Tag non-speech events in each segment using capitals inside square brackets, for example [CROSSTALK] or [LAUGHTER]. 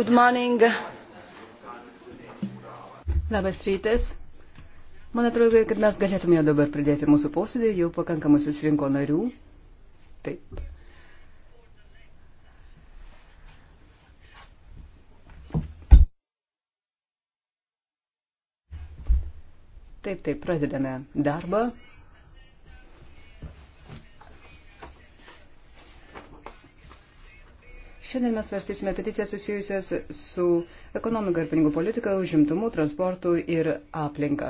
Good morning. Labas rytas. Man atrodo, kad mes galėtume jau dabar pradėti mūsų posėdį, jau pakankamai susirinko narių. Taip. Taip, taip, pradedame darbą. Šiandien mes svarstysime peticijas susijusias su ekonomika ir pinigų politika, užimtumu, transportu ir aplinka.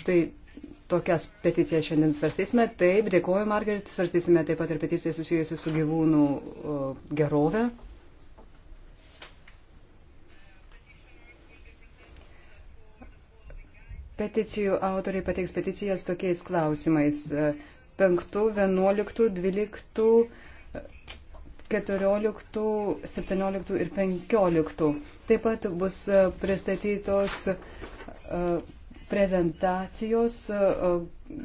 Štai tokias peticijas šiandien svarstysime. Taip, dėkoju, Margaret, svarstysime taip pat ir peticiją susijusią su gyvūnų gerove. Peticijų autoriai pateiks peticijas tokiais klausimais. 5, 11, 12, 14, 17 ir 15. Taip pat bus e, pristatytos e, prezentacijos e,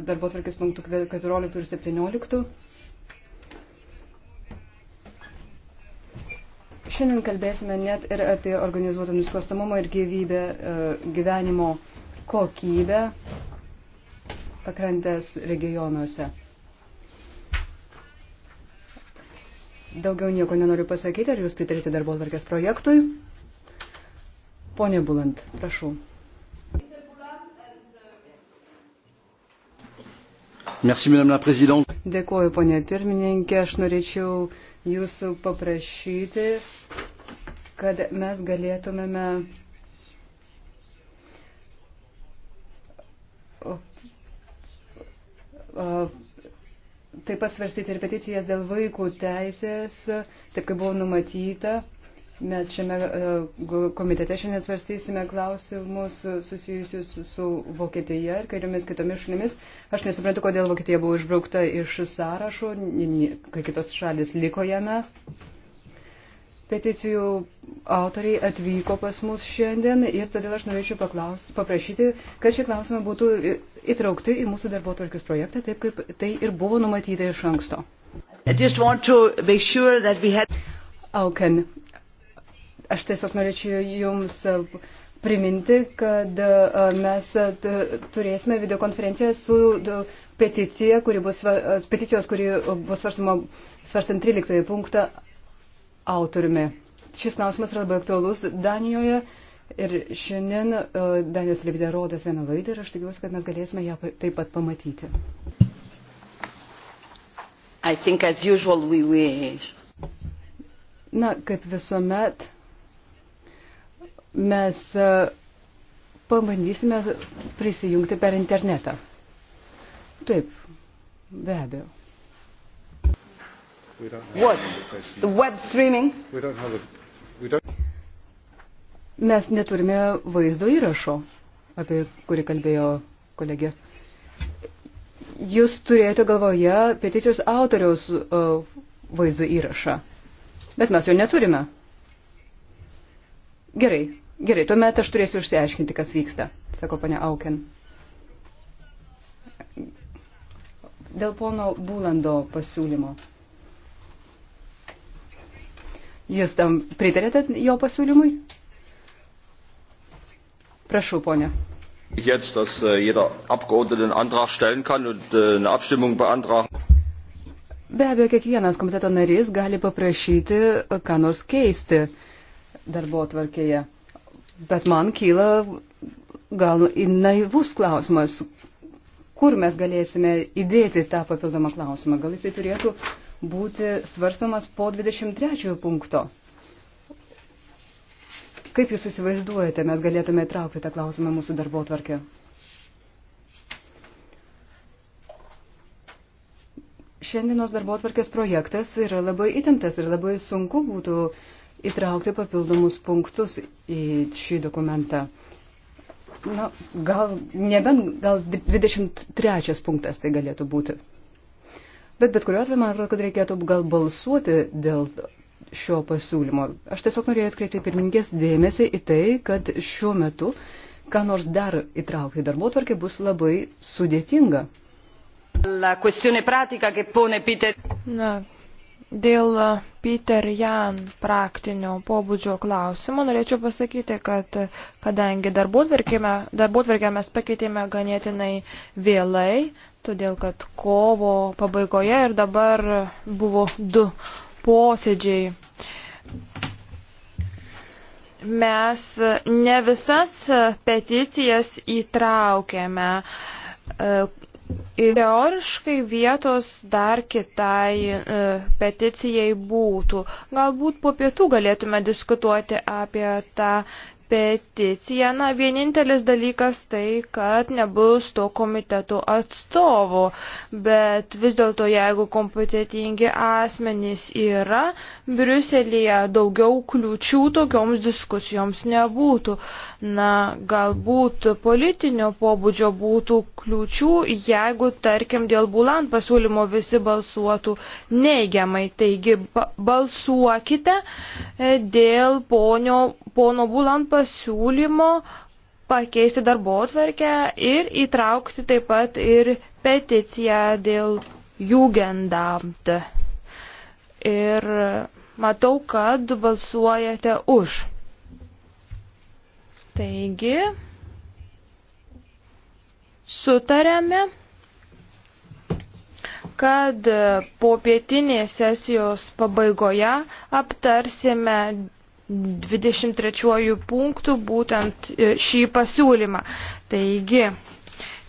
darbo tvarkės punktų 14 ir 17. Šiandien kalbėsime net ir apie organizuotą nusikalstamumą ir gyvybę, gyvenimo kokybę pakrantės regionuose. Daugiau nieko nenoriu pasakyti, ar jūs pritarite darbo atvarkės projektui? Pone Bulant, prašau. Merci, Dėkuoju, ponė pirmininkė, aš norėčiau jūsų paprašyti, kad mes galėtumėme uh, uh, taip pat svarstyti ir peticijas dėl vaikų teisės, taip kaip buvo numatyta. Mes šiame e, komitete šiandien svarstysime klausimus susijusius su Vokietija ir kairiomis kitomis šalimis. Aš nesuprantu, kodėl Vokietija buvo išbraukta iš sąrašo, kai kitos šalis liko jame peticijų autoriai atvyko pas mus šiandien ir todėl aš norėčiau paklausti, paprašyti, kad šie klausimai būtų įtraukti į mūsų darbo tvarkius projektą, taip kaip tai ir buvo numatyta iš anksto. Sure had... Auken, aš tiesiog norėčiau Jums uh, priminti, kad uh, mes uh, turėsime videokonferenciją su peticija, kuri bus, peticijos, kuri bus svarstama, svarstant 13 punktą autoriumi. Šis klausimas yra labai aktualus Danijoje ir šiandien e, Danijos televizija rodas vieną laidą ir aš tikiuosi, kad mes galėsime ją taip pat pamatyti. Think, usual, we Na, kaip visuomet, mes e, pabandysime prisijungti per internetą. Taip, be abejo. We don't have What? The web streaming? We don't have a, we don't... Mes neturime vaizdo įrašo, apie kurį kalbėjo kolegė. Jūs turėjote galvoje peticijos autoriaus uh, vaizdo įrašą, bet mes jo neturime. Gerai, gerai, tuomet aš turėsiu išsiaiškinti, kas vyksta, sako ponia Auken. Dėl pono Būlando pasiūlymo. Jūs tam pritarėte jo pasiūlymui? Prašau, ponė. Jetzt, dass äh, jeder Abgeordnete einen Antrag stellen kann und äh, eine Abstimmung beantragen. Be abejo, kiekvienas komiteto narys gali paprašyti, äh, ką nors keisti darbo tvarkėje. Bet man kyla gal naivus klausimas, kur mes galėsime įdėti tą papildomą klausimą. Gal jisai turėtų uh, būti svarstomas po 23 punkto. Kaip Jūs įsivaizduojate, mes galėtume įtraukti tą klausimą mūsų darbo tvarkę? Šiandienos darbo tvarkės projektas yra labai įtemptas ir labai sunku būtų įtraukti papildomus punktus į šį dokumentą. Na, gal, nebent gal 23 punktas tai galėtų būti. Bet bet kuriuo atveju, man atrodo, kad reikėtų gal balsuoti dėl šio pasiūlymo. Aš tiesiog norėjau atkreipti pirmininkės dėmesį į tai, kad šiuo metu ką nors dar įtraukti į darbo tvarkę bus labai sudėtinga. Na, dėl uh, Peter Jan praktinio pobūdžio klausimo norėčiau pasakyti, kad uh, kadangi darbo tvarkę mes pakeitėme ganėtinai vėlai, todėl kad kovo pabaigoje ir dabar buvo du posėdžiai. Mes ne visas peticijas įtraukėme. E, teoriškai vietos dar kitai e, peticijai būtų. Galbūt po pietų galėtume diskutuoti apie tą peticiją. Na, vienintelis dalykas tai, kad nebus to komitetų atstovų, bet vis dėlto jeigu kompetitingi asmenys yra, Briuselėje daugiau kliučių tokioms diskusijoms nebūtų. Na, galbūt politinio pobūdžio būtų kliučių, jeigu, tarkim, dėl Bulan pasiūlymo visi balsuotų neigiamai. Taigi, balsuokite e, dėl ponio, pono Bulan pasiūlymo pasiūlymo pakeisti darbo atverkę ir įtraukti taip pat ir peticiją dėl Jugendamt. Ir matau, kad balsuojate už. Taigi, sutarėme, kad po pietinės sesijos pabaigoje aptarsime 23 punktų būtent e, šį pasiūlymą. Taigi,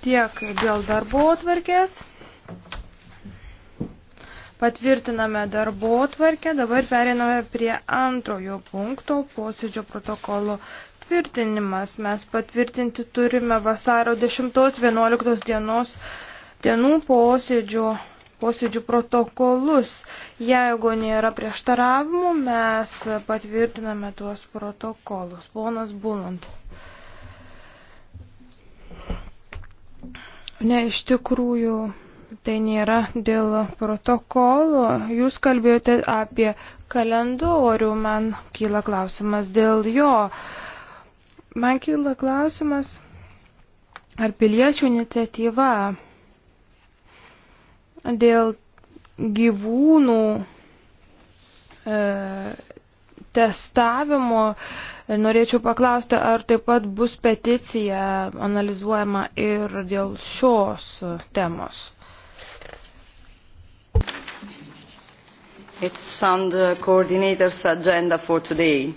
tiek dėl darbo atvarkės. Patvirtiname darbo atvarkę, dabar periname prie antrojo punkto posėdžio protokolo tvirtinimas. Mes patvirtinti turime vasaro 10-11 dienos dienų posėdžio posėdžių protokolus. Jeigu nėra prieštaravimų, mes patvirtiname tuos protokolus. Ponas Bulant. Ne, iš tikrųjų, tai nėra dėl protokolo. Jūs kalbėjote apie kalendorių, man kyla klausimas dėl jo. Man kyla klausimas, ar piliečių iniciatyva dėl gyvūnų e, testavimo norėčiau paklausti, ar taip pat bus peticija analizuojama ir dėl šios temos. It's on the uh, coordinator's agenda for today.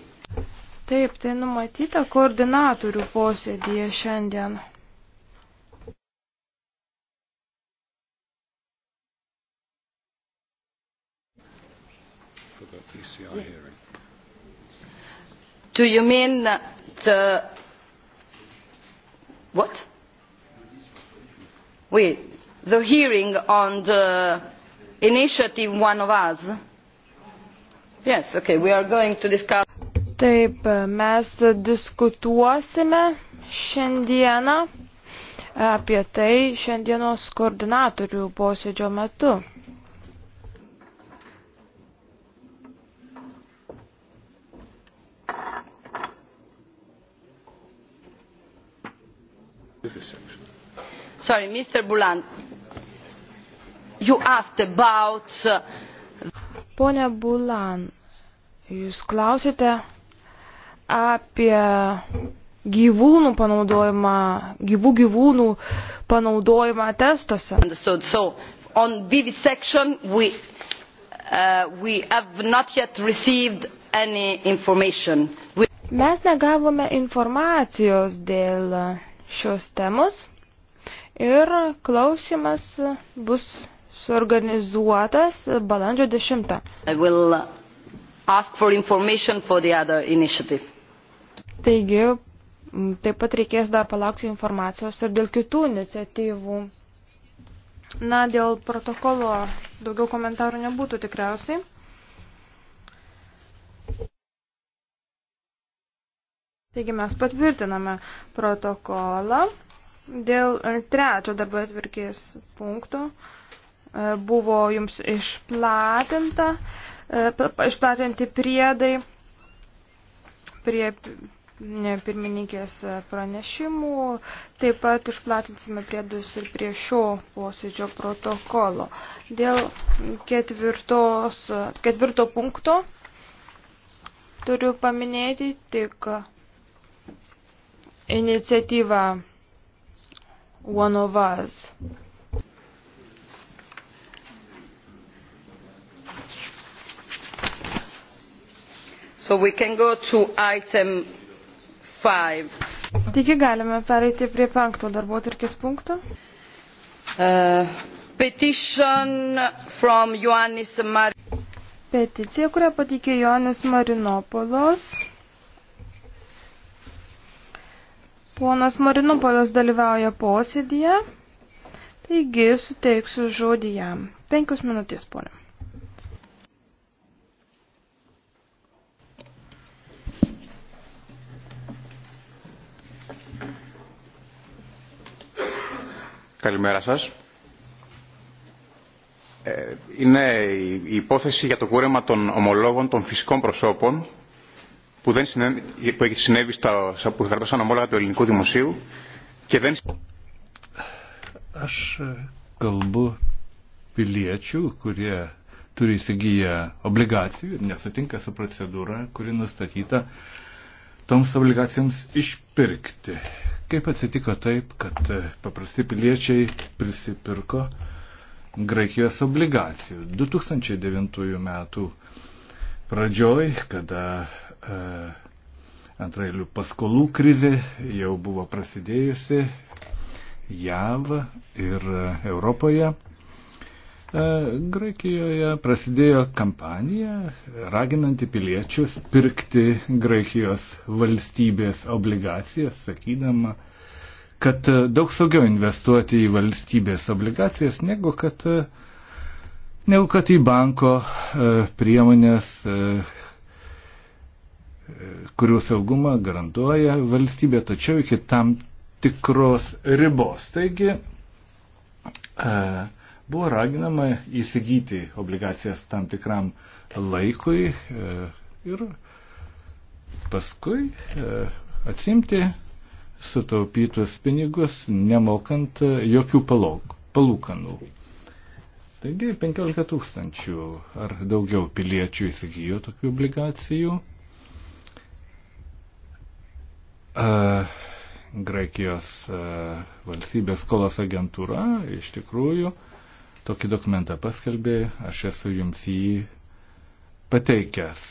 Taip, tai numatyta koordinatorių posėdėje šiandien. yes, we are yeah. hearing. Do you mean the what? Wait, the hearing on the initiative One of Us? Yes, okay, we are going to discuss. Taip, mes diskutuosime šiandieną apie tai šiandienos koordinatorių posėdžio metu. Sorry, Mr. Bulan, you asked about... Uh, Pone Bulan, jūs klausite apie gyvūnų panaudojimą, gyvų gyvūnų panaudojimą testuose. Understood. So, on vivisection we, uh, we have not yet received any information. We... Mes negavome informacijos dėl šios temos ir klausimas bus suorganizuotas balandžio 10. Uh, Taigi, taip pat reikės dar palaukti informacijos ir dėl kitų iniciatyvų. Na, dėl protokolo daugiau komentarų nebūtų tikriausiai. Taigi mes patvirtiname protokolą dėl e, trečio darbo atvirkės punktų. E, buvo jums išplatinta, e, išplatinti priedai prie pirmininkės pranešimų. Taip pat išplatinsime priedus ir prie šio posėdžio protokolo. Dėl ketvirtos, ketvirto punkto turiu paminėti tik iniciatyva One of Us. So we can go to item five. Taigi galime pereiti prie penkto darbo tarkis punkto. Uh, petition from Ioannis Mar Peticija, kurią pateikė Joanis Marinopolos. Ponas Marinupolis dalyvauja posėdėje, taigi suteiksiu žodį jam. Penkius minutės, ponė. Καλημέρα σας. Ε, είναι η υπόθεση για το κούρεμα των ομολόγων των φυσικών προσώπων που, δεν συνέβη, που έχει συνέβη στα, που κρατούσαν ομόλογα του ελληνικού δημοσίου και δεν... Aš kalbu piliečių, kurie turi įsigiję obligacijų ir nesutinka su procedūra, kuri nustatyta toms obligacijoms išpirkti. Kaip atsitiko taip, kad e, paprasti piliečiai prisipirko Graikijos obligacijų 2009 metų pradžioj, kada E, antrailių paskolų krizė jau buvo prasidėjusi JAV ir Europoje. E, Graikijoje prasidėjo kampanija raginanti piliečius pirkti Graikijos valstybės obligacijas, sakydama, kad daug saugiau investuoti į valstybės obligacijas, negu kad, negu kad į banko e, priemonės, kurių saugumą garantuoja valstybė, tačiau iki tam tikros ribos. Taigi e, buvo raginama įsigyti obligacijas tam tikram laikui e, ir paskui e, atsimti sutaupytus pinigus, nemokant jokių palūkanų. Taigi 15 tūkstančių ar daugiau piliečių įsigijo tokių obligacijų. Graikijos valstybės skolos agentūra iš tikrųjų tokį dokumentą paskelbė, aš esu jums jį pateikęs.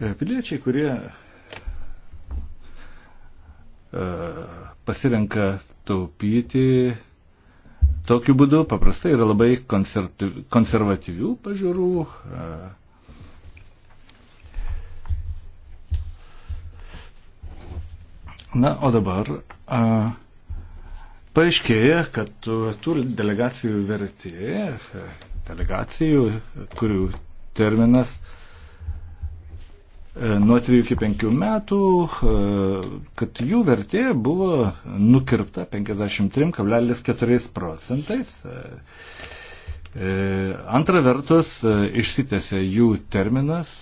E, piliečiai, kurie pasirenka taupyti tokiu būdu, paprastai yra labai konservatyvių pažiūrų, Na, o dabar a, paaiškėja, kad tų delegacijų vertė, delegacijų, kurių terminas e, nuo 3 iki 5 metų, e, kad jų vertė buvo nukirpta 53,4 procentais. E, antra vertus, išsitėse jų terminas,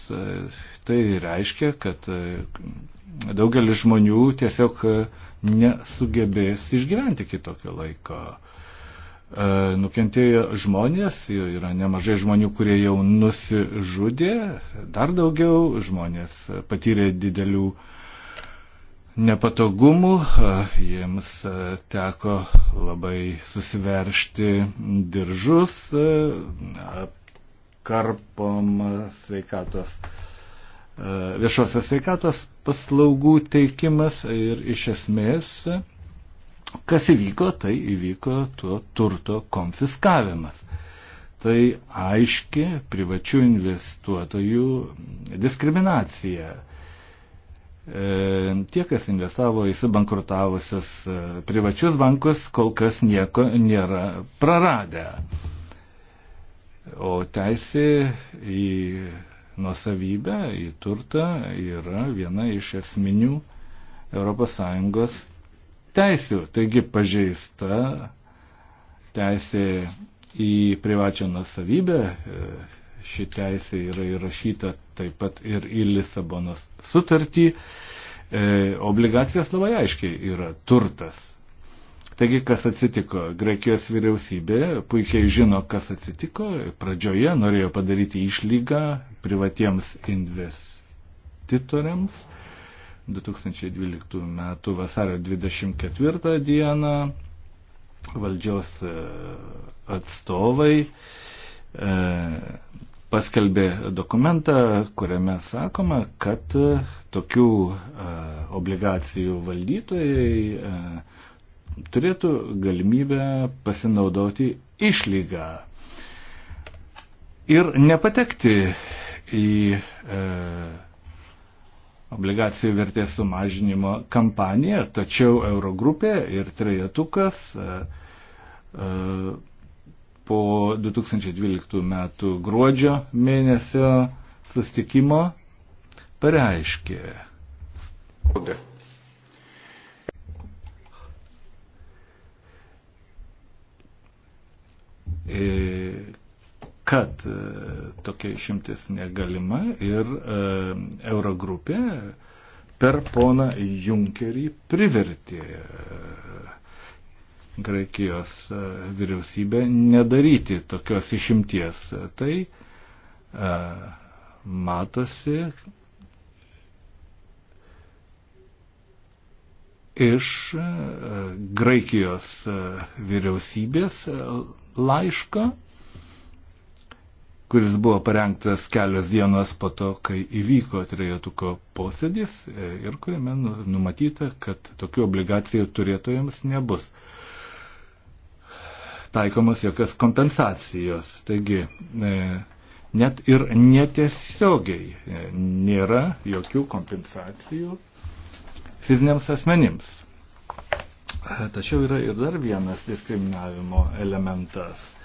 tai reiškia, kad daugelis žmonių tiesiog e, nesugebės išgyventi kitokio laiko. E, nukentėjo žmonės, yra nemažai žmonių, kurie jau nusižudė, dar daugiau žmonės e, patyrė didelių nepatogumų, jiems teko labai susiveršti diržus, karpom sveikatos, viešosios sveikatos paslaugų teikimas ir iš esmės, kas įvyko, tai įvyko tuo turto konfiskavimas. Tai aiški privačių investuotojų diskriminacija. E, tie, kas investavo į subankrutavusius e, privačius bankus, kol kas nieko nėra praradę. O teisė į nuosavybę, į turtą yra viena iš esminių ES teisių. Taigi pažeista teisė į privačią nuosavybę, e, ši teisė yra įrašyta taip pat ir į Lisabonos sutartį. E, Obligacijas labai aiškiai yra turtas Taigi, kas atsitiko? Graikijos vyriausybė puikiai žino, kas atsitiko. Pradžioje norėjo padaryti išlygą privatiems investitoriams. 2012 m. vasario 24 dieną valdžios e, atstovai e, paskelbė dokumentą, kuriame sakoma, kad tokių e, obligacijų valdytojai turėtų galimybę pasinaudoti išlygą ir nepatekti į e, obligacijų vertės sumažinimo kampaniją, tačiau Eurogrupė ir trejetukas e, e, po 2012 metų gruodžio mėnesio sustikimo pareiškė. Okay. E, kad e, tokia išimtis negalima ir e, Eurogrupė per poną Junkerį privertė Graikijos vyriausybę nedaryti tokios išimties. Tai matosi, iš e, Graikijos e, vyriausybės e, laišką, kuris buvo parengtas kelios dienos po to, kai įvyko trejetuko posėdis ir kuriame nu, numatyta, kad tokių obligacijų turėtojams nebus taikomas jokios kompensacijos. Taigi, net ir netiesiogiai nėra jokių kompensacijų fiziniams asmenims. Tačiau yra ir dar vienas diskriminavimo elementas.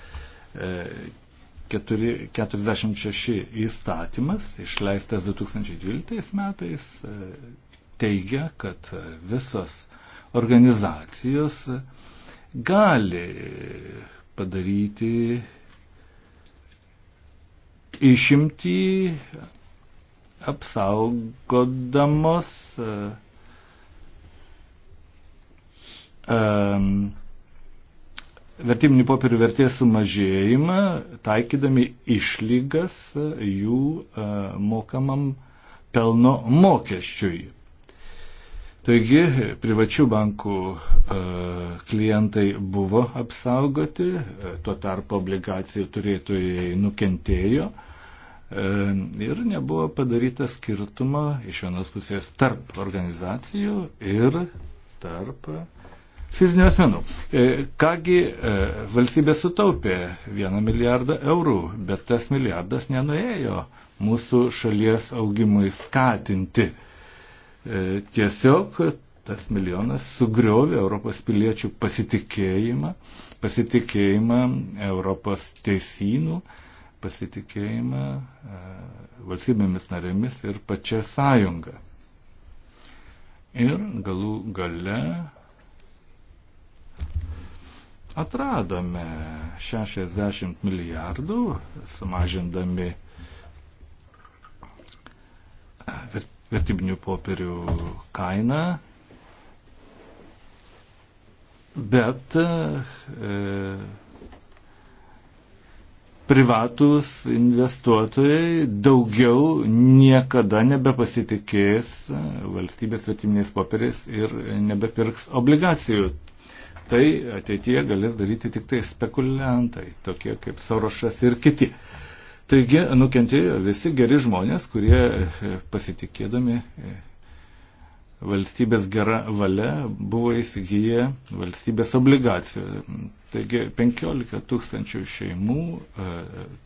46 e, įstatymas, išleistas 2012 metais, e, teigia, kad visos organizacijos gali padaryti išimtį apsaugodamos uh, Ehm, vertiminių popierių vertės sumažėjimą, taikydami išlygas e, jų e, mokamam pelno mokesčiui. Taigi privačių bankų e, klientai buvo apsaugoti, e, tuo tarpu obligacijų turėtojai nukentėjo e, ir nebuvo padaryta skirtumo iš vienos pusės tarp organizacijų ir tarp fizinių asmenų. E, kągi e, valstybė sutaupė vieną milijardą eurų, bet tas milijardas nenuėjo mūsų šalies augimui skatinti. E, tiesiog tas milijonas sugriovė Europos piliečių pasitikėjimą, pasitikėjimą Europos teisynų, pasitikėjimą e, valstybėmis narėmis ir pačia sąjunga. Ir galų gale Atradome 60 milijardų, sumažindami e, vertybinių popierių kainą, bet e, privatus investuotojai daugiau niekada nebepasitikės e, valstybės vertybiniais popieriais ir nebepirks obligacijų. Tai ateityje galės daryti tik tai spekuliantai, tokie kaip Sorošas ir kiti. Taigi nukentėjo visi geri žmonės, kurie e, pasitikėdami e, valstybės gera valia buvo įsigiję valstybės obligacijų. Taigi 15 tūkstančių šeimų,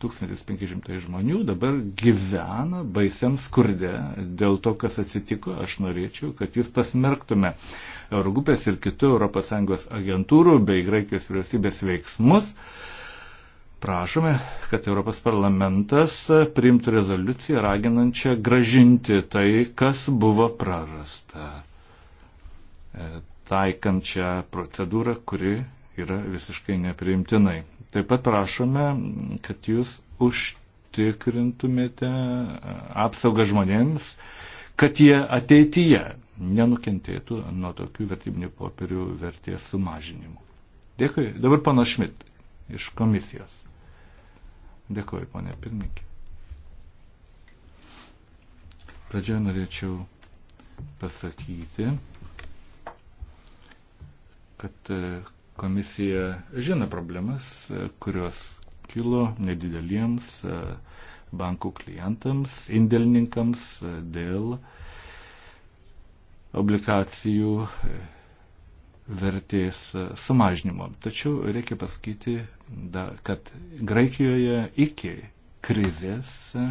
1500 e, žmonių dabar gyvena baisiam skurde. Dėl to, kas atsitiko, aš norėčiau, kad jūs pasmerktume Eurogrupės ir kitų ES agentūrų bei Graikijos vyriausybės veiksmus. Uh, prašome, kad Europos parlamentas priimtų rezoliuciją raginančią gražinti tai, kas buvo prarasta, e, taikančią procedūrą, kuri yra visiškai nepriimtinai. Taip pat prašome, kad jūs užtikrintumėte e, apsaugą žmonėms, kad jie ateityje nenukentėtų nuo tokių vertybinių popierių vertės sumažinimų. Dėkui. Dabar pana Šmit iš komisijos. Dėkuoju, ponė pirmininkė. Pradžioje norėčiau pasakyti, kad e, komisija žino problemas, e, kurios kilo nedideliems e, bankų klientams, indėlininkams dėl obligacijų vertės sumažinimo. Tačiau reikia pasakyti, da, kad Graikijoje iki krizės e,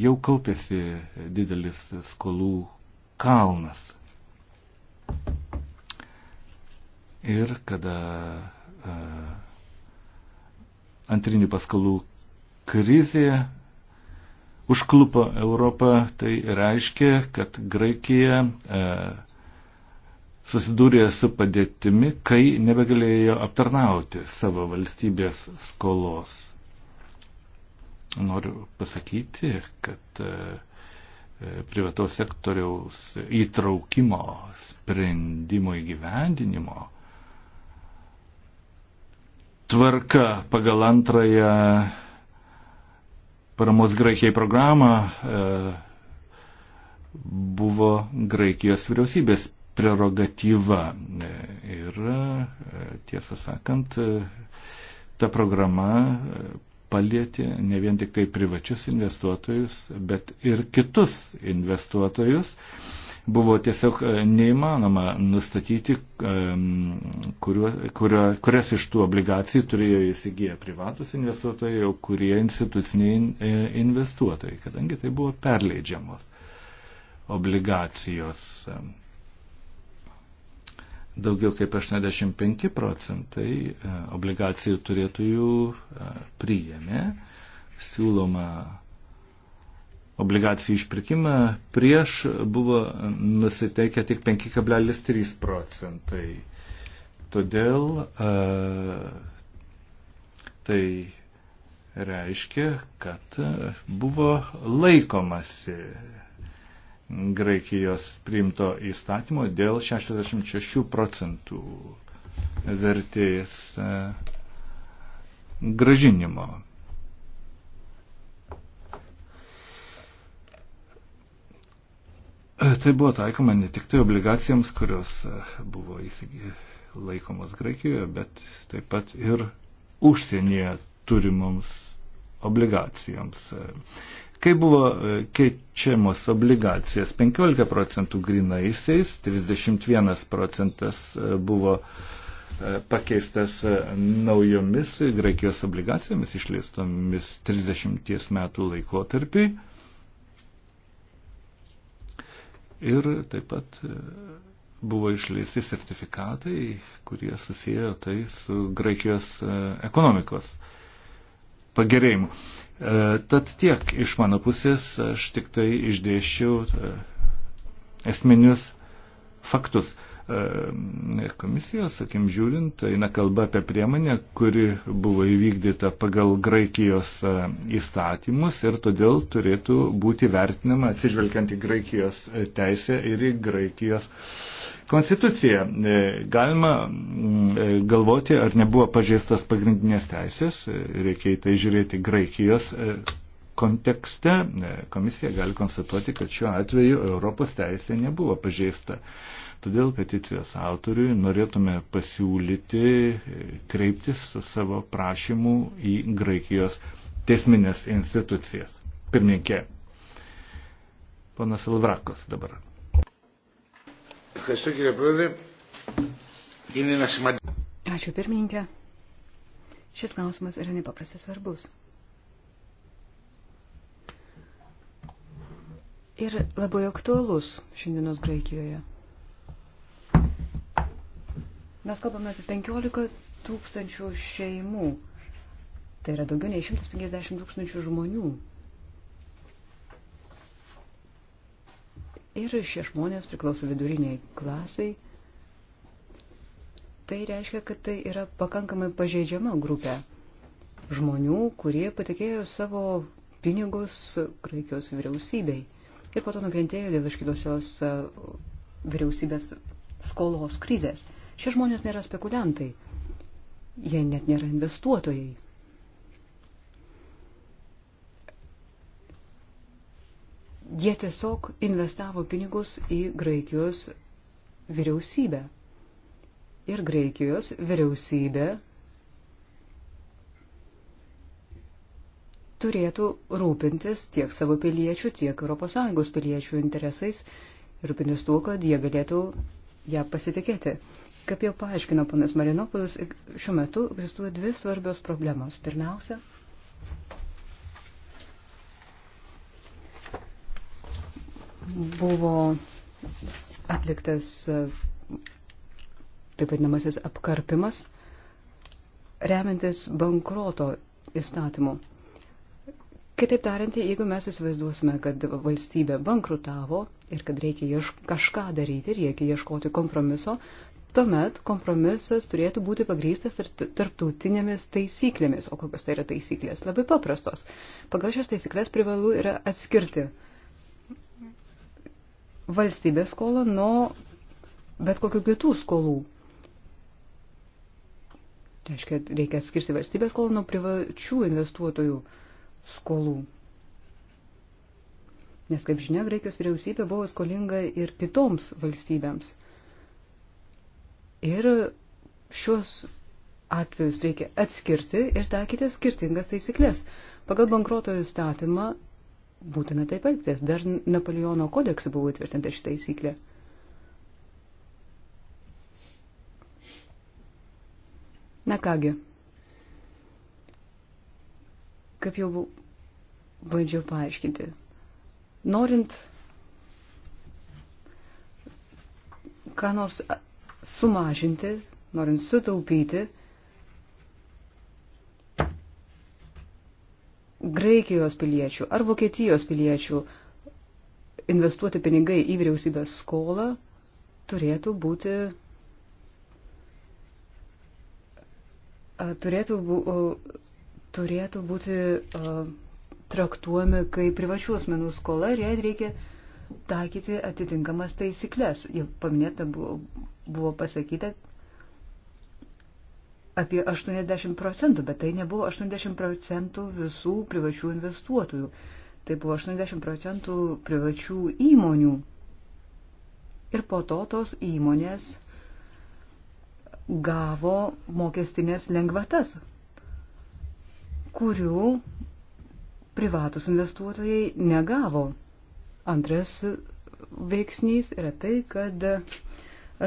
jau kaupėsi didelis skolų kalnas. Ir kada e, antrinių paskolų krizė užklupo Europą, tai reiškia, kad Graikija e, susidūrė su padėtimi, kai nebegalėjo aptarnauti savo valstybės skolos. Noriu pasakyti, kad e, privataus sektoriaus įtraukimo, sprendimo įgyvendinimo tvarka pagal antrąją paramos Graikijai programą e, buvo Graikijos vyriausybės prerogatyva. Ir e, tiesą sakant, e, ta programa e, palieti ne vien tik tai privačius investuotojus, bet ir kitus investuotojus. Buvo tiesiog neįmanoma nustatyti, kurio, kurio, kurias iš tų obligacijų turėjo įsigiję privatus investuotojai, o kurie instituciniai investuotojai, kadangi tai buvo perleidžiamos obligacijos daugiau kaip 85 procentai e, obligacijų turėtųjų e, priėmė siūloma obligacijų išpirkimą prieš buvo nusiteikę tik 5,3 procentai. Todėl e, tai reiškia, kad buvo laikomasi Graikijos priimto įstatymo dėl 66 procentų vertės e, gražinimo. E, tai buvo taikoma ne tik tai obligacijams, kurios e, buvo įsigy, laikomos Graikijoje, bet taip pat ir užsienyje turimoms obligacijoms. Kai buvo e, keičiamos obligacijas 15 procentų grinaisiais, 31 procentas e, buvo e, pakeistas naujomis Graikijos obligacijomis išleistomis 30 metų laikotarpiai. Ir taip pat buvo išleisti sertifikatai, kurie susiję tai su Graikijos ekonomikos pagerėjimu. E, tad tiek iš mano pusės, aš tik tai išdėščiau e, esminius faktus. E, komisijos, sakim, žiūrint, eina kalba apie priemonę, kuri buvo įvykdyta pagal Graikijos įstatymus ir todėl turėtų būti vertinama atsižvelgiant į Graikijos teisę ir į Graikijos Konstituciją. E, galima mm, e, galvoti, ar nebuvo pažeistas pagrindinės teisės, e, reikia į tai žiūrėti Graikijos kontekste. Komisija gali konstatuoti, kad šiuo atveju Europos teisė nebuvo pažeista. Todėl peticijos autoriui norėtume pasiūlyti kreiptis su savo prašymu į Graikijos teisminės institucijas. Pirmininkė, ponas Ilvrakos dabar. Ευχαριστώ κύριε Πρόεδρε. Είναι ένα σημαντικό. Ačiū pirmininkė. Šis klausimas yra nepaprastai svarbus. Ir labai aktualus šiandienos Graikijoje. Mes kalbame apie 15 tūkstančių šeimų. Tai yra daugiau nei 150 tūkstančių žmonių, ir šie žmonės priklauso viduriniai klasai. Tai reiškia, kad tai yra pakankamai pažeidžiama grupė žmonių, kurie patikėjo savo pinigus Graikijos vyriausybei ir po to nukentėjo dėl iškilosios e, vyriausybės skolos krizės. Šie žmonės nėra spekuliantai, jie net nėra investuotojai. jie tiesiog investavo pinigus į Graikijos vyriausybę. Ir Graikijos vyriausybė turėtų rūpintis tiek savo piliečių, tiek ES piliečių interesais, rūpintis tuo, kad jie galėtų ją pasitikėti. Kaip jau paaiškino ponas Marinopolis, šiuo metu egzistuoja dvi svarbios problemos. Pirmiausia, buvo atliktas taip vadinamasis apkarpimas, remiantis bankroto įstatymu. Kitaip tariant, jeigu mes įsivaizduosime, kad valstybė bankrutavo ir kad reikia ieš... kažką daryti ir reikia ieškoti kompromiso, tuomet kompromisas turėtų būti pagrystas tarptautinėmis taisyklėmis. O kokios tai yra taisyklės? Labai paprastos. Pagal šias taisyklės privalu yra atskirti valstybės skolą nuo bet kokių kitų skolų. Tai reiškia, reikia skirti valstybės skolą nuo privačių investuotojų skolų. Nes, kaip žinia, Graikijos vyriausybė buvo skolinga ir kitoms valstybėms. Ir šios atvejus reikia atskirti ir taikyti skirtingas taisyklės. Pagal bankruoto įstatymą būtina taip elgtis. Dar Napoleono kodekse buvo įtvirtinta šitą įsiklę. Na kągi, kaip jau bandžiau paaiškinti, norint ką nors sumažinti, norint sutaupyti, Graikijos piliečių ar Vokietijos piliečių investuoti pinigai į vyriausybės skolą turėtų būti turėtų, bu, turėtų būti traktuojami kaip privačių asmenų skola ir jai reikia taikyti atitinkamas taisyklės. Jau paminėta buvo, buvo pasakyta, apie 80 procentų, bet tai nebuvo 80 procentų visų privačių investuotojų. Tai buvo 80 procentų privačių įmonių. Ir po to tos įmonės gavo mokestinės lengvatas, kurių privatus investuotojai negavo. Antras veiksnys yra tai, kad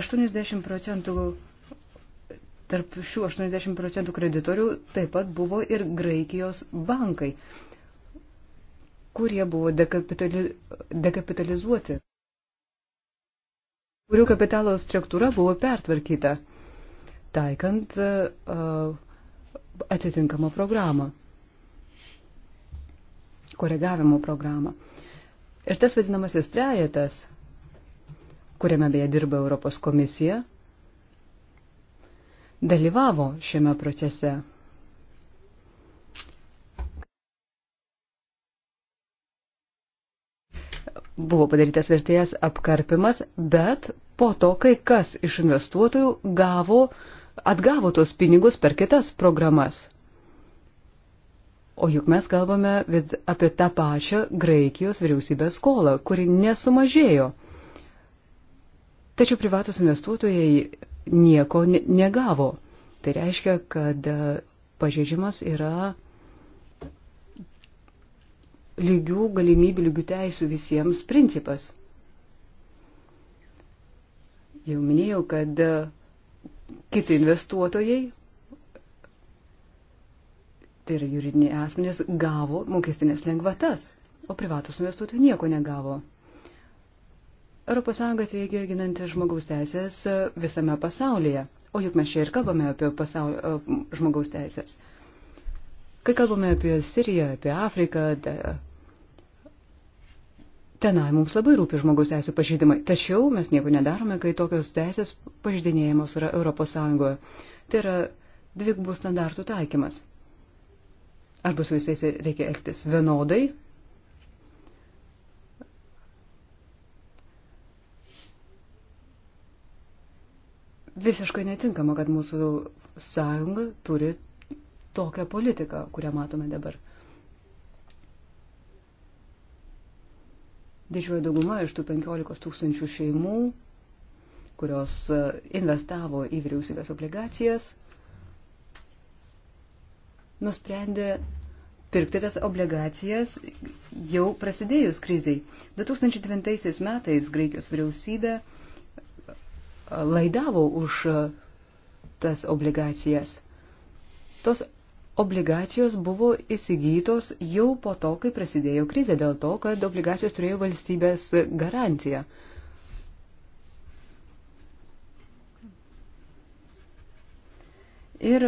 80 procentų Tarp šių 80 procentų kreditorių taip pat buvo ir Graikijos bankai, kurie buvo dekapitali, dekapitalizuoti, kurių kapitalo struktūra buvo pertvarkyta, taikant uh, atitinkamą programą, koregavimo programą. Ir tas vadinamasis trejetas, kuriame beje dirba Europos komisija, dalyvavo šiame procese. Buvo padarytas vertėjas apkarpimas, bet po to, kai kas iš investuotojų gavo, atgavo tuos pinigus per kitas programas. O juk mes kalbame vis apie tą pačią Graikijos vyriausybės skolą, kuri nesumažėjo. Tačiau privatus investuotojai nieko negavo. Tai reiškia, kad e, pažeidžiamas yra lygių galimybių, lygių teisų visiems principas. Jau minėjau, kad e, kiti investuotojai, tai yra juridiniai asmenės, gavo mokestinės lengvatas, o privatus investuotojai nieko negavo. ES teigia ginanti žmogaus teisės visame pasaulyje, o juk mes čia ir kalbame apie pasaulio, žmogaus teisės. Kai kalbame apie Siriją, apie Afriką, tenai mums labai rūpi žmogaus teisų pažydimai, tačiau mes nieko nedarome, kai tokios teisės pažydinėjamos yra ES. Tai yra dvigubų standartų taikymas. Ar bus visais reikia elgtis vienodai, visiškai netinkama, kad mūsų sąjunga turi tokią politiką, kurią matome dabar. Didžioji dauguma iš tų 15 tūkstančių šeimų, kurios e, investavo į vyriausybės obligacijas, nusprendė pirkti tas obligacijas jau prasidėjus kriziai. 2009 metais Graikijos vyriausybė uh, laidavo už e, tas obligacijas. Tos obligacijos buvo įsigytos jau po to, kai prasidėjo krizė, dėl to, kad obligacijos turėjo valstybės garantiją. Ir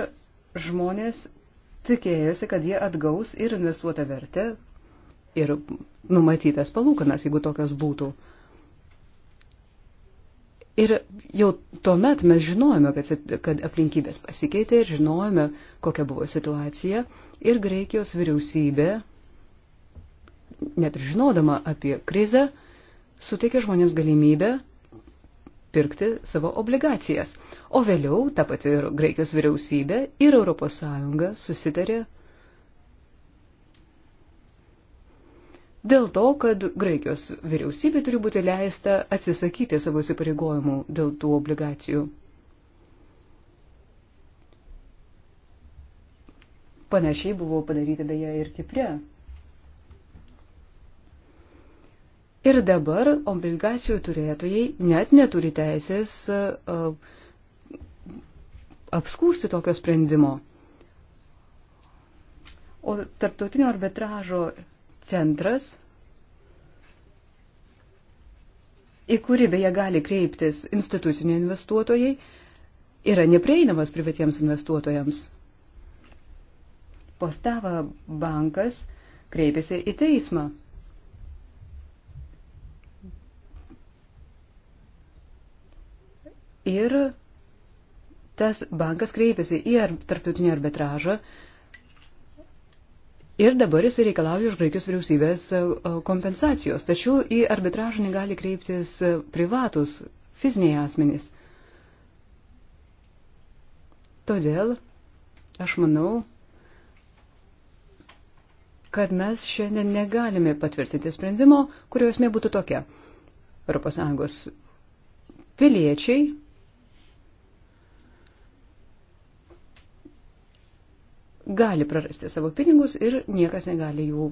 žmonės tikėjosi, kad jie atgaus ir investuotą vertę ir numatytas palūkanas, jeigu tokios būtų. Ir jau tuomet mes žinojome, kad, kad aplinkybės pasikeitė ir žinojome, kokia buvo situacija. Ir Graikijos vyriausybė, net ir žinodama apie krizę, suteikė žmonėms galimybę pirkti savo obligacijas. O vėliau ta pati ir Graikijos vyriausybė ir ES susitarė dėl to, kad Graikijos vyriausybė turi būti leista atsisakyti savo įsipareigojimų dėl tų obligacijų. Panašiai buvo padaryti beje ir Kiprė. Ir dabar obligacijų turėtojai net neturi teisės apskūsti tokio sprendimo. O tarptautinio arbitražo centras, į kurį beje gali kreiptis instituciniai investuotojai, yra neprieinamas privatiems investuotojams. Postava bankas kreipėsi į teismą. Ir tas bankas kreipėsi į tarptautinį arbitražą Ir dabar jis reikalauja iš Graikijos vyriausybės e, e, kompensacijos. Tačiau į arbitražą negali kreiptis e, privatus fiziniai asmenys. Todėl aš manau, kad mes šiandien negalime patvirtinti sprendimo, kurio esmė būtų tokia. ES piliečiai gali prarasti savo pinigus ir niekas negali jų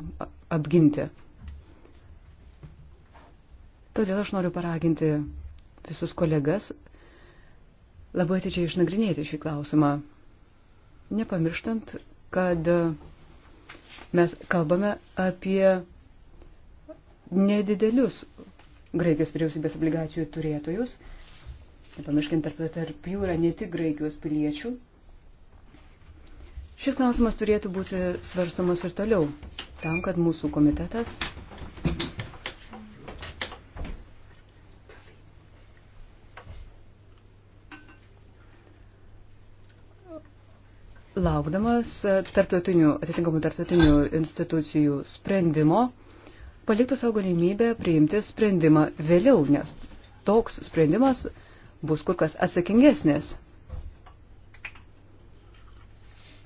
apginti. Todėl aš noriu paraginti visus kolegas labai atidžiai išnagrinėti šį klausimą, nepamirštant, kad mes kalbame apie nedidelius Graikijos vyriausybės obligacijų turėtojus. Nepamirškint, tarp, tarp jų yra ne tik Graikijos piliečių, Šis klausimas turėtų būti svarstomas ir toliau, tam, kad mūsų komitetas laukdamas tarptautinių, atitinkamų tarptautinių institucijų sprendimo, paliktų savo galimybę priimti sprendimą vėliau, nes toks sprendimas bus kur kas atsakingesnės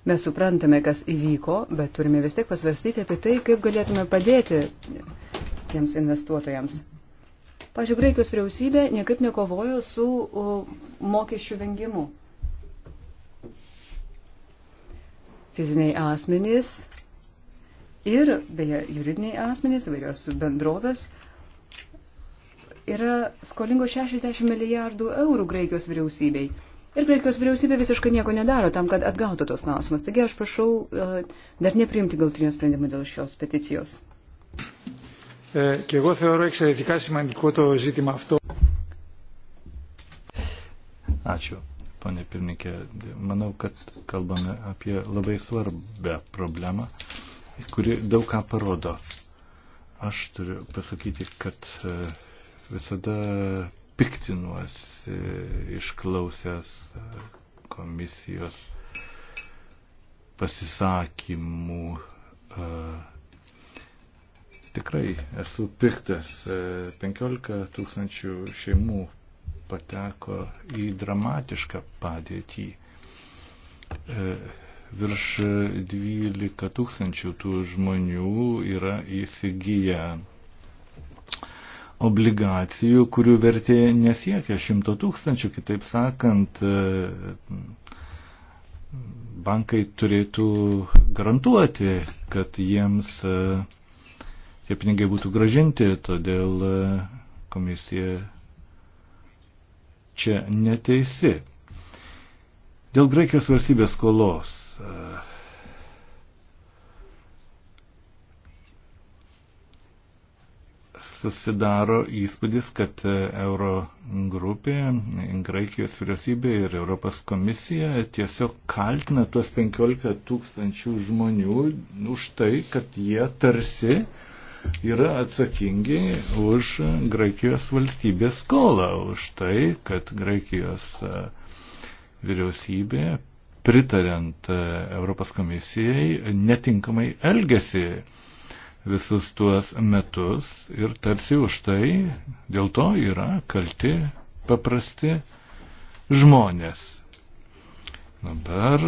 Mes suprantame, kas įvyko, bet turime vis tiek pasvarstyti apie tai, kaip galėtume padėti tiems investuotojams. Pavyzdžiui, Graikijos vyriausybė niekaip nekovojo su mokesčių vengimu. Fiziniai asmenys ir, beje, juridiniai asmenys, vairios bendrovės, yra skolingo 60 milijardų eurų Graikijos vyriausybei. Ir Graikijos vyriausybė visiškai nieko nedaro tam, kad atgautų tos klausimas. Taigi aš prašau e, dar nepriimti galtinio sprendimo dėl šios peticijos. E, Ačiū, ponė pirmininkė. Manau, kad kalbame apie labai svarbę problemą, kuri daug ką parodo. Aš turiu pasakyti, kad e, visada piktinuosi išklausęs komisijos pasisakymų. E, tikrai esu piktas. 15 e, tūkstančių šeimų pateko į dramatišką padėtį. E, virš 12 tūkstančių tų žmonių yra įsigiję obligacijų, kurių vertė nesiekia 100 tūkstančių. Kitaip sakant, bankai turėtų garantuoti, kad jiems tie pinigai būtų gražinti, todėl komisija čia neteisi. Dėl Graikijos valstybės skolos susidaro įspūdis, kad e, euro grupė, Graikijos vyriausybė ir Europos komisija tiesiog kaltina tuos 15 tūkstančių žmonių už tai, kad jie tarsi yra atsakingi už Graikijos valstybės skolą, už tai, kad Graikijos e, vyriausybė pritariant e, Europos komisijai netinkamai elgesi visus tuos metus ir tarsi už tai dėl to yra kalti paprasti žmonės. Dabar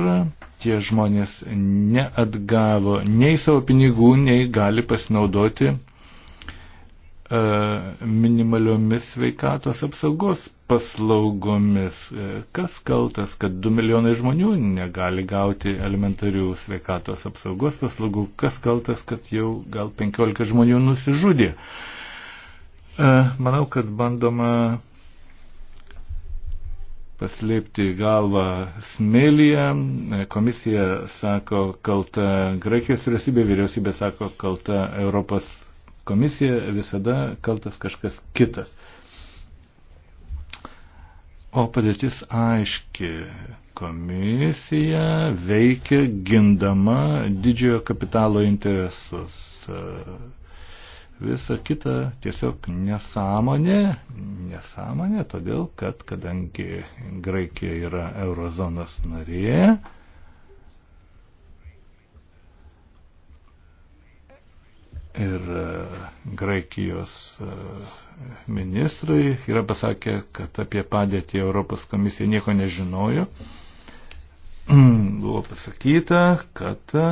tie žmonės neatgavo nei savo pinigų, nei gali pasinaudoti E, minimaliomis sveikatos apsaugos paslaugomis. E, kas kaltas, kad 2 milijonai žmonių negali gauti elementarių sveikatos apsaugos paslaugų? Kas kaltas, kad jau gal 15 žmonių nusižudė? E, manau, kad bandoma paslėpti galvą smėlyje. Komisija sako kalta Graikijos vyriausybė, vyriausybė sako kalta Europos komisija, visada kaltas kažkas kitas. O padėtis aiški. Komisija veikia gindama didžiojo kapitalo interesus. Visa kita tiesiog nesąmonė, nesąmonė, todėl kad kadangi Graikija yra eurozonos narė, ir e, Graikijos e, ministrai yra pasakę, kad apie padėtį Europos komisija nieko nežinojo. [CLEARS THROAT] Buvo pasakyta, kad e,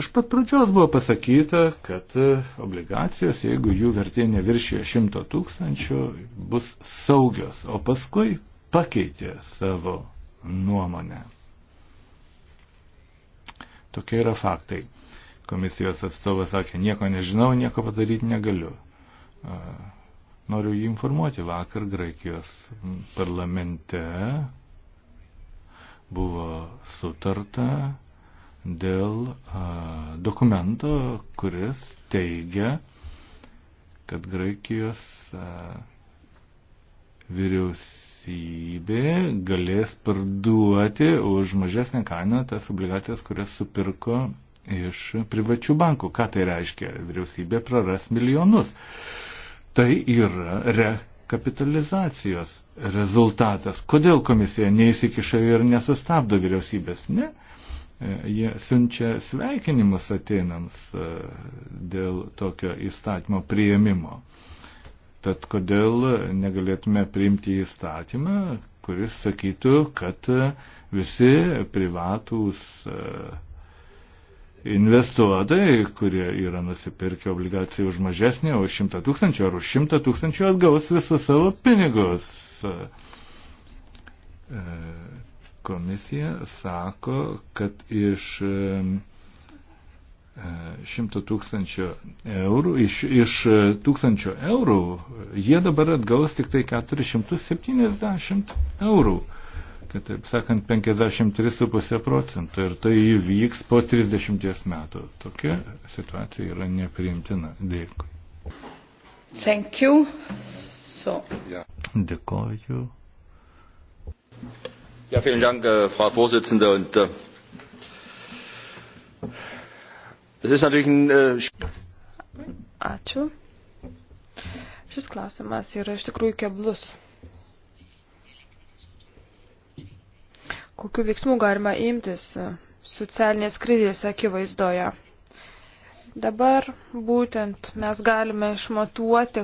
iš pat pradžios buvo pasakyta, kad obligacijos, jeigu jų vertė neviršė 100 tūkstančių, bus saugios, o paskui pakeitė savo nuomonę. Tokie yra faktai. Komisijos atstovas sakė, nieko nežinau, nieko padaryti negaliu. Noriu jį informuoti, vakar Graikijos parlamente buvo sutarta dėl a, dokumento, kuris teigia, kad Graikijos a, vyriausybė galės parduoti už mažesnę kainą tas obligacijas, kurias supirko iš privačių bankų. Ką tai reiškia? Vyriausybė praras milijonus. Tai yra rekapitalizacijos rezultatas. Kodėl komisija neįsikiša ir nesustabdo vyriausybės? Ne. E, jie siunčia sveikinimus ateinams e, dėl tokio įstatymo prieimimo. Tad kodėl negalėtume priimti įstatymą, kuris sakytų, kad visi privatūs e, investuotojai, kurie yra nusipirkę obligacijų už mažesnį, už 100 tūkstančių ar už 100 tūkstančių atgaus visus savo pinigus. E, komisija sako, kad iš 100 e, tūkstančių eurų, iš, iš tūkstančio eurų jie dabar atgaus tik tai 470 eurų kitaip sakant, 53,5 procentų ir tai įvyks po 30 metų. Tokia situacija yra nepriimtina. Dėkui. Thank you. So. Ja. Dėkoju. Ja, vielen Dank, äh, Frau Vorsitzende. Und, äh, es ist natürlich ein. Äh Ačiū. Šis klausimas yra iš tikrųjų keblus. kokiu veiksmu galima imtis socialinės krizės akivaizdoje. Dabar būtent mes galime išmatuoti,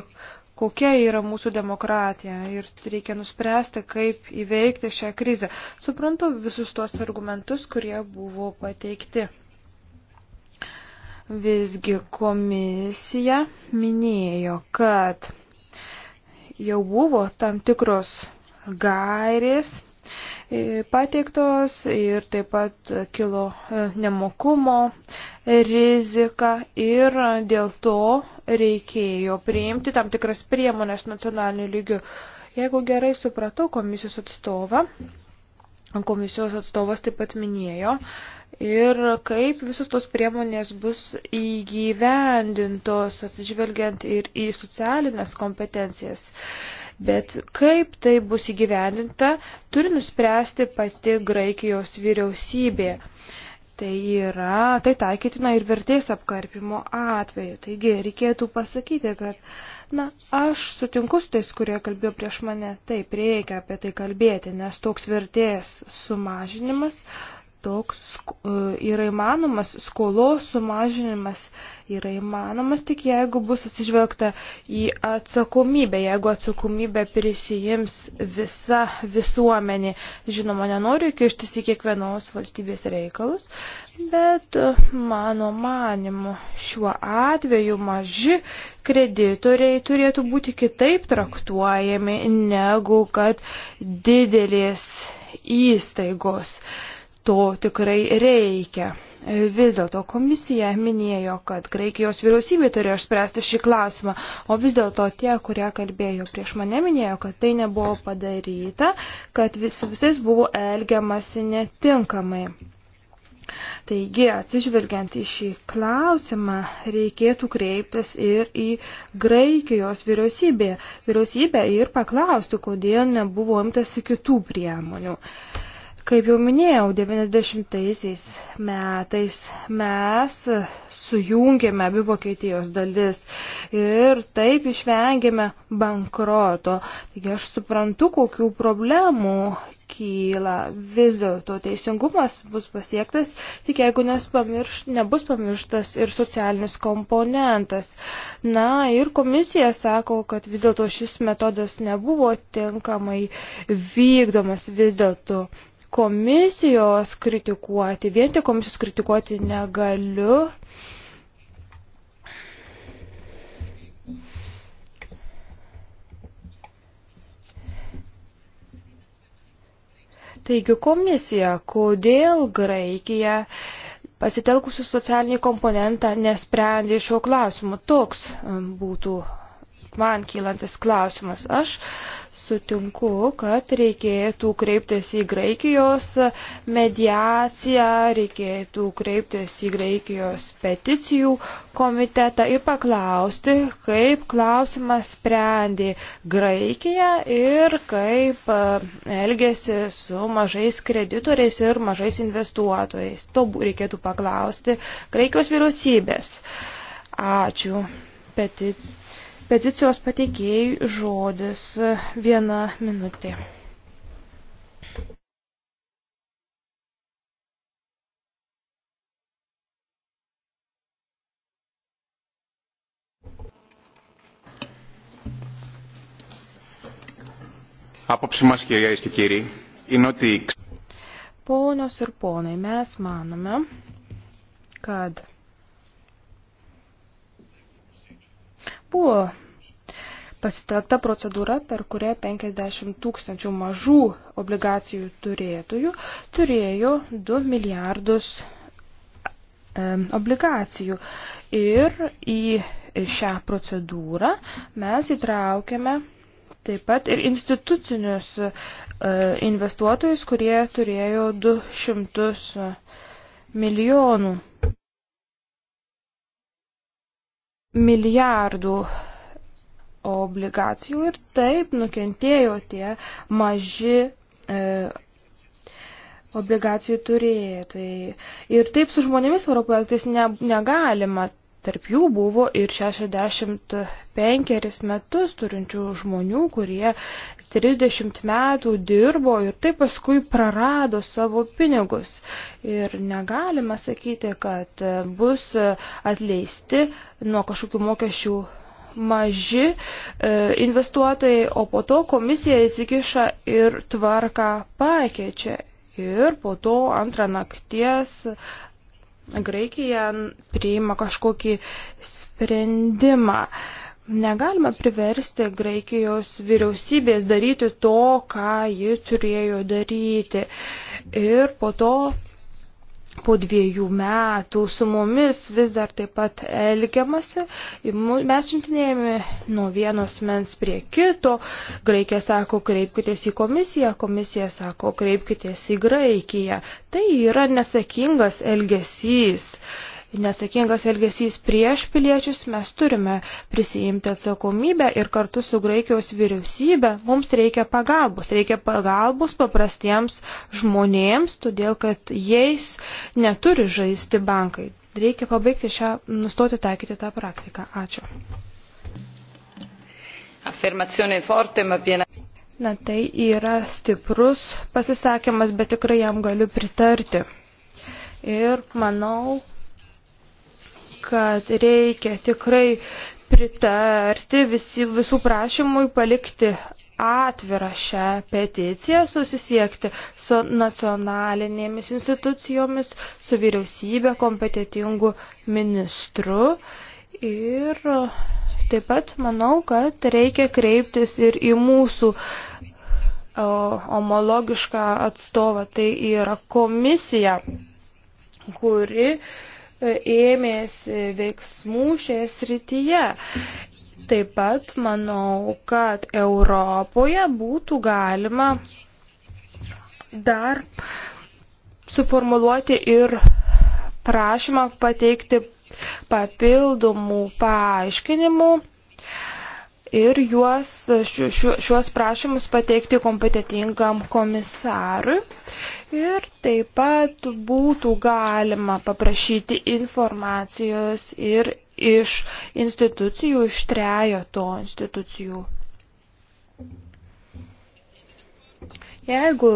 kokia yra mūsų demokratija ir reikia nuspręsti, kaip įveikti šią krizę. Suprantu visus tuos argumentus, kurie buvo pateikti. Visgi komisija minėjo, kad jau buvo tam tikros gairės E, pateiktos ir taip pat kilo e, nemokumo rizika ir dėl to reikėjo priimti tam tikras priemonės nacionaliniu lygiu. Jeigu gerai supratau komisijos atstovą, komisijos atstovas taip pat minėjo, ir kaip visos tos priemonės bus įgyvendintos, atsižvelgiant ir į socialinės kompetencijas bet kaip tai bus įgyvendinta, turi nuspręsti pati Graikijos vyriausybė. Tai yra, tai taikytina ir vertės apkarpimo atveju. Taigi reikėtų pasakyti, kad, na, aš sutinku su tais, kurie kalbėjo prieš mane, taip reikia apie tai kalbėti, nes toks vertės sumažinimas toks e, yra įmanomas, skolos sumažinimas yra įmanomas tik jeigu bus atsižvelgta į atsakomybę, jeigu atsakomybę prisijims visa visuomenė. Žinoma, nenoriu kištis į kiekvienos valstybės reikalus, bet e, mano manimu šiuo atveju maži kreditoriai turėtų būti kitaip traktuojami negu kad didelės įstaigos. Uh, to tikrai reikia. Vis dėlto komisija minėjo, kad Graikijos vyriausybė turėjo spręsti šį klausimą, o vis dėlto tie, kurie kalbėjo prieš mane, minėjo, kad tai nebuvo padaryta, kad vis, visais buvo elgiamasi netinkamai. Taigi, atsižvelgiant į šį klausimą, reikėtų kreiptis ir į Graikijos vyriausybę, vyriausybę ir paklausti, kodėl nebuvo imtasi kitų priemonių. Uh, Kaip jau minėjau, 90-aisiais metais mes sujungėme abi Vokietijos dalis ir taip išvengėme bankroto. Taigi aš suprantu, kokių problemų kyla. Vis dėlto teisingumas bus pasiektas, tik jeigu pamirš, nebus pamirštas ir socialinis komponentas. Na ir komisija sako, kad vis dėlto šis metodas nebuvo tinkamai vykdomas vis dėlto komisijos kritikuoti, vien tik komisijos kritikuoti negaliu. Taigi komisija, kodėl Graikija pasitelkusi socialinį komponentą nesprendė šio klausimo? Toks um, būtų man kylantis klausimas. Aš sutinku, kad reikėtų kreiptis į Graikijos mediaciją, reikėtų kreiptis į Graikijos peticijų komitetą ir paklausti, kaip klausimas sprendė Graikija ir kaip e, elgėsi su mažais kreditoriais ir mažais investuotojais. To reikėtų paklausti Graikijos vyriausybės. Ačiū. Peticija Peticijos pateikėjai žodis viena minutė. Απόψη μας κυρίες και κύριοι είναι ότι... Πόνος ir ponai, mes manome, kad nebuvo pasitelkta procedūra, per kurią 50 tūkstančių mažų obligacijų turėtojų turėjo 2 milijardus obligacijų. Ir į šią procedūrą mes įtraukėme taip pat ir institucinius e, investuotojus, kurie turėjo 200 e, milijonų milijardų obligacijų ir taip nukentėjo tie maži e, obligacijų turėtojai. Ir taip su žmonėmis Europoje elgtis ne, negalima. Tarp jų buvo ir 65 metus turinčių žmonių, kurie 30 metų dirbo ir taip paskui prarado savo pinigus. Ir negalime sakyti, kad bus atleisti nuo kažkokių mokesčių maži e, investuotojai, o po to komisija įsikiša ir tvarką pakeičia. Ir po to antrą nakties Graikija priima kažkokį sprendimą. Negalima priversti Graikijos vyriausybės daryti to, ką ji turėjo daryti. Ir po to po dviejų metų su mumis vis dar taip pat elgiamasi. Mes siuntinėjame nuo vienos mens prie kito. Graikija sako, kreipkitės į komisiją, komisija sako, kreipkitės į Graikiją. Tai yra nesakingas elgesys neatsakingas elgesys prieš piliečius, mes turime prisijimti atsakomybę ir kartu su Graikijos vyriausybė mums reikia pagalbos. Reikia pagalbos paprastiems žmonėms, todėl kad jais neturi žaisti bankai. Reikia pabaigti šią, nustoti taikyti tą praktiką. Ačiū. Affermazione forte ma piena. Na tai yra stiprus pasisakymas, bet tikrai jam galiu pritarti. Ir manau, kad reikia tikrai pritarti visi, visų prašymui palikti atvirą šią peticiją, susisiekti su nacionalinėmis institucijomis, su vyriausybė, kompetitingu ministru ir taip pat manau, kad reikia kreiptis ir į mūsų homologišką atstovą, tai yra komisija, kuri uh, E, ėmėsi veiksmų šioje srityje. Taip pat manau, kad Europoje būtų galima dar suformuluoti ir prašymą pateikti papildomų paaiškinimų ir juos, šiuos prašymus pateikti kompetitingam komisarui. Ir taip pat būtų galima paprašyti informacijos ir iš institucijų, iš trejo to institucijų. Jeigu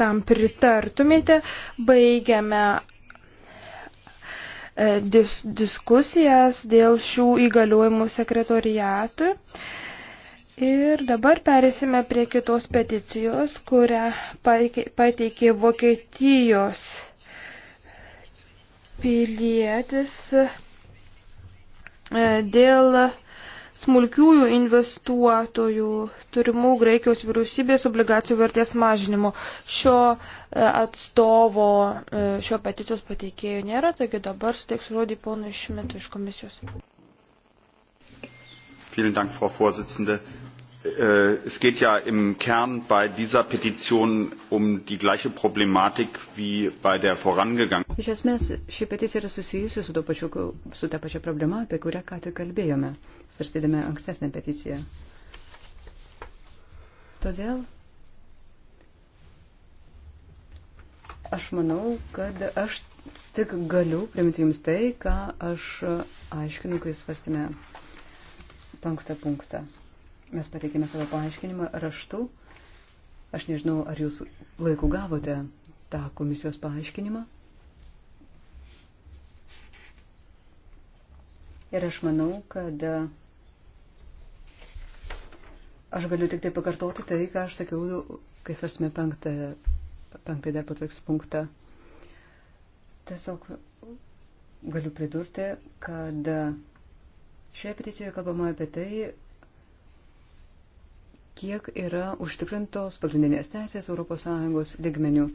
tam pritartumėte, baigiame E, dis, diskusijas dėl šių įgaliojimų sekretoriatui. Ir dabar perėsime prie kitos peticijos, kurią pateikė Vokietijos pilietis e, dėl smulkiųjų investuotojų turimų Graikijos vyriausybės obligacijų vertės mažinimo. Šio e, atstovo, e, šio peticijos pateikėjo nėra, taigi dabar suteiksiu žodį ponui Šmitui iš komisijos. Vielen Dank, Frau Vorsitzende. Äh, es geht ja im Kern bei dieser Petition um die gleiche Problematik wie bei der vorangegangenen. Iš esmės, ši peticija yra susijusi su, pačiu, su ta pačia problema, apie kurią ką tik kalbėjome, svarstydami ankstesnę peticiją. Todėl aš manau, kad aš tik galiu priminti jums tai, ką aš aiškinu, kai svarstėme penktą punktą. punktą. Mes pateikėme savo paaiškinimą raštu. Aš nežinau, ar jūs laiku gavote tą komisijos paaiškinimą. Ir aš manau, kad e, aš galiu tik tai pakartoti tai, ką aš sakiau, kai svarsime penktą, penktą dar patrauks punktą. Tiesiog galiu pridurti, kad e, šioje peticijoje kalbama apie tai, kiek yra užtikrintos pagrindinės teisės ES lygmenių.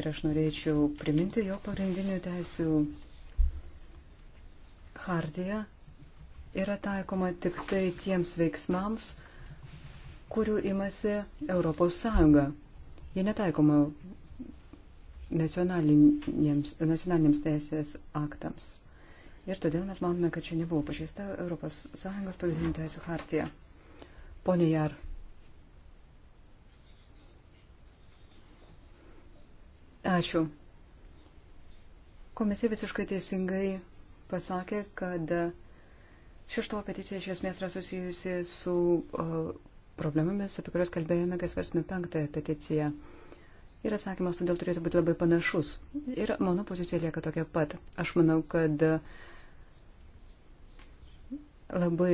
Ir aš norėčiau priminti jo pagrindinių teisių hardiją yra taikoma tik tai tiems veiksmams, kurių imasi Europos Sąjunga. Jie netaikoma nacionaliniams, nacionaliniams teisės aktams. Ir todėl mes manome, kad čia nebuvo pažįsta Europos Sąjungos pagrindinių teisų hartija. Pone Jar. Ačiū. Komisija visiškai teisingai pasakė, kad šešto peticija iš esmės yra susijusi su uh, problemomis, apie kurias kalbėjome, kai svarstėme penktąją peticiją. Ir atsakymas todėl turėtų būti labai panašus. Ir mano pozicija lieka tokia pat. Aš manau, kad labai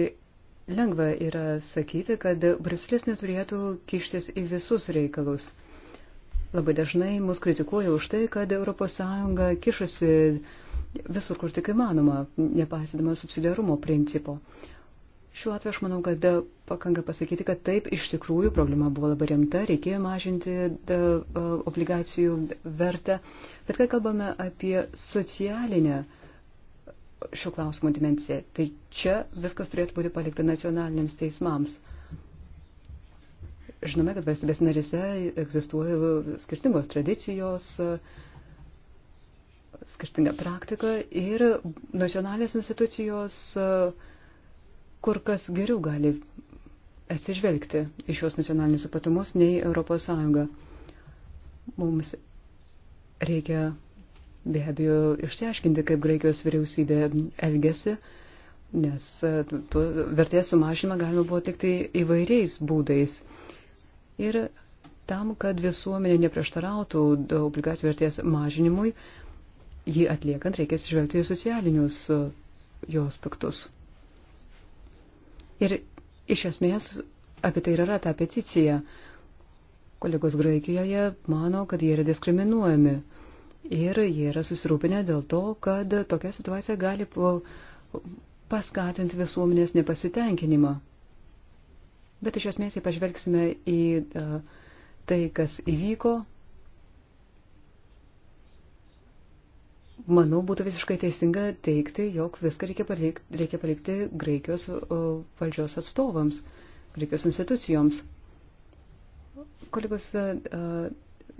lengva yra sakyti, kad Briuselis neturėtų kištis į visus reikalus labai dažnai mus kritikuoja už tai, kad ES kišasi visur, kur tik įmanoma, nepasidama subsidiarumo principo. Šiuo atveju aš manau, kad pakanka pasakyti, kad taip iš tikrųjų problema buvo labai rimta, reikėjo mažinti da, obligacijų vertę, bet kai kalbame apie socialinę šių klausimų dimenciją, tai čia viskas turėtų būti palikta nacionaliniams teismams. Žinome, kad valstybės narise egzistuoja skirtingos tradicijos, skirtinga praktika ir nacionalinės institucijos kur kas geriau gali atsižvelgti iš šios nacionalinius ypatumus nei ES. Mums reikia be abejo išsiaiškinti, kaip Graikijos vyriausybė elgesi, nes vertės sumažymą galima buvo atlikti įvairiais būdais ir tam, kad visuomenė neprieštarautų obligacijų vertės mažinimui, jį atliekant reikės žvelgti į socialinius e, jo aspektus. Ir iš esmės apie tai yra ta peticija. Kolegos Graikijoje mano, kad jie yra diskriminuojami ir jie yra susirūpinę dėl to, kad tokia situacija gali paskatinti visuomenės nepasitenkinimą. Bet iš esmės, jei pažvelgsime į e, tai, kas įvyko, manau, būtų visiškai teisinga teikti, jog viską reikia palikti, reikia palikti Graikijos valdžios atstovams, Graikijos institucijoms. Kolegos e, e,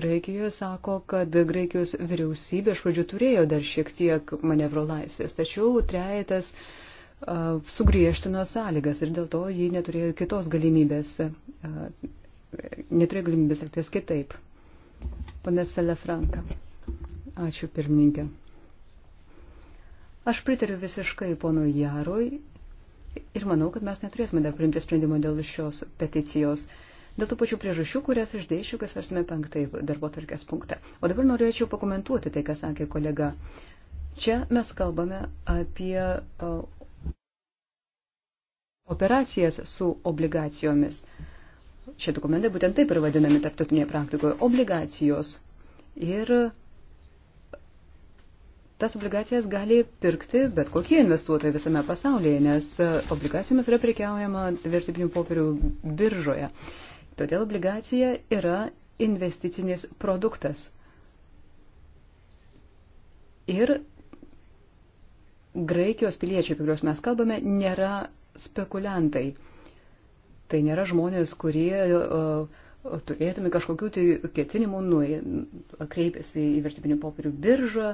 Graikijoje sako, kad Graikijos vyriausybė iš pradžių turėjo dar šiek tiek manevro laisvės, tačiau trejetas uh, sugriežtino sąlygas ir dėl to ji neturėjo kitos galimybės, neturėjo galimybės elgtis kitaip. Pane Selefranka, ačiū pirmininkė. Aš pritariu visiškai ponui Jarui ir manau, kad mes neturėtume dar priimti sprendimo dėl šios peticijos. Dėl tų pačių priežasčių, kurias išdėšiu, kas varsime penktąjį darbo tarkės punktą. O dabar norėčiau pakomentuoti tai, ką sakė kolega. Čia mes kalbame apie operacijas su obligacijomis. Šie dokumentai būtent taip ir vadinami tarptautinėje praktikoje - obligacijos. Ir tas obligacijas gali pirkti bet kokie investuotojai visame pasaulyje, nes obligacijomis yra prekiaujama vertybinių popierių biržoje. Todėl obligacija yra investicinis produktas. Ir Graikijos piliečiai, apie kuriuos mes kalbame, nėra spekuliantai. Tai nėra žmonės, kurie uh, e, turėtume kažkokių tai ketinimų, nu, kreipiasi į vertybinių popierių biržą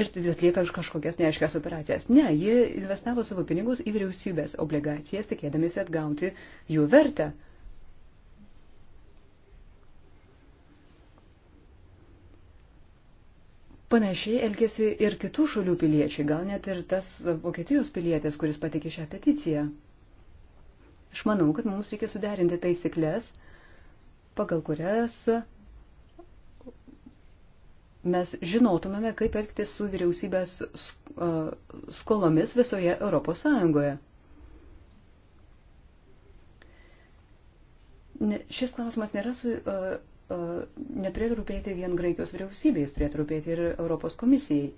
ir atlieka kažkokias neaiškias operacijas. Ne, jie investavo savo pinigus į vyriausybės obligacijas, tikėdamiesi atgauti jų vertę. Uh, Panašiai elgėsi ir kitų šalių piliečiai, gal net ir tas Vokietijos pilietis, kuris patikė šią peticiją. Aš manau, kad mums reikia suderinti taisyklės, pagal kurias mes žinotumėme, kaip elgtis su vyriausybės skolomis visoje Europos Sąjungoje. Šis klausimas nėra su, uh, E, neturėtų rūpėti vien Graikijos vyriausybei, jis turėtų rūpėti ir Europos komisijai.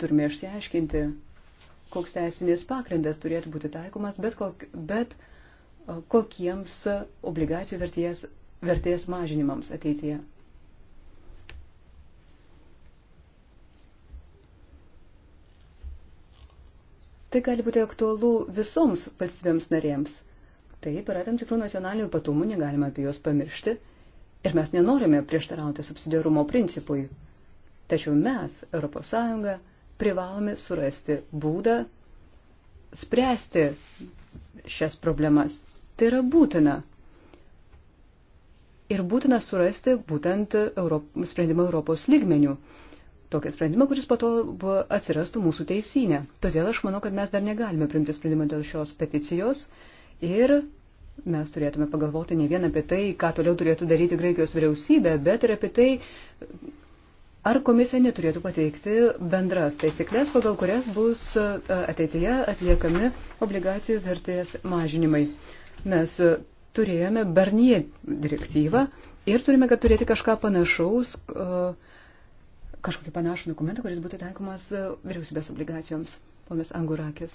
Turime išsiaiškinti, koks teisinės pagrindas turėtų būti taikomas, bet, kok, bet e, kokiems obligacijų vertės, vertės mažinimams ateityje. Tai gali būti aktualu visoms valstybėms narėms – Taip, yra tam tikrų nacionalinių patumų, negalime apie juos pamiršti. Ir mes nenorime prieštarauti subsidiarumo principui. Tačiau mes, ES, privalome surasti būdą spręsti šias problemas. Tai yra būtina. Ir būtina surasti būtent Europ... sprendimą Europos lygmenių. Tokią sprendimą, kuris po to atsirastų mūsų teisinė. Todėl aš manau, kad mes dar negalime primti sprendimą dėl šios peticijos. Uh, Ir mes turėtume pagalvoti ne vien apie tai, ką toliau turėtų daryti Graikijos vyriausybė, bet ir apie tai, ar komisija neturėtų pateikti bendras taisyklės, pagal kurias bus e, ateityje atliekami obligacijų vertės mažinimai. Mes turėjome Barnie direktyvą ir turime, kad turėti kažką panašaus, e, kažkokį panašų dokumentą, kuris būtų tenkomas e, vyriausybės obligacijoms. Ponas Angurakis.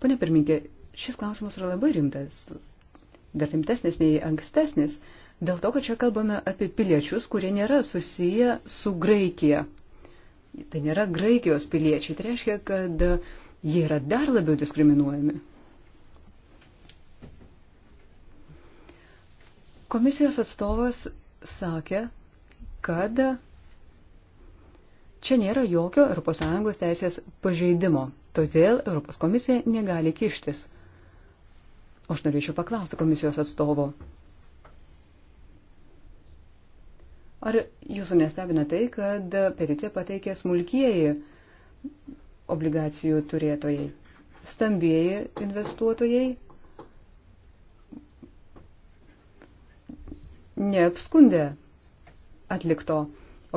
Pane pirminkė, šis klausimas yra labai rimtas, dar rimtesnis nei ankstesnis, dėl to, kad čia kalbame apie piliečius, kurie nėra susiję su Graikija. Tai nėra Graikijos piliečiai, tai reiškia, kad jie yra dar labiau diskriminuojami. Komisijos atstovas sakė, kad čia nėra jokio ES teisės pažeidimo, todėl ES komisija negali kištis. Aš norėčiau paklausti komisijos atstovo. Ar jūsų nestebina tai, kad peticiją pateikė smulkieji obligacijų turėtojai, stambieji investuotojai neapskundė atlikto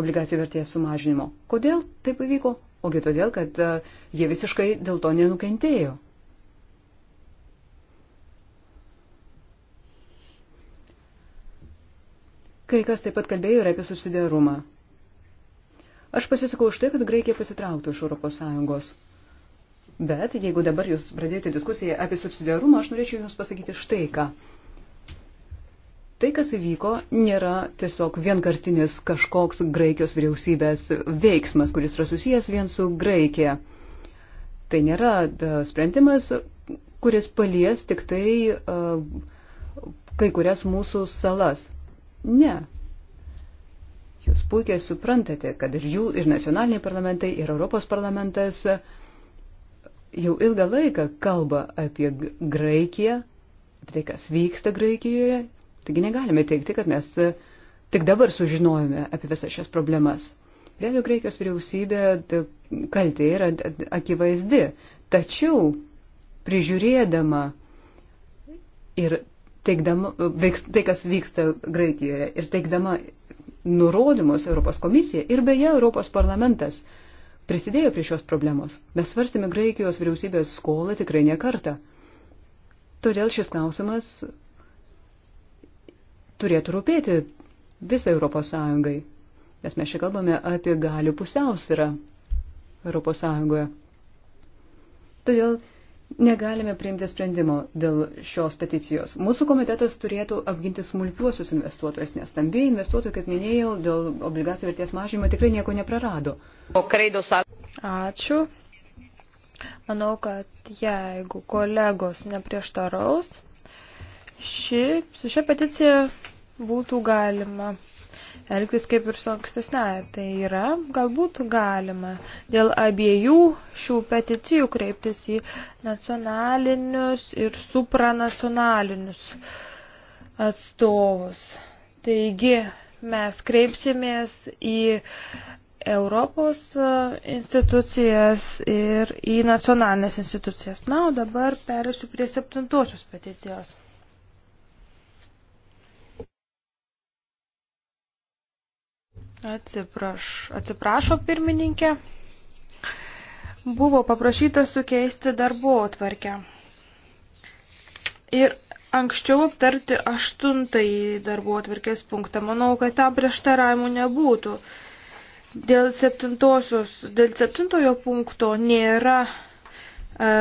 obligacijų vertės sumažinimo. Kodėl taip įvyko? Ogi todėl, kad jie visiškai dėl to nenukentėjo. Kai kas taip pat kalbėjo ir apie subsidiarumą. Aš pasisakau už tai, kad Graikija pasitrauktų iš Europos Sąjungos. Bet jeigu dabar jūs pradėjote diskusiją apie subsidiarumą, aš norėčiau jums pasakyti štai ką. Tai, kas įvyko, nėra tiesiog vienkartinis kažkoks Graikijos vyriausybės veiksmas, kuris yra susijęs vien su Graikija. Tai nėra da, sprendimas, kuris palies tik tai uh, kai kurias mūsų salas. Ne. Jūs puikiai suprantate, kad ir jų, ir nacionaliniai parlamentai, ir Europos parlamentas jau ilgą laiką kalba apie Graikiją, apie tai, kas vyksta Graikijoje. Taigi negalime teikti, kad mes tik dabar sužinojome apie visas šias problemas. Be abejo, Graikijos vyriausybė kaltė yra akivaizdi, tačiau prižiūrėdama ir teikdama, veiks, tai, kas vyksta Graikijoje ir teikdama nurodymus Europos komisija ir beje Europos parlamentas prisidėjo prie šios problemos. Mes svarstėme Graikijos vyriausybės skolą tikrai ne kartą. Todėl šis klausimas turėtų rūpėti visai Europos Sąjungai, nes mes čia kalbame apie galių pusiausvirą Europos Sąjungoje. Todėl negalime priimti sprendimo dėl šios peticijos. Mūsų komitetas turėtų apginti smulkiuosius investuotojus, nes stambiai investuotojai, kaip minėjau, dėl obligacijų vertės mažymo tikrai nieko neprarado. Ačiū. Manau, kad jeigu kolegos neprieštaraus, ši, su šia peticija būtų galima elgtis kaip ir su ankstesnė. Tai yra, galbūt galima dėl abiejų šių peticijų kreiptis į nacionalinius ir supranacionalinius atstovus. Taigi, mes kreipsimės į Europos institucijas ir į nacionalinės institucijas. Na, o dabar perėsiu prie septintosios peticijos. Atsipraš, atsiprašo pirmininkė. Buvo paprašyta sukeisti darbo atvarkę. Ir anksčiau aptarti aštuntąjį darbo atvarkės punktą. Manau, kad tam prieštaravimų nebūtų. Dėl, dėl septintojo punkto nėra e,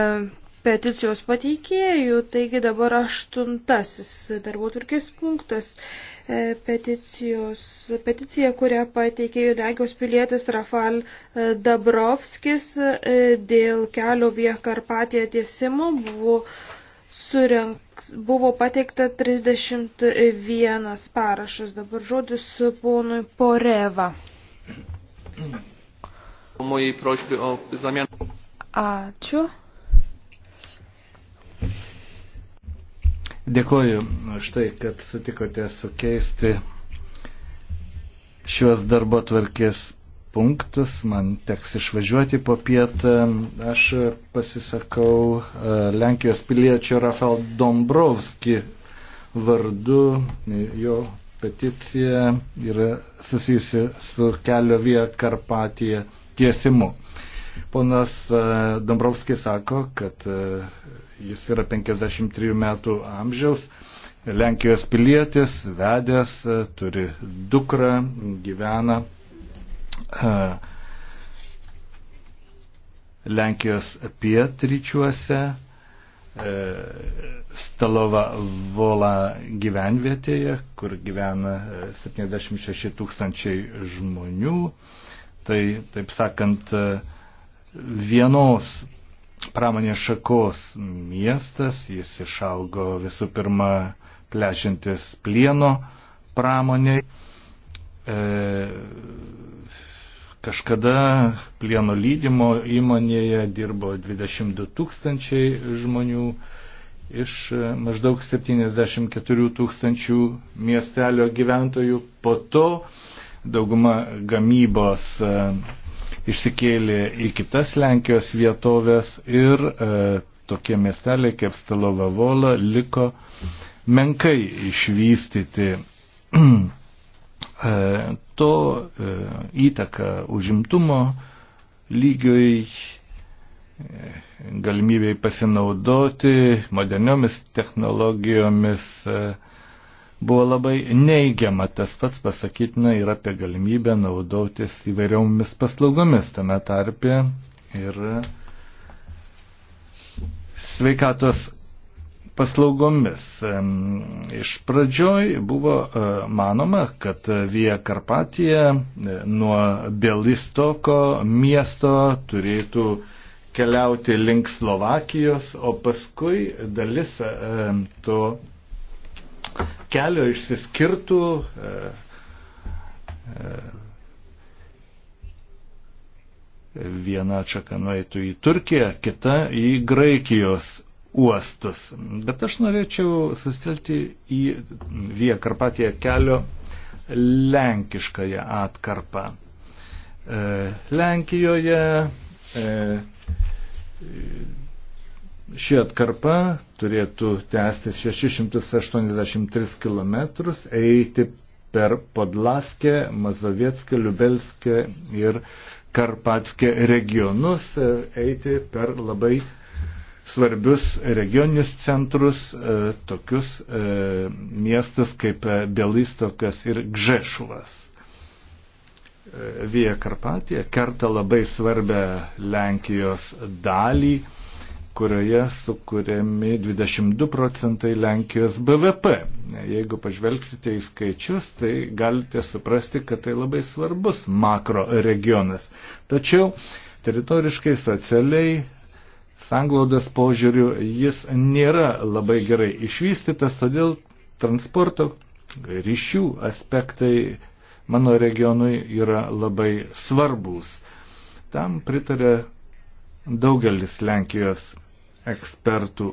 peticijos pateikėjų. Taigi dabar aštuntasis darbo turkės punktas. E, peticijos, peticija, kurią pateikė Lenkijos pilietis Rafal e, Dabrovskis e, dėl kelio Vie Karpatija tiesimo buvo, surenks, buvo pateikta 31 parašas. Dabar žodis ponui Poreva. Mojej prośby o zamianę. Ačiū. Dėkoju už tai, kad sutikote sukeisti šiuos darbo tvarkės punktus. Man teks išvažiuoti po pietą. Aš pasisakau e, Lenkijos piliečio Rafael Dombrovski vardu. Jo peticija yra susijusi su kelio vie Karpatija tiesimu. Ponas e, Dombrovskis sako, kad e, Jis yra 53 metų amžiaus, Lenkijos pilietis, vedęs, e, turi dukrą, gyvena e, Lenkijos pietryčiuose. E, Stalova Vola gyvenvietėje, kur gyvena 76 tūkstančiai žmonių. Tai, taip sakant, vienos pramonės šakos miestas, jis išaugo visų pirma plešintis plieno pramoniai. E, kažkada plieno lydimo įmonėje dirbo 22 tūkstančiai žmonių iš e, maždaug 74 tūkstančių miestelio gyventojų. Po to dauguma gamybos e, išsikėlė į kitas Lenkijos vietovės ir e, tokie miesteliai kaip Stalova Vola liko menkai išvystyti. [CLEARS THROAT] e, to e, įtaka užimtumo lygioj e, galimybėj pasinaudoti moderniomis technologijomis e, buvo labai neigiama. Tas pats pasakytina ir apie galimybę naudotis įvairiomis paslaugomis tame tarpe ir sveikatos paslaugomis. Iš pradžioj buvo e, manoma, kad Via Karpatija e, nuo Bielistoko miesto turėtų keliauti link Slovakijos, o paskui dalis e, to kelio išsiskirtų. E, e, viena atšaka nueitų į Turkiją, kita į Graikijos uostus. Bet aš norėčiau sustelti į Vie Karpatiją kelio lenkiškąją atkarpą. E, Lenkijoje e, Ši atkarpa turėtų tęsti 683 km, eiti per Podlaskę, Mazovietskę, Liubelskę ir Karpatskę regionus, eiti per labai svarbius regioninius centrus, e, tokius e, miestus kaip e, Belistokas ir Gžešuvas. Vija Karpatija kerta labai svarbę Lenkijos dalį kurioje sukūrėmi 22 procentai Lenkijos BVP. Jeigu pažvelgsite į skaičius, tai galite suprasti, kad tai labai svarbus makro regionas. Tačiau teritoriškai, socialiai, sanglaudas požiūrių jis nėra labai gerai išvystytas, todėl transporto ryšių aspektai mano regionui yra labai svarbus. Tam pritarė daugelis Lenkijos ekspertų.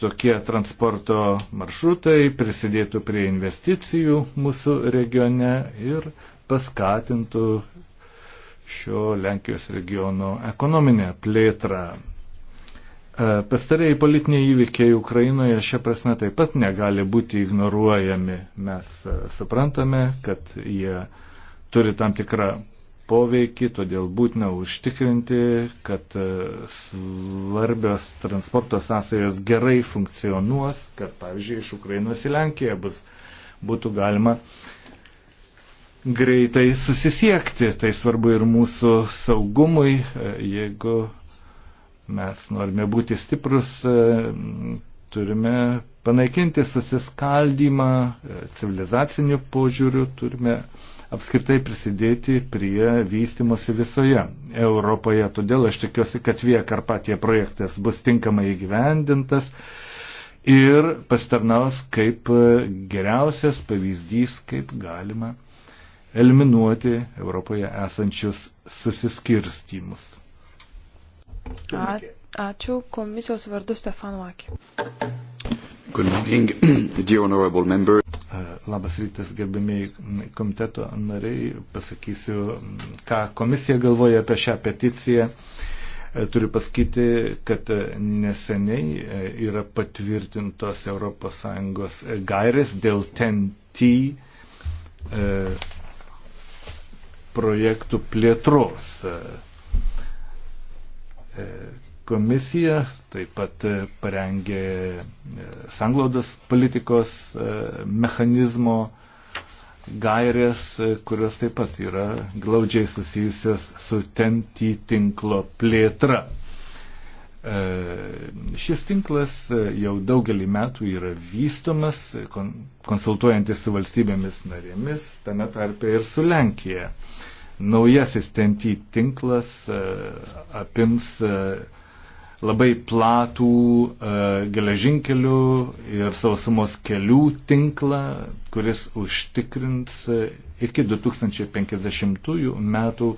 Tokie transporto maršrutai prisidėtų prie investicijų mūsų regione ir paskatintų šio Lenkijos regiono ekonominę plėtrą. E, Pastarėjai politiniai įvykiai Ukrainoje šia prasme taip pat negali būti ignoruojami. Mes e, suprantame, kad jie turi tam tikrą poveikį, todėl būtina užtikrinti, kad e, svarbios transporto sąsajos gerai funkcionuos, kad pavyzdžiui iš Ukrainos į Lenkiją bus, būtų galima greitai susisiekti. Tai svarbu ir mūsų saugumui, e, jeigu mes norime būti stiprus, e, turime panaikinti susiskaldymą civilizaciniu požiūriu, turime apskritai prisidėti prie vystimosi visoje Europoje. Todėl aš tikiuosi, kad Vie Karpatija projektas bus tinkamai įgyvendintas ir pastarnaus kaip geriausias pavyzdys, kaip galima eliminuoti Europoje esančius susiskirstymus. A, ačiū komisijos vardu Stefan Vakė. Good morning, dear honorable members. E, labas rytas, gerbimiai komiteto nariai. Pasakysiu, ką komisija galvoja apie šią peticiją. E, turiu pasakyti, kad e, neseniai yra patvirtintos ES gairės dėl TNT projektų plėtros Komisija taip pat e, parengė e, sanglaudos politikos e, mechanizmo gairės, kurios taip pat yra glaudžiai susijusios su TNT tinklo plėtra. Šis tinklas jau daugelį metų yra vystomas, konsultuojantis su valstybėmis narėmis, tame tarpe ir su Lenkija. Naujasis TNT tinklas apims labai platų e, geležinkelių ir sausumos kelių tinklą, kuris užtikrins e, iki 2050 metų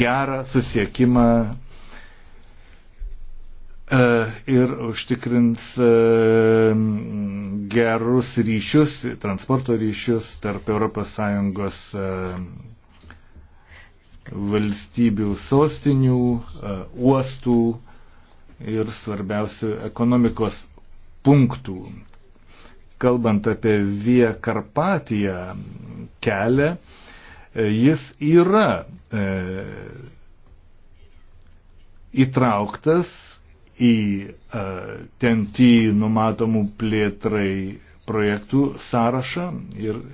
gerą susiekimą e, ir užtikrins gerus ryšius, transporto ryšius tarp ES valstybių sostinių, uostų, ir svarbiausių ekonomikos punktų. Kalbant apie Vie Karpatiją kelią, e, jis yra e, įtrauktas į e, tentį numatomų plėtrai projektų sąrašą ir e,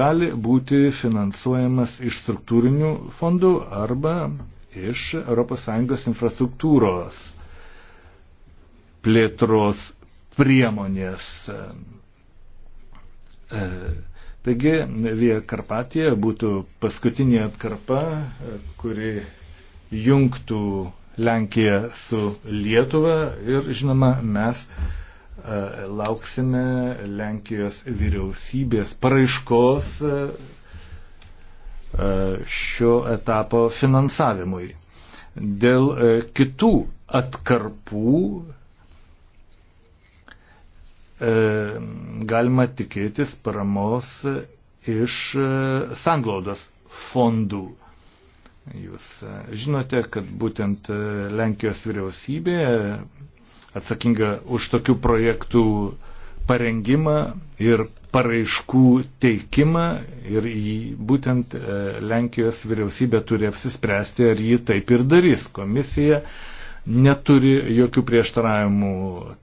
gali būti finansuojamas iš struktūrinių fondų arba iš ES infrastruktūros plėtros priemonės. E, taigi, Via Karpatija būtų paskutinė atkarpa, kuri jungtų Lenkiją su Lietuva ir, žinoma, mes e, lauksime Lenkijos vyriausybės paraiškos e, E, šio etapo finansavimui. Dėl e, kitų atkarpų e, galima tikėtis paramos iš sanglaudos fondų. Jūs žinote, kad būtent Lenkijos vyriausybė atsakinga už tokių projektų uh, parengimą ir paraiškų teikimą ir jį, būtent e, Lenkijos vyriausybė turi apsispręsti, ar jį taip ir darys. Komisija neturi jokių prieštaravimų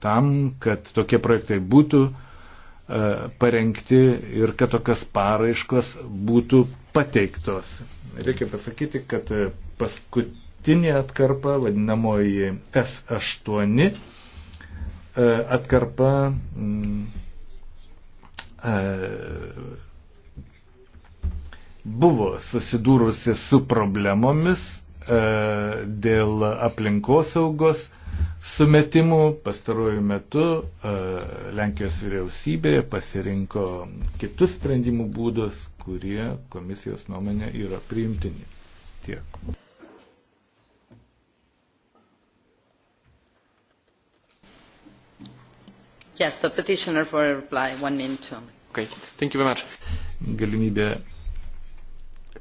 tam, kad tokie projektai būtų e, parengti ir kad tokios paraiškos būtų pateiktos. Reikia pasakyti, kad e, paskutinė atkarpa, vadinamoji S8, E, atkarpa mm, e, buvo susidūrusi su problemomis e, dėl aplinkosaugos sumetimų. Pastaruoju metu Lenkijos vyriausybė pasirinko kitus sprendimų būdus, kurie komisijos nuomonė yra priimtini. Tiek. Yes, the petitioner for a reply, one minute only. Okay, thank you very much. Galimybė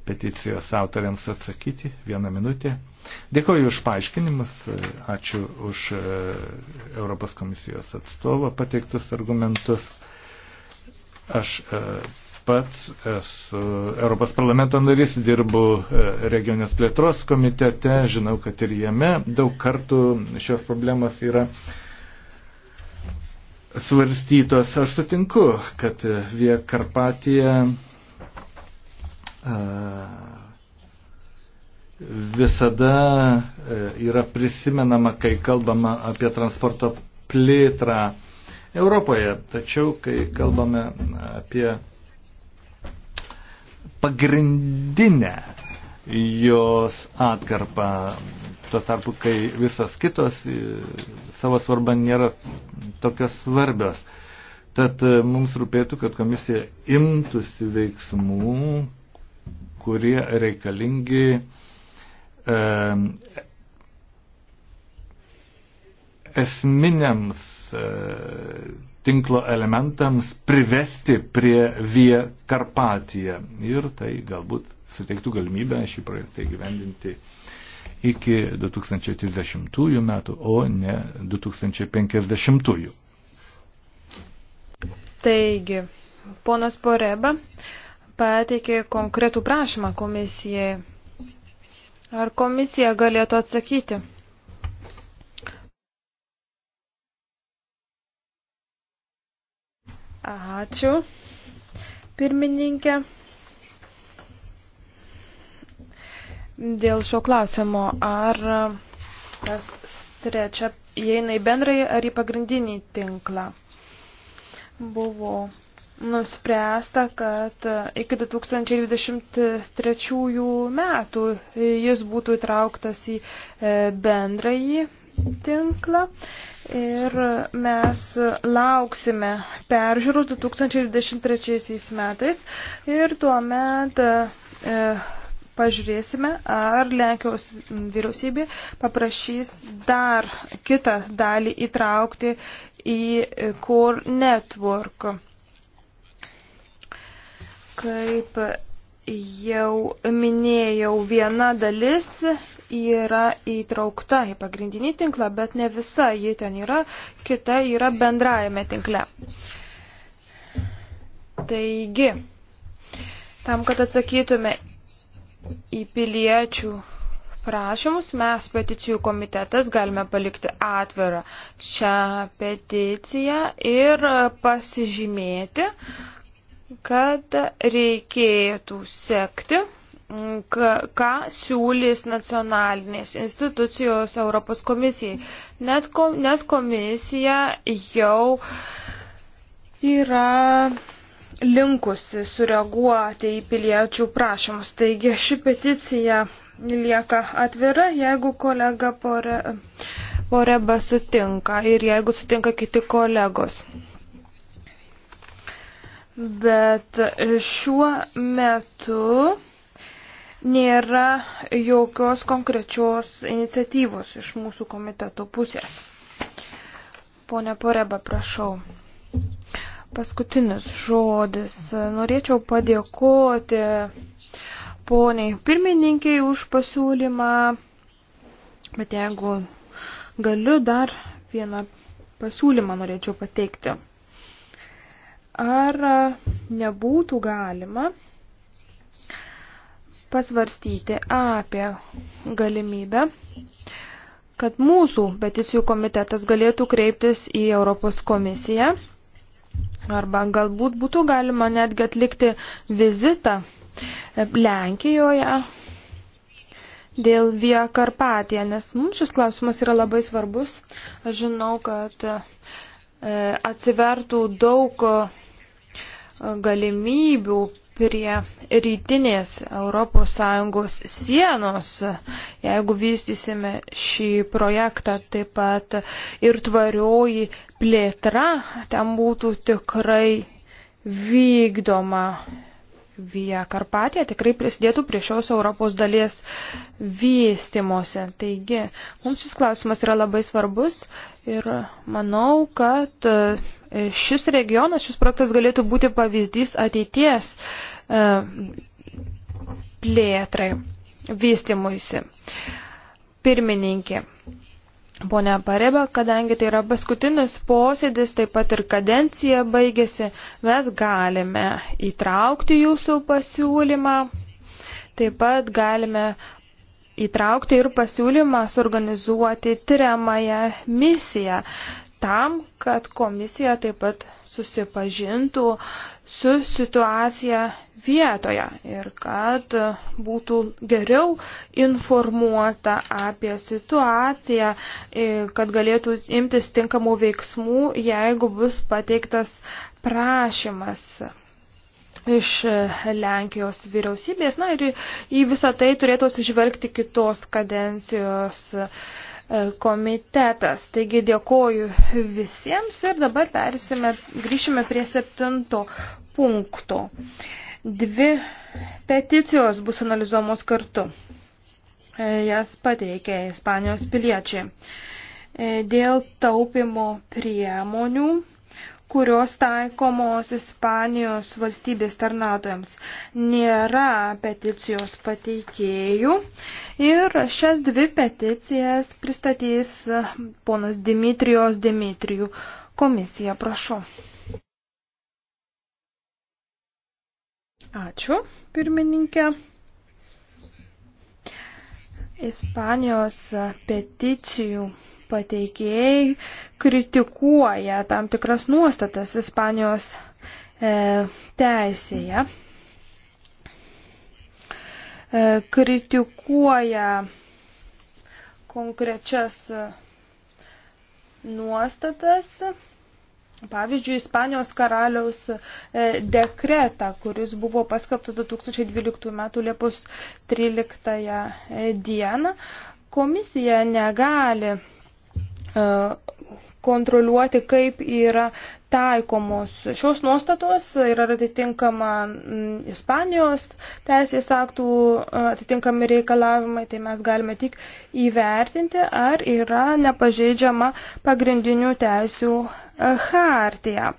peticijos autoriams atsakyti vieną minutę. Dėkoju už paaiškinimus, ačiū už e, Europos komisijos atstovo pateiktus argumentus. Aš e, pats esu Europos parlamento narys, dirbu e, regionės plėtros komitete, žinau, kad ir jame daug kartų šios problemos yra svarstytos. Aš sutinku, kad Vie Karpatija e, visada e, yra prisimenama, kai kalbama apie transporto plėtrą Europoje. Tačiau, kai kalbame apie pagrindinę jos atkarpą. Tuo tarpu, kai visos kitos e, savo svarbą nėra tokios svarbios. Tad e, mums rūpėtų, kad komisija imtųsi veiksmų, kurie reikalingi e, esminiams e, tinklo elementams privesti prie Vie Karpatiją. Ir tai galbūt suteiktų galimybę šį projektą įgyvendinti iki 2030 metų, o ne 2050. Taigi, ponas Poreba pateikė konkretų prašymą komisijai. Ar komisija galėtų atsakyti? Ačiū, pirmininkė. dėl šio klausimo. Ar tas trečia įeina į bendrąjį ar į pagrindinį tinklą? Buvo nuspręsta, kad iki 2023 metų jis būtų įtrauktas į e, bendrąjį tinklą ir mes lauksime peržiūros 2023 metais ir tuomet e, pažiūrėsime, ar Lenkijos vyriausybė paprašys dar kitą dalį įtraukti į Core Network. Kaip jau minėjau, viena dalis yra įtraukta į pagrindinį tinklą, bet ne visa ji ten yra, kita yra bendrajame tinkle. Taigi, tam, kad atsakytume į piliečių prašymus mes peticijų komitetas galime palikti atvirą šią peticiją ir pasižymėti, kad reikėtų sekti, ką siūlys nacionalinės institucijos Europos komisijai, Net kom, nes komisija jau yra linkusi sureaguoti į piliečių prašymus. Taigi ši peticija lieka atvira, jeigu kolega pore, poreba sutinka ir jeigu sutinka kiti kolegos. Bet šiuo metu nėra jokios konkrečios iniciatyvos iš mūsų komiteto pusės. Pone Poreba, prašau paskutinis žodis. Norėčiau padėkoti poniai pirmininkiai už pasiūlymą, bet jeigu galiu dar vieną pasiūlymą norėčiau pateikti. Ar nebūtų galima pasvarstyti apie galimybę, kad mūsų peticijų komitetas galėtų kreiptis į Europos komisiją Arba galbūt būtų galima netgi atlikti vizitą Lenkijoje dėl Via Karpatija, nes mums šis klausimas yra labai svarbus. Aš žinau, kad e, atsivertų daug e, galimybių prie rytinės ES sienos, jeigu vystysime šį projektą, taip pat ir tvarioji plėtra ten būtų tikrai vykdoma Via Karpatija tikrai prisidėtų prie šios Europos dalies vystimuose. Taigi, mums šis klausimas yra labai svarbus ir manau, kad e, šis regionas, šis projektas galėtų būti pavyzdys ateities e, plėtrai vystimuisi. Pirmininkė, Pone Pareba, kadangi tai yra paskutinis posėdis, taip pat ir kadencija baigėsi, mes galime įtraukti jūsų pasiūlymą, taip pat galime įtraukti ir pasiūlymą suorganizuoti tyriamąją misiją tam, kad komisija taip pat susipažintų su situacija vietoje ir kad būtų geriau informuota apie situaciją, kad galėtų imtis tinkamų veiksmų, jeigu bus pateiktas prašymas iš Lenkijos vyriausybės. Na ir į visą tai turėtų atsižvelgti kitos kadencijos komitetas. Taigi dėkoju visiems ir dabar persime, grįšime prie septinto punkto. Dvi peticijos bus analizuomos kartu. E, jas pateikė Ispanijos piliečiai. E, dėl taupimo priemonių kurios taikomos Ispanijos valstybės tarnautojams. Nėra peticijos pateikėjų ir šias dvi peticijas pristatys ponas Dimitrijos Dimitrijų komisija. Prašau. Ačiū, pirmininkė. Ispanijos peticijų pateikėjai kritikuoja tam tikras nuostatas Ispanijos e, teisėje, e, kritikuoja konkrečias nuostatas. Pavyzdžiui, Ispanijos karaliaus e, dekretą, kuris buvo paskelbtas 2012 m. Liepos 13 e, d. Komisija negali E, kontroliuoti, kaip yra taikomos šios nuostatos ir ar atitinkama mm, Ispanijos teisės aktų e, atitinkami reikalavimai, tai mes galime tik įvertinti, ar yra nepažeidžiama pagrindinių teisių e, hartija.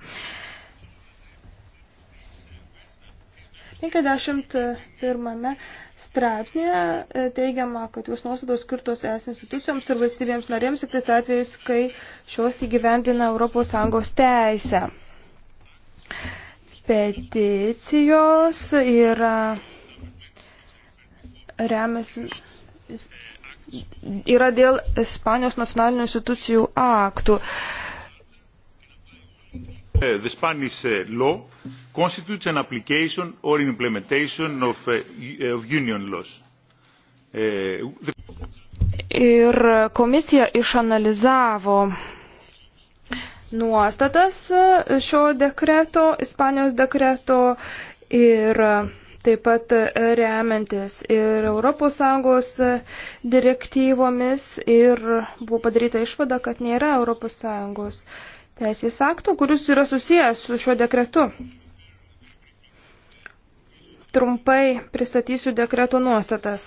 51 straipsnėje e, teigiama, kad jos nuostatos skirtos es institucijoms ir valstybėms narėms tik tais atvejais, kai šios įgyvendina ES teisę. Peticijos yra remiasi yra dėl Ispanijos nacionalinių institucijų aktų. E, The Spanish law constitutes an application or implementation of, of union laws. The... Ir komisija išanalizavo nuostatas šio dekreto, Ispanijos dekreto ir taip pat remiantis ir ES direktyvomis ir buvo padaryta išvada, kad nėra ES teisės akto, kuris yra susijęs su šiuo dekretu. Trumpai pristatysiu dekreto nuostatas.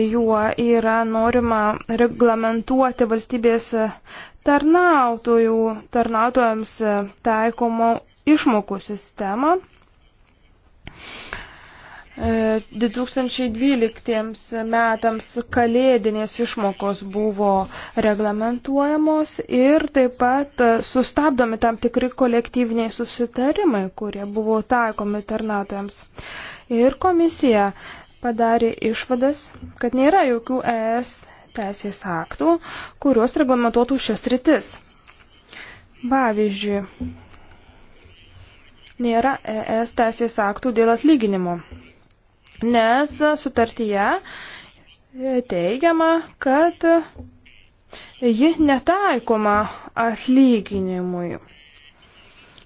Juo yra norima reglamentuoti valstybės tarnautojų, tarnautojams taikomo išmokų sistemą 2012 e, metams kalėdinės išmokos buvo reglamentuojamos ir taip pat sustabdomi tam tikri kolektyviniai susitarimai, kurie buvo taikomi tarnautojams. Ir komisija padarė išvadas, kad nėra jokių ES teisės aktų, kurios reglamentuotų šias rytis. Pavyzdžiui, nėra ES teisės aktų dėl atlyginimo nes sutartyje teigiama, kad ji netaikoma atlyginimui.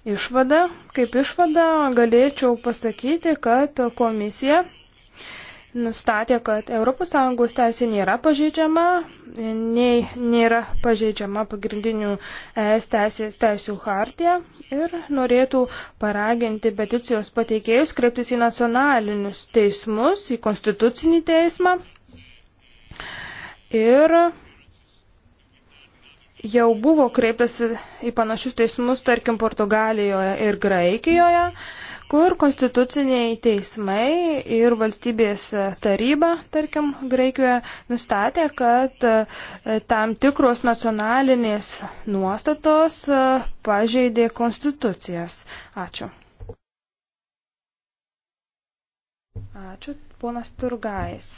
Išvada, kaip išvada, galėčiau pasakyti, kad komisija nustatė, kad ES teisė nėra pažeidžiama, nei nėra pažeidžiama pagrindinių ES teisės teisų hartija ir norėtų paraginti peticijos pateikėjus kreiptis į nacionalinius teismus, į konstitucinį teismą. Ir jau buvo kreiptasi į panašius teismus, tarkim, Portugalijoje ir Graikijoje kur konstituciniai teismai ir valstybės taryba, tarkim, Graikijoje nustatė, kad e, tam tikros nacionalinės nuostatos e, pažeidė konstitucijas. Ačiū. Ačiū, ponas Turgais.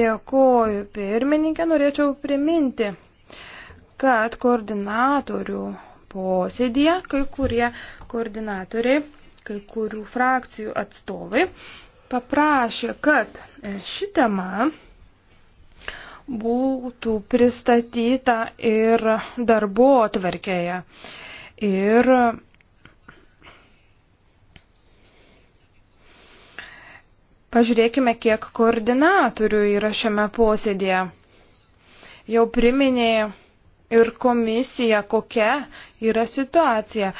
Dėkuoju, pirmininkė, norėčiau priminti, kad koordinatorių posėdėje kai kurie koordinatoriai, kai kurių frakcijų atstovai paprašė, kad e, ši tema būtų pristatyta ir darbo atverkėje. Ir pažiūrėkime, kiek koordinatorių yra šiame posėdėje. Jau priminėjau ir komisija, kokia yra situacija.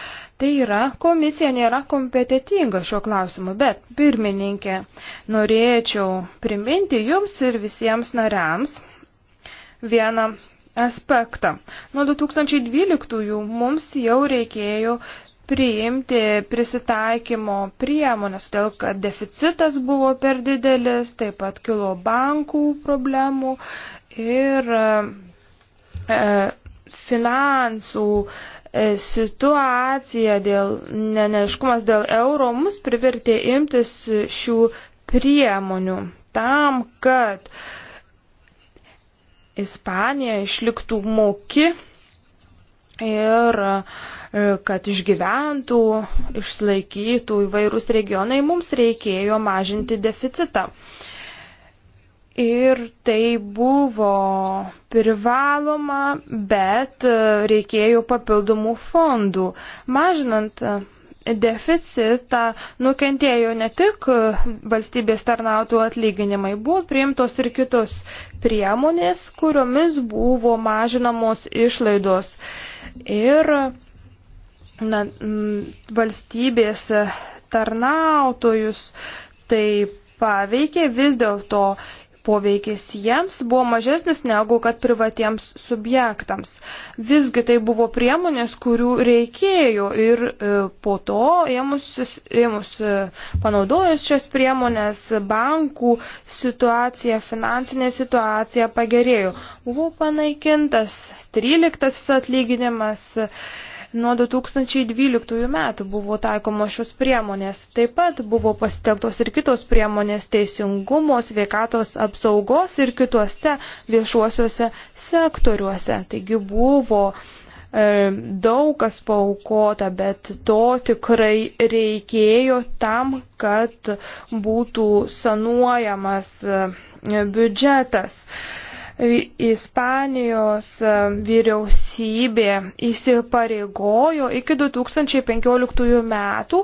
Tai yra, komisija nėra kompetitinga šiuo klausimu, bet pirmininkė, norėčiau priminti jums ir visiems nariams vieną aspektą. Nuo 2012 mums jau reikėjo priimti prisitaikymo priemonės, todėl kad deficitas buvo per didelis, taip pat kilo bankų problemų ir e, finansų e, situacija, dėl neneiškumas dėl euro mus privertė imtis šių priemonių tam, kad Ispanija išliktų moki ir e, kad išgyventų, išlaikytų įvairūs regionai, mums reikėjo mažinti deficitą. Ir tai buvo privaloma, bet e, reikėjo papildomų fondų. Mažinant e, deficitą nukentėjo ne tik e, valstybės tarnautojų atlyginimai, buvo priimtos ir kitos priemonės, kuriomis buvo mažinamos išlaidos. Ir na, valstybės tarnautojus tai paveikė vis dėlto poveikis jiems buvo mažesnis negu kad privatiems subjektams. Visgi tai buvo priemonės, kurių reikėjo ir e, po to ėmus e, panaudojus šias priemonės bankų situacija, finansinė situacija pagerėjo. Buvo panaikintas 13 atlyginimas. Nuo 2012 metų buvo taikomos šios priemonės. Taip pat buvo pasitelktos ir kitos priemonės teisingumo, sveikatos apsaugos ir kituose viešuosiuose sektoriuose. Taigi buvo e, daug kas paukota, bet to tikrai reikėjo tam, kad būtų sanuojamas e, biudžetas. Ispanijos vyriausybė įsipareigojo iki 2015 metų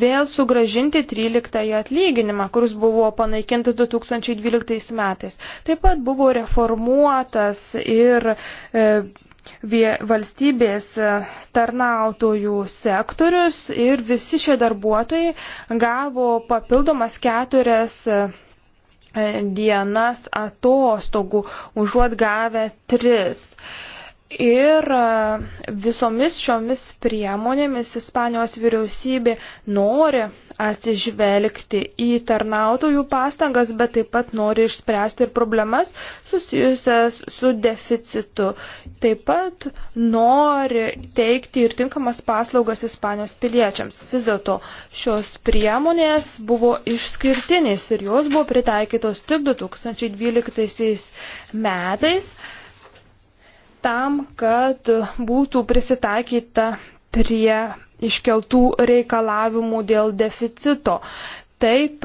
vėl sugražinti 13 atlyginimą, kuris buvo panaikintas 2012 metais. Taip pat buvo reformuotas ir e, valstybės e, tarnautojų sektorius ir visi šie darbuotojai gavo papildomas keturias e, E, dienas atostogų, užuot gavę tris. Uh, Ir e, visomis šiomis priemonėmis Ispanijos vyriausybė nori atsižvelgti į tarnautojų pastangas, bet taip pat nori išspręsti ir problemas susijusias su deficitu. Taip pat nori teikti ir tinkamas paslaugas Ispanijos piliečiams. Vis dėlto šios priemonės buvo išskirtinės ir jos buvo pritaikytos tik 2012 metais tam, kad būtų prisitaikyta prie iškeltų reikalavimų dėl deficito. Taip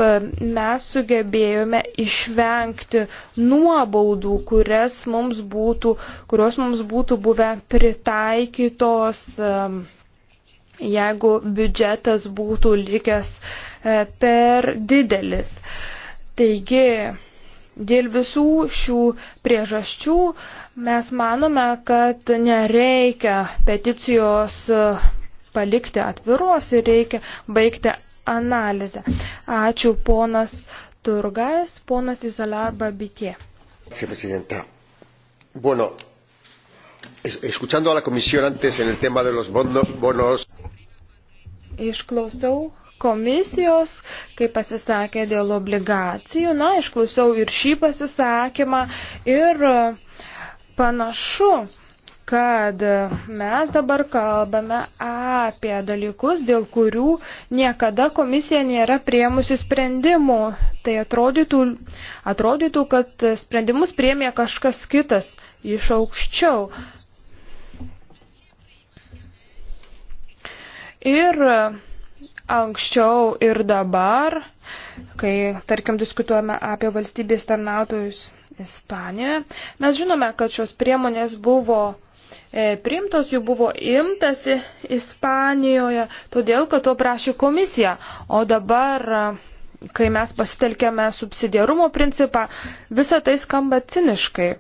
mes sugebėjome išvengti nuobaudų, mums būtų, kurios mums būtų buvę pritaikytos, jeigu biudžetas būtų likęs e, per didelis. Taigi, Dėl visų šių priežasčių mes manome, kad nereikia peticijos palikti atviros ir reikia baigti analizę. Ačiū ponas Turgais, ponas Izalarba Bitie. Sí, presidenta. Bueno, escuchando a la comisión antes en el tema de los bonos. Išklausiau komisijos, kai pasisakė dėl obligacijų. Na, išklausiau ir šį pasisakymą ir e, panašu, kad mes dabar kalbame apie dalykus, dėl kurių niekada komisija nėra priemusi sprendimų. Tai atrodytų, atrodytų kad sprendimus priemė kažkas kitas iš aukščiau. Ir anksčiau ir dabar, kai, tarkim, diskutuojame apie valstybės tarnautojus Ispanijoje, mes žinome, kad šios priemonės buvo e, priimtos, jų buvo imtasi Ispanijoje, todėl, kad to prašė komisija. O dabar, e, kai mes pasitelkėme subsidiarumo principą, visa tai skamba ciniškai.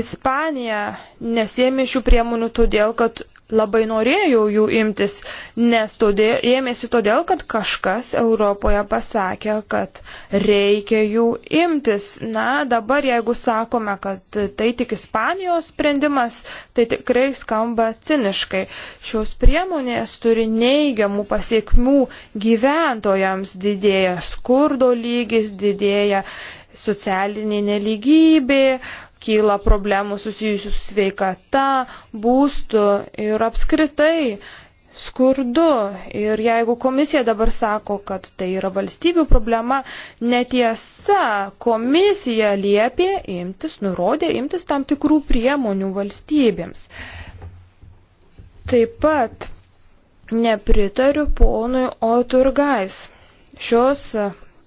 Ispanija nesėmė šių priemonių todėl, kad labai norėjau jų imtis, nes todėl, ėmėsi todėl, kad kažkas Europoje pasakė, kad reikia jų imtis. Na, dabar jeigu sakome, kad tai tik Ispanijos sprendimas, tai tikrai skamba ciniškai. Šios priemonės turi neigiamų pasiekmių gyventojams, didėja skurdo lygis, didėja socialinė neligybė, kyla problemų susijusių su sveikata, būstu ir apskritai skurdu. Ir jeigu komisija dabar sako, kad tai yra valstybių problema, netiesa, komisija liepė imtis, nurodė imtis tam tikrų priemonių valstybėms. Taip pat nepritariu ponui Oturgais. Šios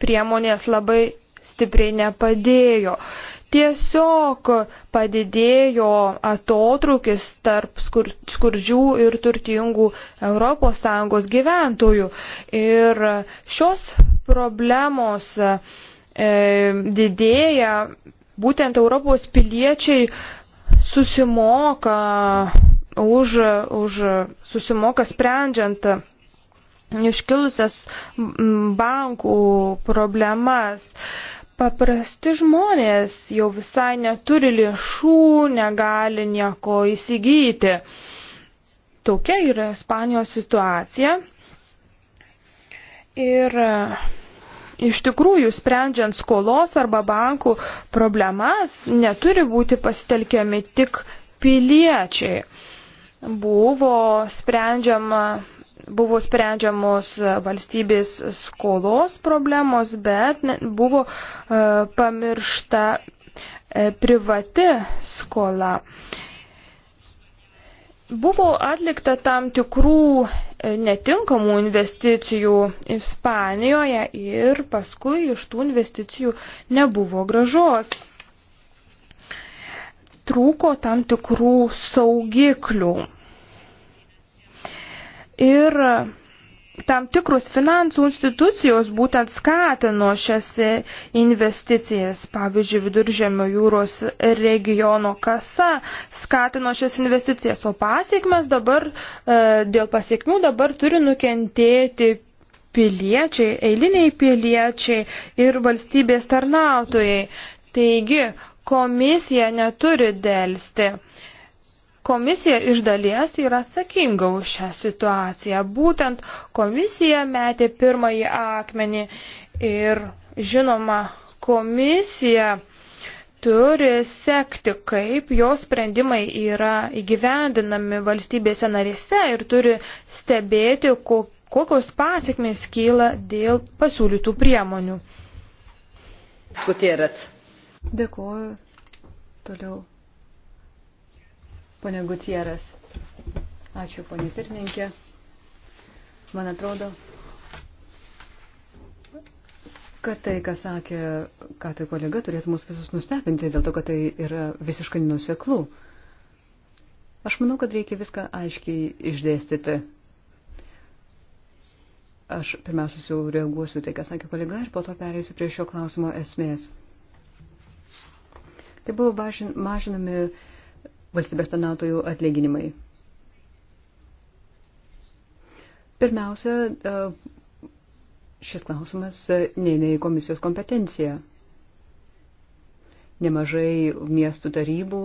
priemonės labai stipriai nepadėjo, Tiesiog padidėjo atotrukis tarp skur, skurdžių ir turtingų ES gyventojų. Ir šios problemos e, didėja, būtent Europos piliečiai susimoka už, už susimoka sprendžiant iškilusias bankų problemas. E, paprasti žmonės jau visai neturi lėšų, negali nieko įsigyti. Tokia yra Ispanijos situacija. Ir e, iš tikrųjų, sprendžiant skolos arba bankų problemas, neturi būti pasitelkiami tik piliečiai. Buvo sprendžiama buvo sprendžiamos valstybės skolos problemos, bet buvo e, pamiršta e, privati skola. Buvo atlikta tam tikrų e, netinkamų investicijų Ispanijoje ir paskui iš tų investicijų nebuvo gražos. Trūko tam tikrų saugiklių ir tam tikrus finansų institucijos būtent skatino šias investicijas. Pavyzdžiui, Viduržėmio jūros regiono kasa skatino šias investicijas, o pasiekmes dabar, e, dėl pasiekmių dabar turi nukentėti piliečiai, eiliniai piliečiai ir valstybės tarnautojai. Taigi, komisija neturi dėlsti Komisija iš dalies yra sakinga už šią situaciją. Būtent komisija metė pirmąjį akmenį ir žinoma, komisija turi sekti, kaip jos sprendimai yra įgyvendinami valstybėse narėse ir turi stebėti, kokios pasiekmės kyla dėl pasiūlytų priemonių. Skutėrat. Dėkuoju. Toliau Pone Gutieras. Ačiū, ponė pirmininkė. Man atrodo, kad tai, ką sakė, ką tai kolega, turėtų mus visus nustebinti, dėl to, kad tai yra visiškai nuseklų. Aš manau, kad reikia viską aiškiai išdėstyti. Aš pirmiausia, jau reaguosiu tai, ką sakė kolega, ir po to perėsiu prie šio klausimo esmės. Tai buvo mažinami. Bažin, valstybės tarnautojų atlyginimai. Pirmiausia, šis klausimas neina į komisijos kompetenciją. Nemažai miestų tarybų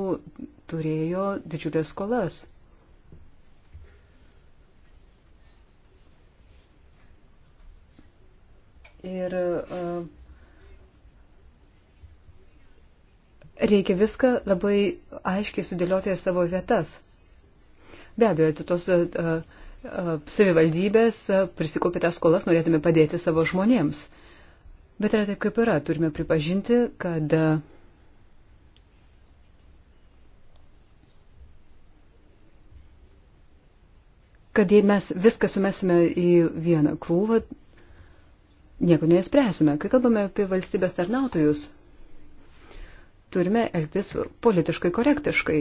turėjo didžiulės skolas. Ir uh, reikia viską labai aiškiai sudėlioti į savo vietas. Be abejo, tai tos uh, uh, savivaldybės uh, e, prisikopė tas skolas, norėtume padėti savo žmonėms. Bet yra taip, kaip yra. Turime pripažinti, kad uh, kad jei mes viską sumesime į vieną krūvą, nieko neįspręsime. Kai kalbame apie valstybės tarnautojus, turime elgtis politiškai korektiškai.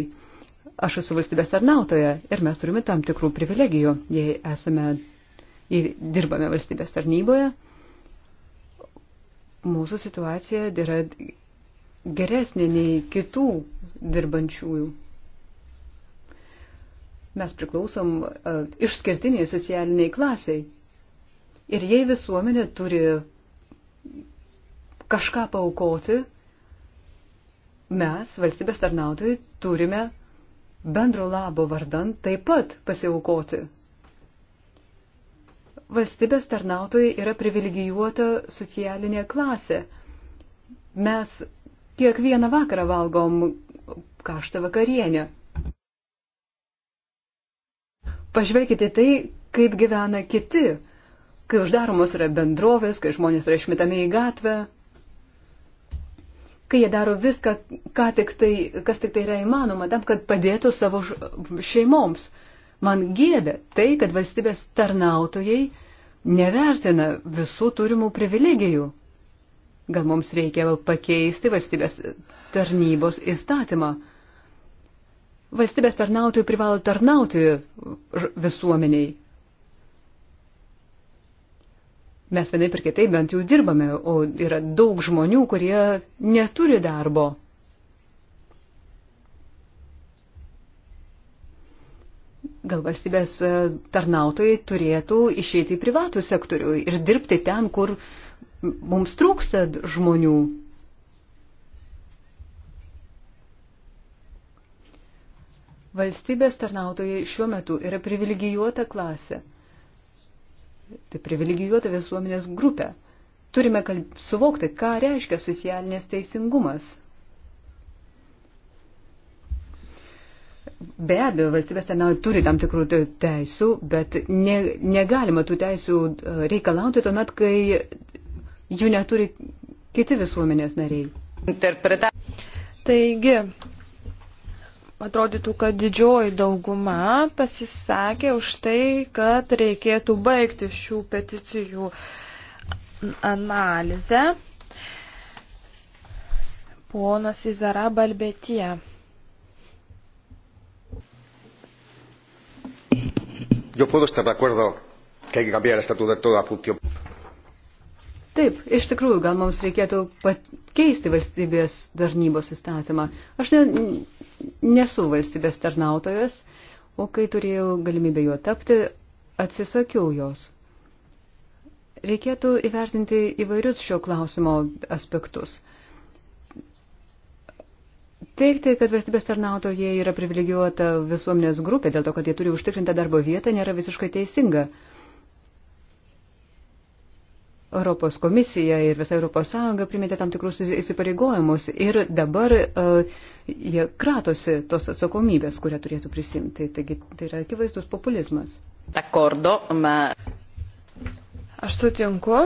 Aš esu valstybės tarnautoja ir mes turime tam tikrų privilegijų, jei esame, jei dirbame valstybės tarnyboje. Mūsų situacija yra geresnė nei kitų dirbančiųjų. Mes priklausom uh, išskirtiniai socialiniai klasiai. Ir jei visuomenė turi kažką paukoti, mes, valstybės tarnautojai, turime bendro labo vardan taip pat pasiaukoti. Valstybės tarnautojai yra privilegijuota socialinė klasė. Mes kiekvieną vakarą valgom karštą vakarienę. Pažvelkite tai, kaip gyvena kiti, kai uždaromos yra bendrovės, kai žmonės yra išmetami į gatvę kai jie daro viską, tik tai, kas tik tai yra įmanoma, tam, kad padėtų savo šeimoms. Man gėda tai, kad valstybės tarnautojai nevertina visų turimų privilegijų. Gal mums reikia pakeisti valstybės tarnybos įstatymą. Valstybės tarnautojai privalo tarnauti visuomeniai, Mes vienai per kitai bent jau dirbame, o yra daug žmonių, kurie neturi darbo. Gal valstybės e, tarnautojai turėtų išeiti į privatų sektorių ir dirbti ten, kur mums trūksta žmonių. Valstybės tarnautojai šiuo metu yra privilegijuota klasė tai privilegijuota visuomenės grupė. Turime kalb... suvokti, ką reiškia socialinės teisingumas. Be abejo, valstybės tenai turi tam tikrų teisų, bet ne, negalima tų teisų e, reikalauti tuomet, kai jų neturi kiti visuomenės nariai. Interpreta. Taigi, Atrodytų, kad didžioji dauguma pasisakė už tai, kad reikėtų baigti šių peticijų analizę. Ponas Izara Balbetie. Yo puedo estar de acuerdo que hay que cambiar el estatuto de toda función. Taip, iš tikrųjų, gal mums reikėtų pakeisti valstybės tarnybos įstatymą. Aš ne, nesu valstybės tarnautojas, o kai turėjau galimybę juo tapti, atsisakiau jos. Reikėtų įvertinti įvairius šio klausimo aspektus. Teikti, kad valstybės tarnautojai yra privilegijuota visuomenės grupė dėl to, kad jie turi užtikrintą darbo vietą, nėra visiškai teisinga. Europos komisija ir visa Europos Sąjunga primetė tam tikrus įsipareigojimus ir dabar uh, jie kratosi tos atsakomybės, kurią turėtų prisimti. Taigi tai yra akivaizdus populizmas. D'accordo, ma... Aš sutinku,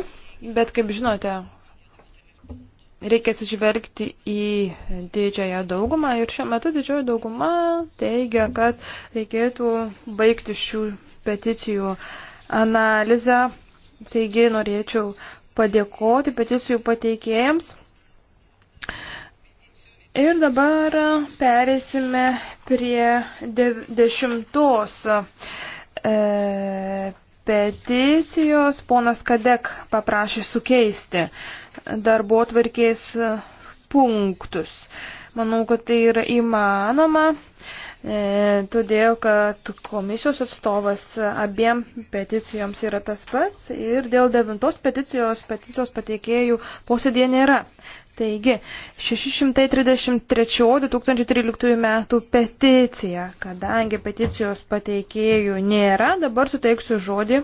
bet kaip žinote, reikia atsižvelgti į didžiąją daugumą ir šiuo metu didžioji dauguma teigia, kad reikėtų baigti šių peticijų analizę Taigi norėčiau padėkoti peticijų pateikėjams. Ir dabar perėsime prie de dešimtos e, peticijos. Ponas Kadek paprašė sukeisti darbo tvarkės punktus. Manau, kad tai yra įmanoma. E, E, todėl kad komisijos atstovas abiem peticijoms yra tas pats ir dėl devintos peticijos peticijos pateikėjų posėdėje nėra. Taigi, 633-2013 metų peticija, kadangi peticijos pateikėjų nėra, dabar suteiksiu žodį.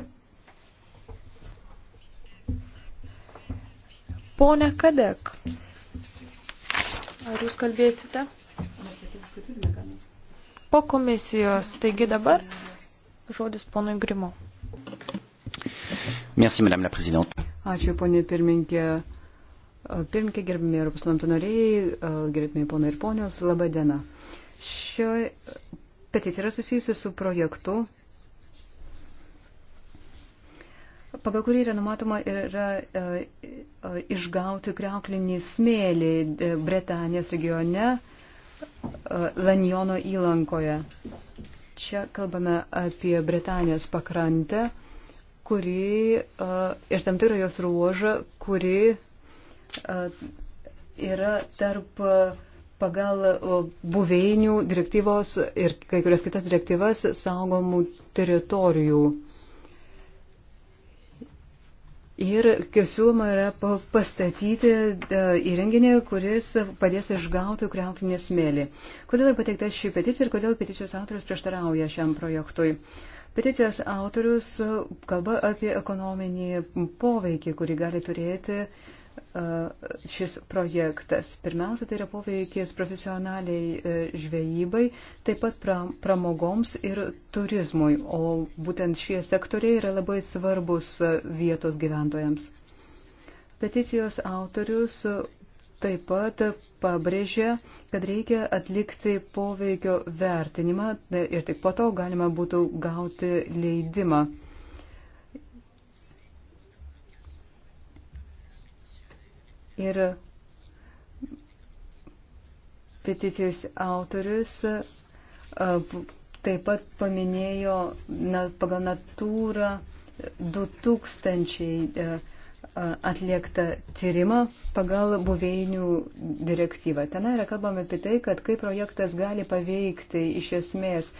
Pone Kadek, ar jūs kalbėsite? Mes po komisijos. Taigi dabar žodis ponui Grimo. Merci, madame la présidente. Ačiū, ponė pirmininkė. Pirmininkė, gerbimi Europos parlamento nariai, gerbimi ponai ir ponios, laba diena. Šio peticija yra susijusi su projektu, pagal kurį yra numatoma yra e, e, išgauti kreuklinį smėlį e, Bretanės regione E, Lanjono įlankoje. Čia kalbame apie Britanijos pakrantę, kuri e, ir tam tikrą jos ruožą, kuri e, yra tarp pagal buveinių direktyvos ir kai kurias kitas direktyvas saugomų teritorijų. Ir siūloma yra pastatyti e, įrenginį, kuris padės išgauti kriauklinį smėlį. Kodėl yra pateikta ši peticija ir kodėl peticijos autorius prieštarauja šiam projektui? Peticijos autorius kalba apie ekonominį poveikį, kurį gali turėti uh, šis projektas. Pirmiausia, tai yra poveikis profesionaliai e, žvejybai, taip pat pramogoms ir turizmui, o būtent šie sektoriai yra labai svarbus e, vietos gyventojams. Peticijos autorius e, taip pat pabrėžė, kad reikia atlikti poveikio vertinimą ir tik po to galima būtų gauti leidimą Ir peticijos autorius taip pat paminėjo na, pagal natūrą 2000 atliektą tyrimą pagal buveinių direktyvą. Ten yra kalbama apie tai, kad kaip projektas gali paveikti iš esmės uh,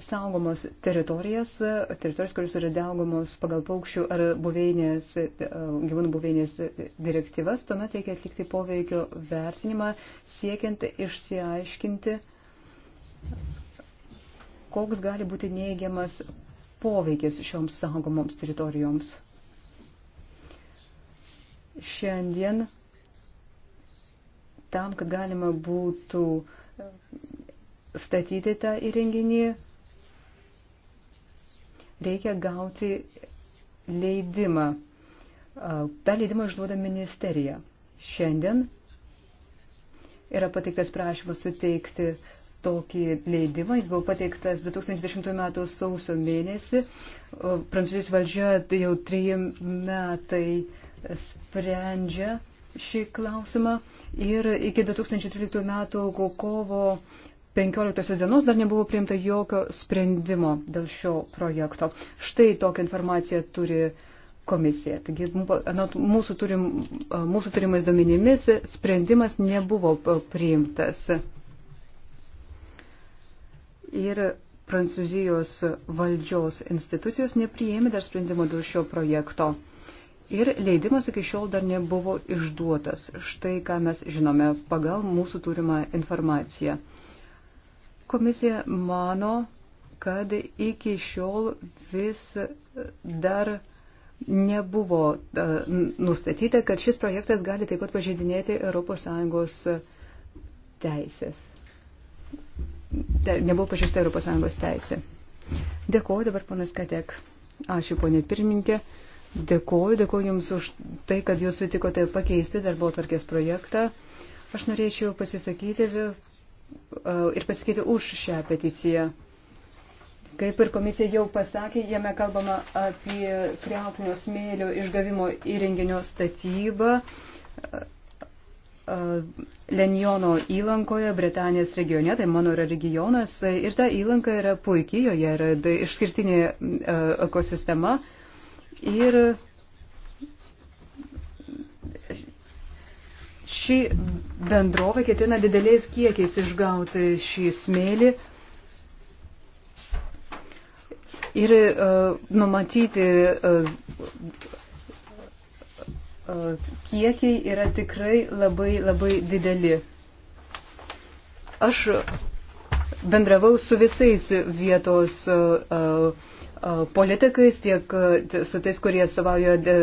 saugomos teritorijas, teritorijas, kurios yra daugomos pagal paukščių ar buveinės, gyvūnų buveinės direktyvas, tuomet reikia atlikti poveikio vertinimą, siekiant išsiaiškinti, koks gali būti neigiamas poveikis šioms saugomoms teritorijoms. Šiandien tam, kad galima būtų statyti tą įrenginį, reikia gauti leidimą. Ta leidimą išduoda ministerija. Šiandien yra pateiktas prašymas suteikti tokį leidimą. Jis buvo pateiktas 2010 m. sausio mėnesį. Prancūzijos valdžia tai jau trijai metai sprendžia šį klausimą ir iki 2013 m. kovo 15 dienos dar nebuvo priimta jokio sprendimo dėl šio projekto. Štai tokią informaciją turi komisija. Taigi, mūsų, turim, mūsų turimais duomenimis sprendimas nebuvo priimtas. Ir Prancūzijos valdžios institucijos nepriėmė dar sprendimo dėl šio projekto. Ir leidimas iki šiol dar nebuvo išduotas. Štai ką mes žinome pagal mūsų turimą informaciją. Komisija mano, kad iki šiol vis dar nebuvo e, nustatyta, kad šis projektas gali taip pat pažeidinėti ES teisės. Te, nebuvo pažeista ES teisė. Dėkuoju dabar, ponas Katek. Ačiū, ponė pirmininkė. Dėkuoju, dėkuoju Jums už tai, kad Jūs sutikote pakeisti darbo tvarkės projektą. Aš norėčiau pasisakyti Uh, ir pasakyti už šią peticiją. Kaip ir komisija jau pasakė, jame kalbama apie kriauklinio smėlio išgavimo įrenginio statybą uh, uh, Lenjono įlankoje, Britanijos regione, tai mano yra regionas, ir ta įlanka yra puikiai, joje yra išskirtinė ekosistema. Ir ši bendrovė ketina dideliais kiekiais išgauti šį smėlį ir uh, numatyti uh, uh, kiekiai yra tikrai labai labai dideli. Aš bendravau su visais vietos uh, uh, politikais, tiek uh, su tais, kurie savaujo de,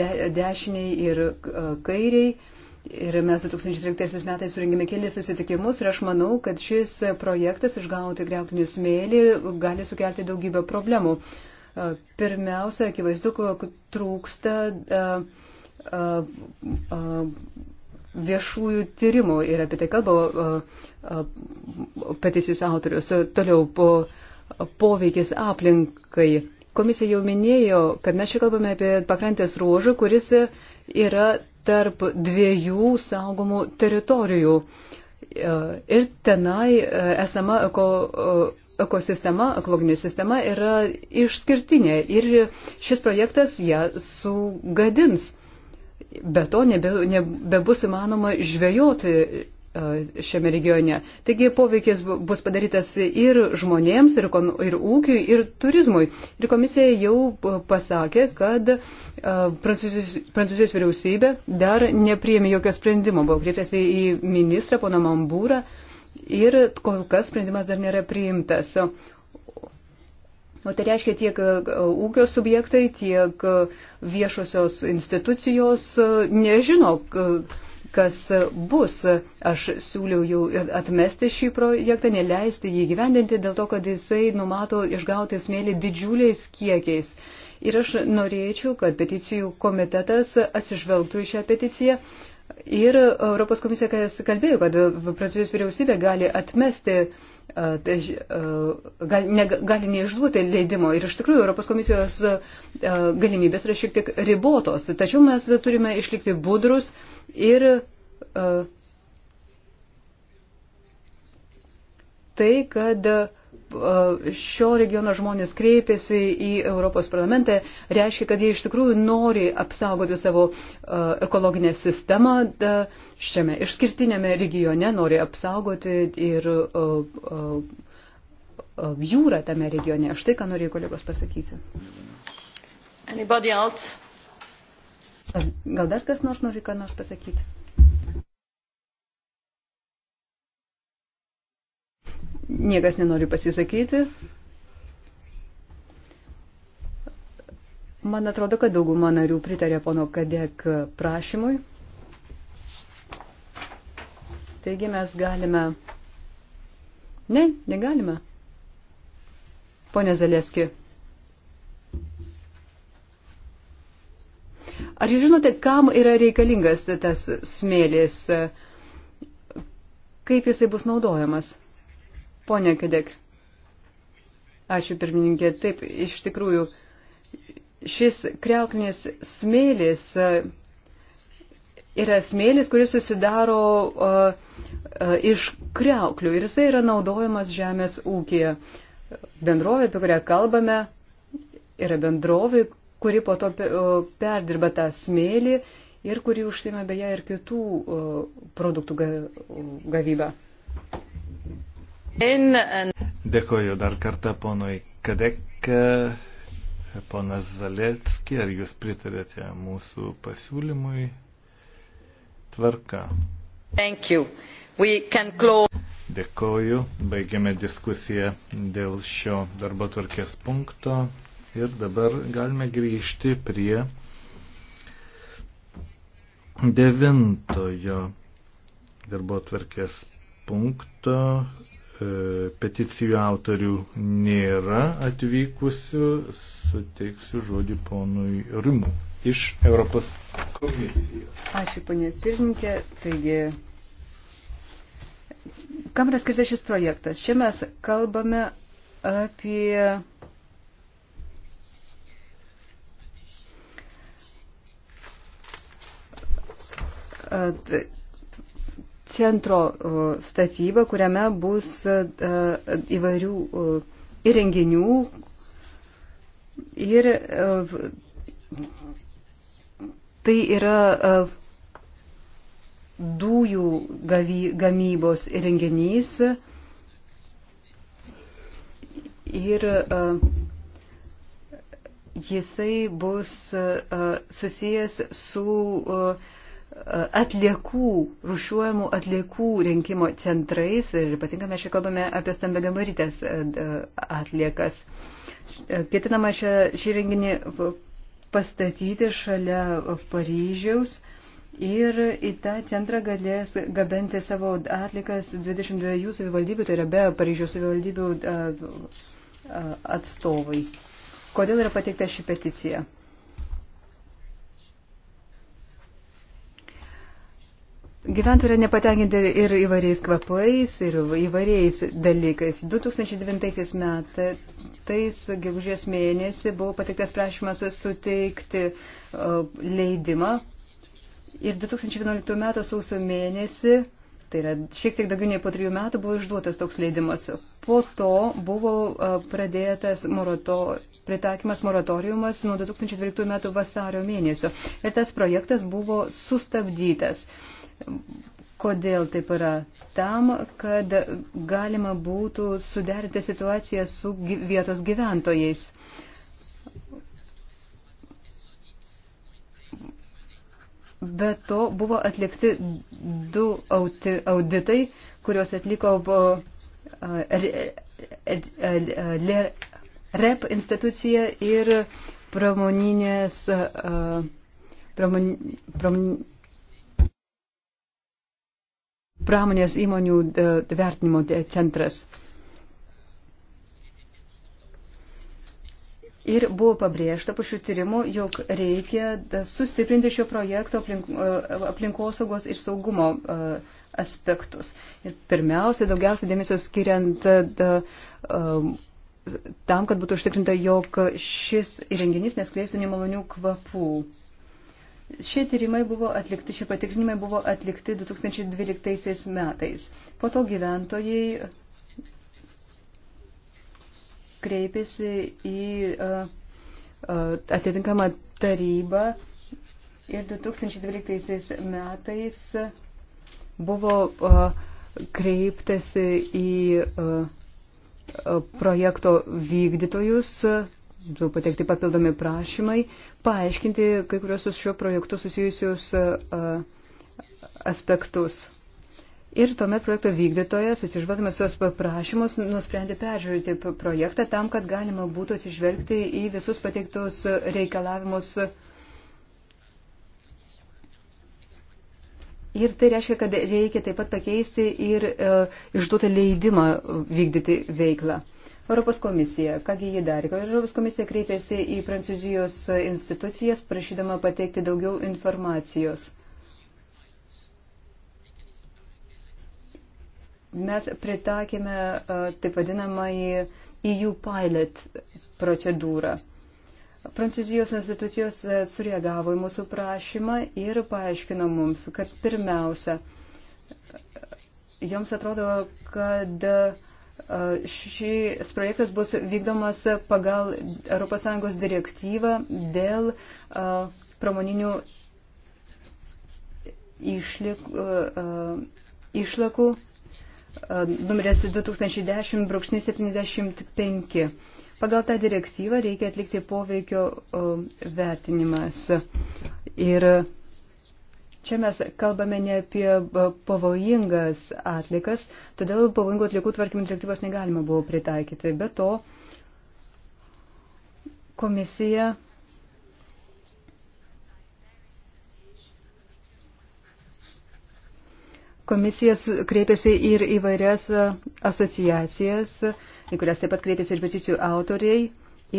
de, dešiniai ir uh, kairiai. Uh, Ir mes 2013 metais surinkime kelis susitikimus ir aš manau, kad šis projektas išgauti greutinių smėlį gali sukelti daugybę problemų. Pirmiausia, akivaizdu, trūksta viešųjų tyrimų ir apie tai kalba peticijos autorius. Toliau po poveikis aplinkai. Komisija jau minėjo, kad mes čia kalbame apie pakrantės ruožą, kuris yra tarp dviejų saugomų teritorijų. E, ir tenai e, esama eko, e, ekosistema, ekologinė sistema yra išskirtinė ir šis projektas ją sugadins. Be to nebe, nebebus įmanoma žvejoti E, šiame regione. Taigi poveikis bus padarytas ir žmonėms, ir, ir ūkiui, ir turizmui. Ir komisija jau pasakė, kad e, prancūzijos, prancūzijos vyriausybė dar nepriėmė jokio sprendimo. Buvo kreiptasi į ministrą, poną Mambūrą, ir kol kas sprendimas dar nėra priimtas. O tai reiškia tiek e, ūkio subjektai, tiek viešosios institucijos nežino, kas bus. Aš siūliau jau atmesti šį projektą, neleisti jį gyvendinti dėl to, kad jisai numato išgauti smėlį didžiuliais kiekiais. Ir aš norėčiau, kad peticijų komitetas atsižvelgtų į šią peticiją. Ir Europos komisija kalbėjo, kad Prancūzijos vyriausybė gali atmesti uh, E, tai, e, gal, ne, gali neišduoti leidimo. Ir iš tikrųjų Europos komisijos e, galimybės yra šiek tiek ribotos. Tačiau mes turime išlikti budrus ir tai, kad uh, E, šio regiono žmonės kreipėsi į Europos parlamentą, reiškia, kad jie iš tikrųjų nori apsaugoti savo e, ekologinę sistemą e, šiame išskirtinėme regione, nori apsaugoti ir jūrą tame regione. Aš tai, ką norėjau kolegos pasakyti. Gal dar kas nors nori ką nors pasakyti? Niekas nenori pasisakyti. Man atrodo, kad dauguma narių pritarė pono Kadek prašymui. Taigi mes galime. Ne, negalime. Pone Zaleski. Ar jūs žinote, kam yra reikalingas tas smėlis? Kaip jisai bus naudojamas? Pone Kadek. Ačiū pirmininkė. Taip, iš tikrųjų, šis kreuklinis smėlis e, yra smėlis, kuris susidaro uh, uh, iš kreuklių ir jisai yra naudojamas žemės ūkija. Bendrovė, apie kurią kalbame, yra bendrovė, kuri po to perdirba tą smėlį ir kuri užsima beje ir kitų uh, produktų gavybą. Dėkoju dar kartą ponui Kadek. Ponas Zaletski, ar jūs pritarėte mūsų pasiūlymui? Tvarka. Thank you. We can close. Dėkoju. Baigiame diskusiją dėl šio darbo tvarkės punkto. Ir dabar galime grįžti prie devintojo darbo tvarkės punkto E, peticijų autorių nėra atvykusių, suteiksiu žodį ponui Rimu iš Europos komisijos. Ačiū, ponė Sirninkė. Taigi, kam yra skirtas šis projektas? Čia mes kalbame apie centro statyba, kuriame bus e, įvairių įrenginių ir e, tai yra e, dujų gamybos įrenginys ir jisai bus susijęs su uh, atliekų, rušiuojamų atliekų rinkimo centrais ir ypatingai mes čia kalbame apie stambiagamarytės e, atliekas. E, ketinama šią, šį renginį pastatyti šalia Paryžiaus ir į tą centrą galės gabenti savo atlikas 22 savivaldybių, tai yra be Paryžiaus savivaldybių e, atstovai. Kodėl yra pateikta ši peticija? Gyventojai yra nepatenkinti ir įvairiais kvapais, ir įvairiais dalykais. 2009 metais, gegužės mėnesį, buvo pateiktas prašymas suteikti leidimą. Ir 2011 metų sausio mėnesį, tai yra šiek tiek daugiau nei po trijų metų, buvo išduotas toks leidimas. Po to buvo pradėtas morato, pritaikymas moratoriumas nuo 2012 metų vasario mėnesio. Ir tas projektas buvo sustabdytas. Uh, Kodėl taip yra? Tam, kad galima būtų suderinti situaciją su vietos gyventojais. Be to buvo atlikti du auti, auditai, kuriuos atliko REP institucija ir pramoninės. Pramon, pramon, pramonės įmonių e, vertinimo centras. Ir buvo pabrėžta po šių tyrimų, jog reikia sustiprinti šio projekto aplink, e, aplinkosaugos ir saugumo e, aspektus. Ir pirmiausia, daugiausia dėmesio skiriant tam, kad būtų užtikrinta, jog šis įrenginys neskleistų nemalonių kvapų. Šie tyrimai buvo atlikti, šie patikrinimai buvo atlikti 2012 metais. Po to gyventojai kreipėsi į atitinkamą tarybą ir 2012 metais buvo kreiptasi į projekto vykdytojus patekti papildomi prašymai, paaiškinti kai kurios su šiuo projektu susijusius aspektus. Ir tuomet projekto vykdytojas, atsižvelgdamas juos paprašymus, nusprendė peržiūrėti projektą tam, kad galima būtų atsižvelgti į visus pateiktus reikalavimus. Ir tai reiškia, kad reikia taip pat pakeisti ir e, išduoti leidimą vykdyti veiklą. E, Europos komisija, kągi jį darė, kad Europos komisija kreipėsi į Prancūzijos institucijas, prašydama pateikti daugiau informacijos. Mes pritakėme taip vadinamąjį EU pilot procedūrą. Prancūzijos institucijos sureagavo į mūsų prašymą ir paaiškino mums, kad pirmiausia, joms atrodo, kad uh, Šis projektas bus vykdomas pagal ES direktyvą dėl pramoninių išlik, išlakų numeris 2010-75. Pagal tą direktyvą reikia atlikti poveikio vertinimas. Ir Čia mes kalbame ne apie e, pavojingas atlikas, todėl pavojingų atlikų tvarkymo direktyvos negalima buvo pritaikyti. Be to, komisija komisijas kreipėsi ir įvairias asociacijas, į kurias taip pat kreipėsi ir peticijų autoriai,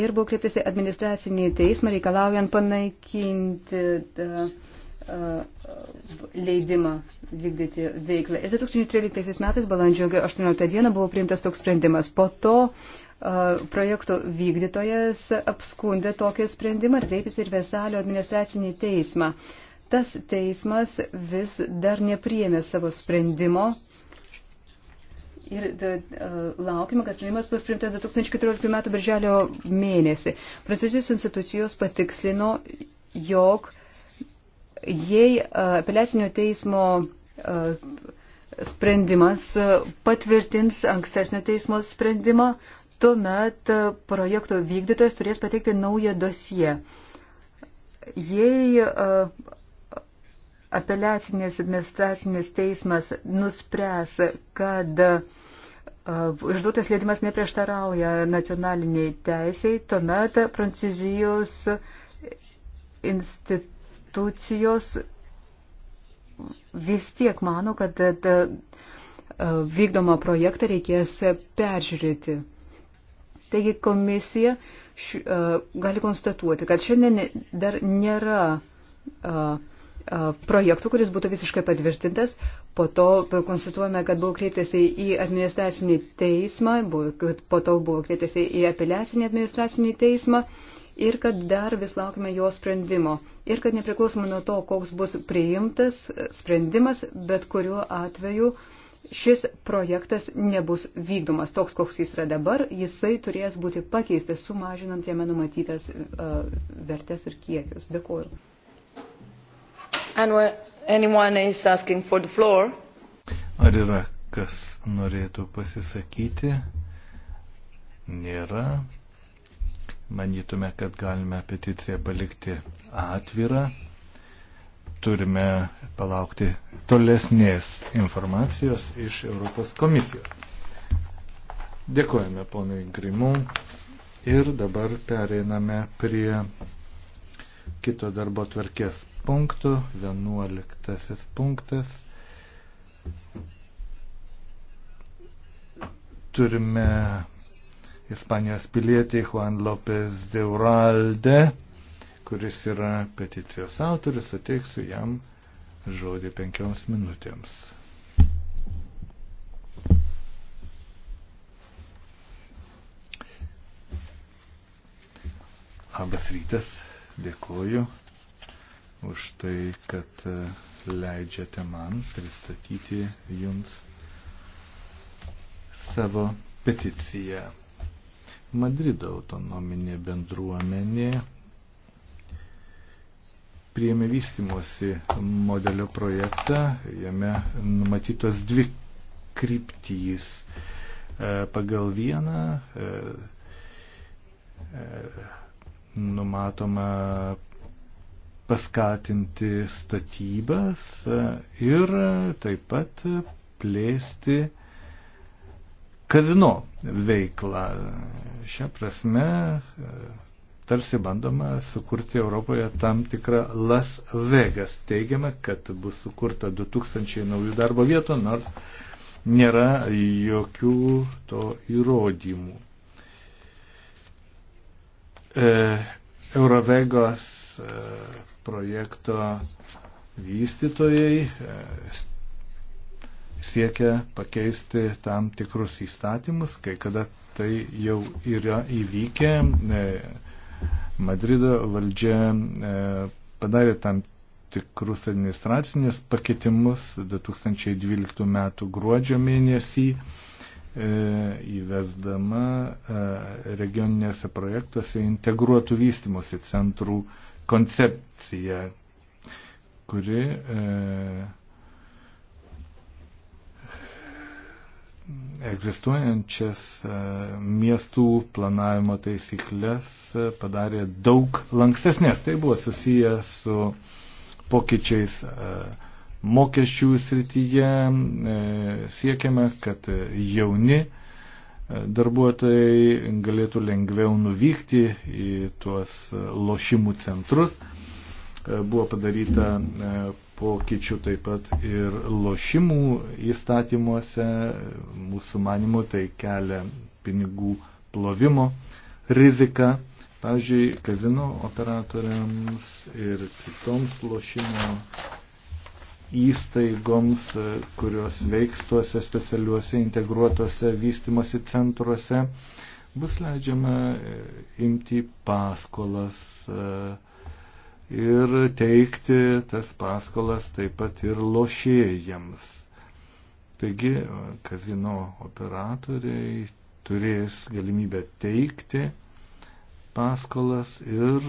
ir buvo kreipėsi administracinį teismą reikalaujant panaikinti. Da, e, leidimą vykdyti veiklą. Ir 2013 metais, balandžio 18 dieną, buvo priimtas toks sprendimas. Po to projekto vykdytojas apskundė tokį sprendimą ir kreipėsi ir Vesalio administracinį teismą. Tas teismas vis dar nepriėmė savo sprendimo ir laukime, kad sprendimas bus priimtas 2014 m. birželio mėnesį. Prancūzijos institucijos patikslino, jog jei e, apeliacinio teismo e, sprendimas e, patvirtins ankstesnio teismo sprendimą, tuomet projekto vykdytojas turės pateikti naują dosiją. Jei apeliacinės administracinės teismas nuspręs, kad Išduotas leidimas neprieštarauja nacionaliniai teisiai, tuomet Prancūzijos institucijos institucijos vis tiek mano, kad vykdomą projektą reikės peržiūrėti. Taigi komisija š, gali konstatuoti, kad šiandien dar nėra projektų, kuris būtų visiškai patvirtintas. Po to konstatuojame, kad buvo kreiptasi į administracinį teismą, po to buvo kreiptasi į apeliacinį administracinį teismą. Uh, ir kad dar vis laukime jo sprendimo. Ir kad nepriklausomai nuo to, koks bus priimtas sprendimas, bet kuriuo atveju šis projektas nebus vykdomas toks, koks jis yra dabar, jisai turės būti pakeistas, sumažinant jame numatytas uh, e, vertės ir kiekius. Dėkuoju. Ar yra kas norėtų pasisakyti? Nėra manytume, kad galime peticiją palikti atvirą. Turime palaukti tolesnės informacijos iš Europos komisijos. Dėkojame ponui Grimu ir dabar pereiname prie kito darbo tvarkės punktų. Vienuoliktasis punktas. Turime Ispanijos pilietį Juan López de Uralde, kuris yra peticijos autoris, suteiksiu jam žodį penkioms minutėms. Labas rytas, dėkoju už tai, kad e, leidžiate man pristatyti jums savo peticiją. Madrido autonominė bendruomenė priėmė vystimosi modelio projektą, jame numatytos dvi kryptys. E, pagal vieną e, e, numatoma paskatinti statybas ir taip pat plėsti kazino veiklą. Šią prasme e, tarsi bandoma sukurti Europoje tam tikrą Las Vegas. Teigiama, kad bus sukurta 2000 naujų darbo vietų, nors nėra jokių to įrodymų. E, Eurovegos e, projekto vystytojai siekia pakeisti tam tikrus įstatymus, kai kada tai jau yra įvykę. E, Madrido valdžia e, padarė tam tikrus administracinės pakeitimus 2012 m. gruodžio mėnesį e, įvesdama regioninėse projektuose integruotų vystimosi centrų koncepciją, kuri egzistuojančias e, miestų planavimo taisyklės e, padarė daug lankstesnės. Tai buvo susiję su pokyčiais e, mokesčių srityje. Siekiame, kad jauni darbuotojai galėtų lengviau nuvykti į tuos lošimų centrus. Buvo padaryta pokyčių taip pat ir lošimų įstatymuose. Mūsų manimu tai kelia pinigų plovimo riziką. Pavyzdžiui, kazino operatoriams ir kitoms lošimo įstaigoms, kurios veiks tuose specialiuose integruotose vystimosi centruose, bus leidžiama imti paskolas uh, ir teikti tas paskolas taip pat ir lošėjams. Taigi kazino operatoriai turės galimybę teikti paskolas ir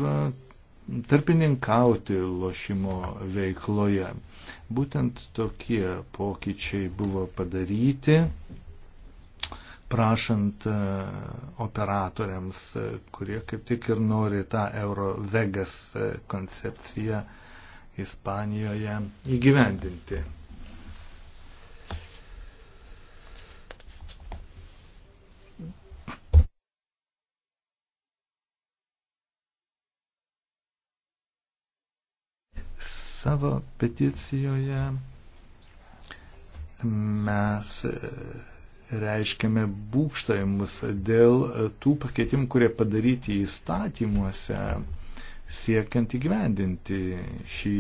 tarpininkauti lošimo veikloje. Būtent tokie pokyčiai buvo padaryti prašant e, operatoriams, e, kurie kaip tik ir nori tą Eurovegas e, koncepciją Ispanijoje įgyvendinti. Savo peticijoje mes reiškiame būkštavimus dėl tų pakeitimų, kurie padaryti įstatymuose siekiant įgyvendinti šį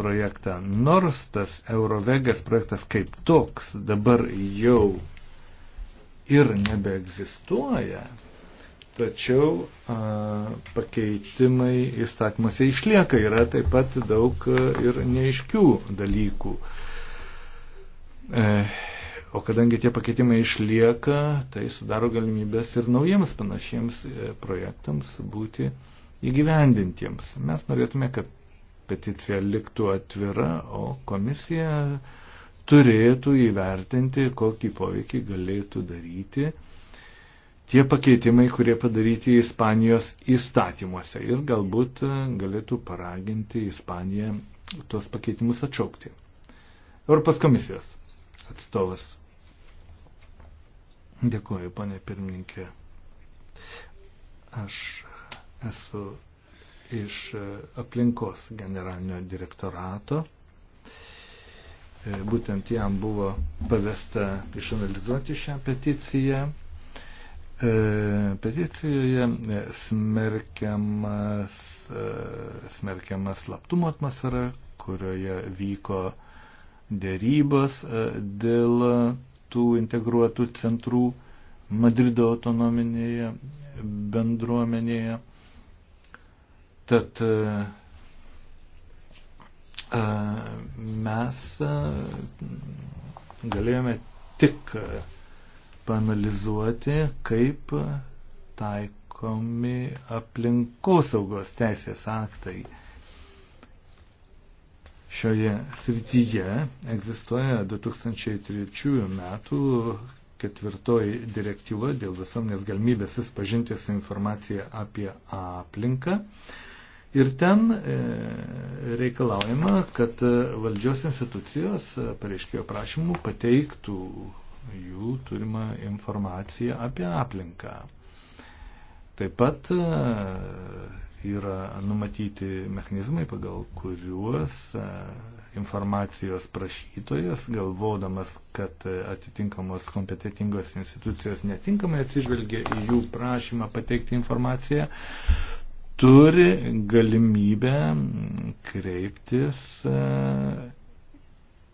projektą. Nors tas Eurovegas projektas kaip toks dabar jau ir nebeegzistuoja, tačiau a, pakeitimai įstatymuose išlieka, yra taip pat daug ir neiškių dalykų. E, O kadangi tie pakeitimai išlieka, tai sudaro galimybės ir naujiems panašiems e, projektams būti įgyvendintiems. Mes norėtume, kad peticija liktų atvira, o komisija turėtų įvertinti, kokį poveikį galėtų daryti tie pakeitimai, kurie padaryti Ispanijos įstatymuose ir galbūt e, galėtų paraginti Ispaniją tuos pakeitimus atšaukti. Europos komisijos atstovas. Dėkuoju, ponė pirmininkė. Aš esu iš aplinkos generalinio direktorato. E, būtent jam buvo pavesta išanalizuoti šią peticiją. E, peticijoje e, smerkiamas, smerkiamas slaptumo atmosfera, kurioje vyko uh, dėrybas e, dėl tų integruotų centrų Madrido autonominėje bendruomenėje. Tad e, e, mes galėjome tik panalizuoti, kaip taikomi aplinkosaugos teisės aktai šioje srityje egzistuoja 2003 metų ketvirtoji direktyva dėl visuomenės galimybės susipažinti su informacija apie aplinką. Ir ten e, reikalaujama, kad valdžios institucijos pareiškėjo prašymų pateiktų jų turimą informaciją apie aplinką. Taip pat e, yra numatyti mechanizmai, pagal kuriuos e, informacijos prašytojas, galvodamas, kad e, atitinkamos kompetitingos institucijos netinkamai atsižvelgia į jų prašymą pateikti informaciją, turi galimybę kreiptis e,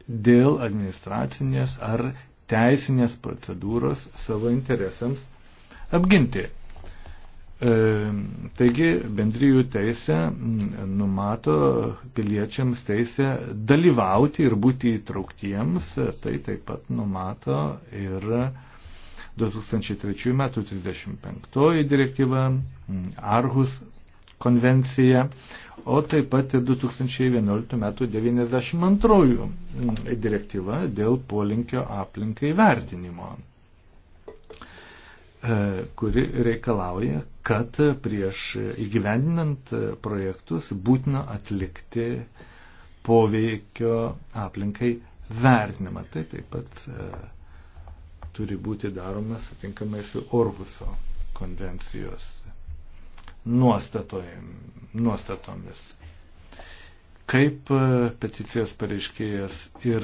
dėl administracinės ar teisinės procedūros savo interesams apginti. E, taigi bendrijų teisė numato piliečiams teisę dalyvauti ir būti įtrauktiems, tai taip pat numato ir 2003 m. 35 direktyva, Arhus konvencija, o taip pat ir 2011 m. 92 direktyva dėl polinkio aplinkai vertinimo e, kuri reikalauja, kad prieš įgyvendinant projektus būtina atlikti poveikio aplinkai vertinimą. Tai taip pat e, turi būti daromas atinkamai su Orhuso konvencijos nuostatomis. Kaip e, peticijos pareiškėjas ir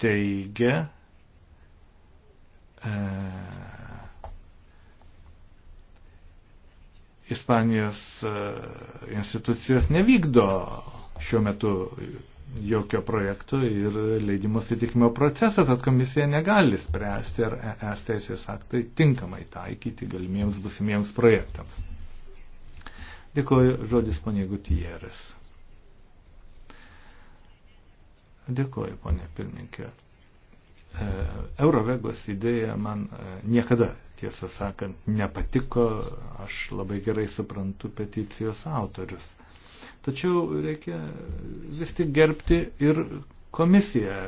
teigia, e, Ispanijos e, institucijos nevykdo šiuo metu jokio projekto ir leidimo sutikimo procesą, tad komisija negali spręsti, ar ES teisės aktai tinkamai taikyti galimiems busimiems projektams. Dėkoju žodis ponė Gutierrez. Dėkoju, ponė pirmininkė. E, Eurovegos idėja man e, niekada tiesą sakant, nepatiko, aš labai gerai suprantu peticijos autorius. Tačiau reikia vis tik gerbti ir komisiją.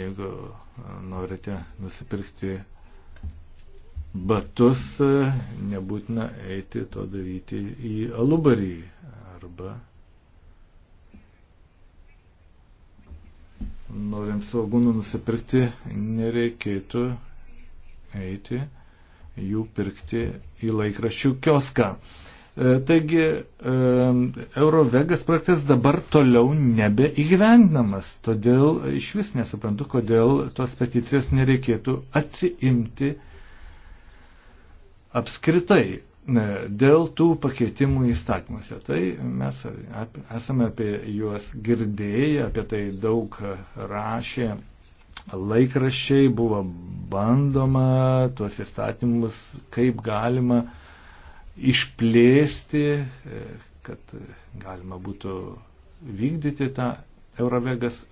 Jeigu e, norite nusipirkti batus, e, nebūtina eiti to daryti į alubarį arba norint svogūnų nusipirkti, nereikėtų eiti jų pirkti į laikraščių kioską. E, taigi e, Eurovegas projektas dabar toliau nebeįgyvendinamas, todėl iš vis nesuprantu, kodėl tos peticijos nereikėtų atsiimti apskritai dėl tų pakeitimų įstatymuose. Tai mes esame apie juos girdėję, apie tai daug rašė laikraščiai, buvo bandoma tuos įstatymus kaip galima išplėsti, kad galima būtų vykdyti tą Eurovegas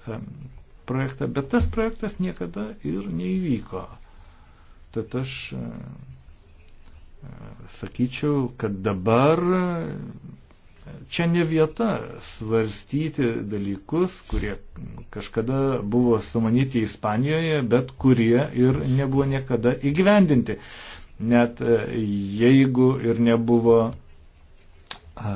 projektą, bet tas projektas niekada ir neįvyko. Tad aš sakyčiau, kad dabar čia ne vieta svarstyti dalykus, kurie kažkada buvo sumanyti Ispanijoje, bet kurie ir nebuvo niekada įgyvendinti. Net e, jeigu ir nebuvo a,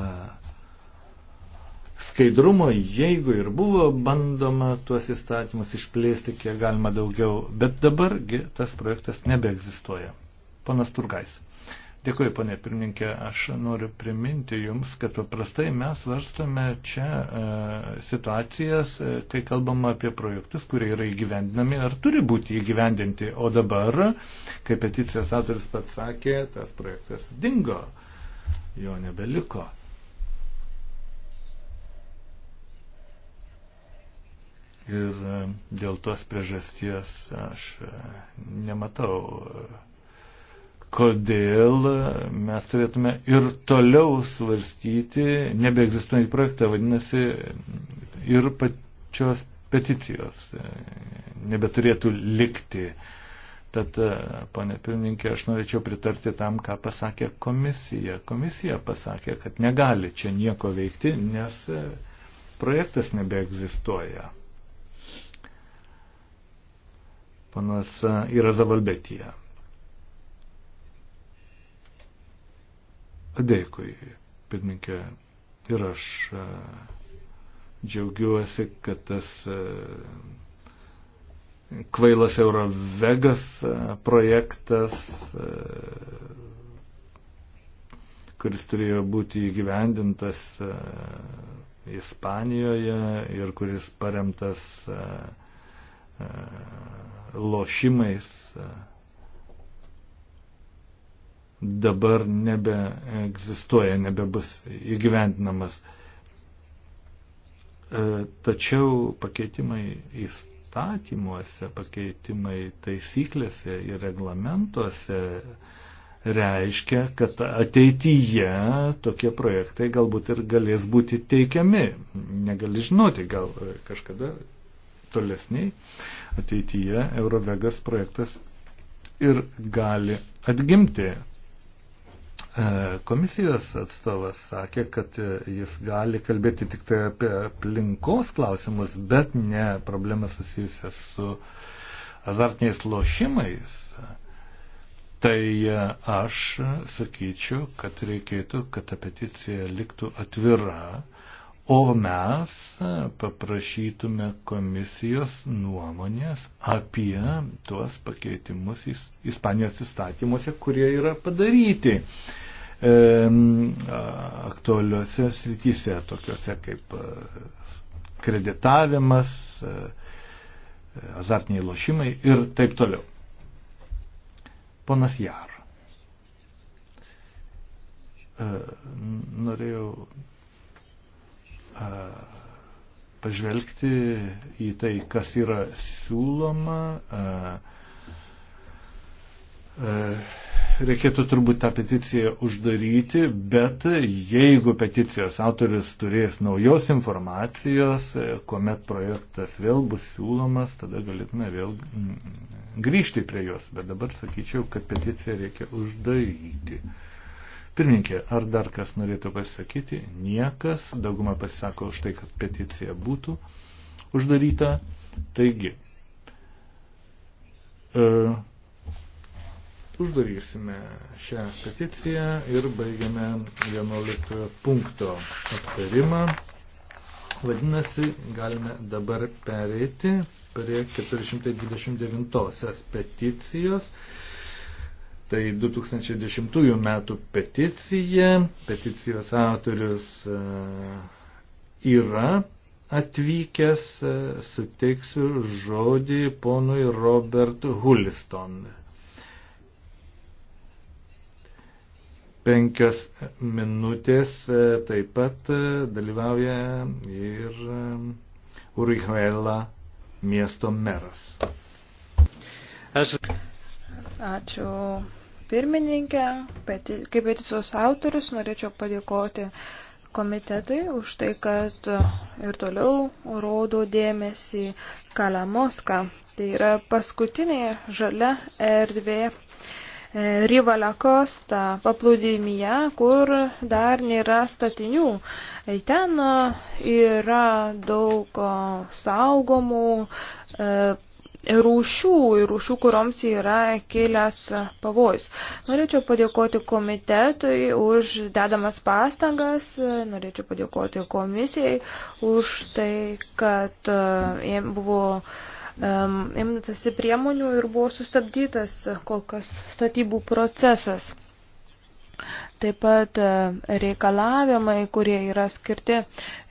skaidrumo, jeigu ir buvo bandoma tuos įstatymus išplėsti kiek galima daugiau, bet dabargi tas projektas nebeegzistuoja. Panas Turgais. Dėkuoju, ponė pirmininkė. Aš noriu priminti Jums, kad paprastai mes varstame čia e, situacijas, e, kai kalbama apie projektus, kurie yra įgyvendinami ar turi būti įgyvendinti. O dabar, kaip peticijos autoris pats sakė, tas projektas dingo, jo nebeliko. Ir e, dėl tos priežasties aš e, nematau e, kodėl mes turėtume ir toliau svarstyti nebeegzistuojantį projektą, vadinasi, ir pačios peticijos nebeturėtų likti. Tad, ponė pirmininkė, aš norėčiau pritarti tam, ką pasakė komisija. Komisija pasakė, kad negali čia nieko veikti, nes projektas nebeegzistuoja. Panas yra Zavalbetija. Dėkui, pirmininkė. Ir aš e, džiaugiuosi, kad tas e, kvailas Eurovegas e, projektas, kuris turėjo būti įgyvendintas Ispanijoje ir kuris paremtas lošimais dabar nebeegzistuoja, nebebus įgyvendinamas. E, tačiau pakeitimai įstatymuose, pakeitimai taisyklėse ir reglamentuose reiškia, kad ateityje tokie projektai galbūt ir galės būti teikiami. Negali žinoti, gal kažkada tolesniai ateityje Eurovegas projektas ir gali atgimti. E, komisijos atstovas sakė, kad e, jis gali kalbėti tik tai apie aplinkos klausimus, bet ne problemas susijusias su azartiniais lošimais. Tai e, aš sakyčiau, kad reikėtų, kad ta peticija liktų atvira O mes paprašytume komisijos nuomonės apie tuos pakeitimus Ispanijos įstatymuose, kurie yra padaryti e, aktualiuose srityse, tokiuose kaip kreditavimas, azartiniai lošimai ir taip toliau. Ponas Jar. E, norėjau pažvelgti į tai, kas yra siūloma. Reikėtų turbūt tą peticiją uždaryti, bet jeigu peticijos autoris turės naujos informacijos, e, kuomet projektas vėl bus siūlomas, tada galėtume vėl mm, grįžti prie jos. Bet dabar sakyčiau, kad peticiją reikia uždaryti. Pirmininkė, ar dar kas norėtų pasakyti? Niekas. Dauguma pasisako už tai, kad peticija būtų uždaryta. Taigi, e, uždarysime šią peticiją ir baigiame 11 punkto aptarimą. Vadinasi, galime dabar pereiti prie 429 peticijos. Tai 2010 metų peticija, peticijos autorius e, yra atvykęs, e, suteiksiu žodį ponui Robert Huliston. Penkias minutės e, taip pat dalyvauja ir Urihuela miesto meras. Aš... Ačiū pirmininkė, peti, kaip peticijos autorius, norėčiau padėkoti komitetui už tai, kad ir toliau rodo dėmesį Kalamoską. Tai yra paskutinė žalia erdvė e, Rivalio Kosta paplūdimyje, kur dar nėra statinių. E, ten yra daug e, saugomų rūšių ir rūšių, kurioms yra kilęs pavojus. Norėčiau padėkoti komitetui už dedamas pastangas, norėčiau padėkoti komisijai už tai, kad e, jiem buvo e, imtasi priemonių ir buvo sustabdytas kol kas statybų procesas. Taip pat e, reikalavimai, kurie yra skirti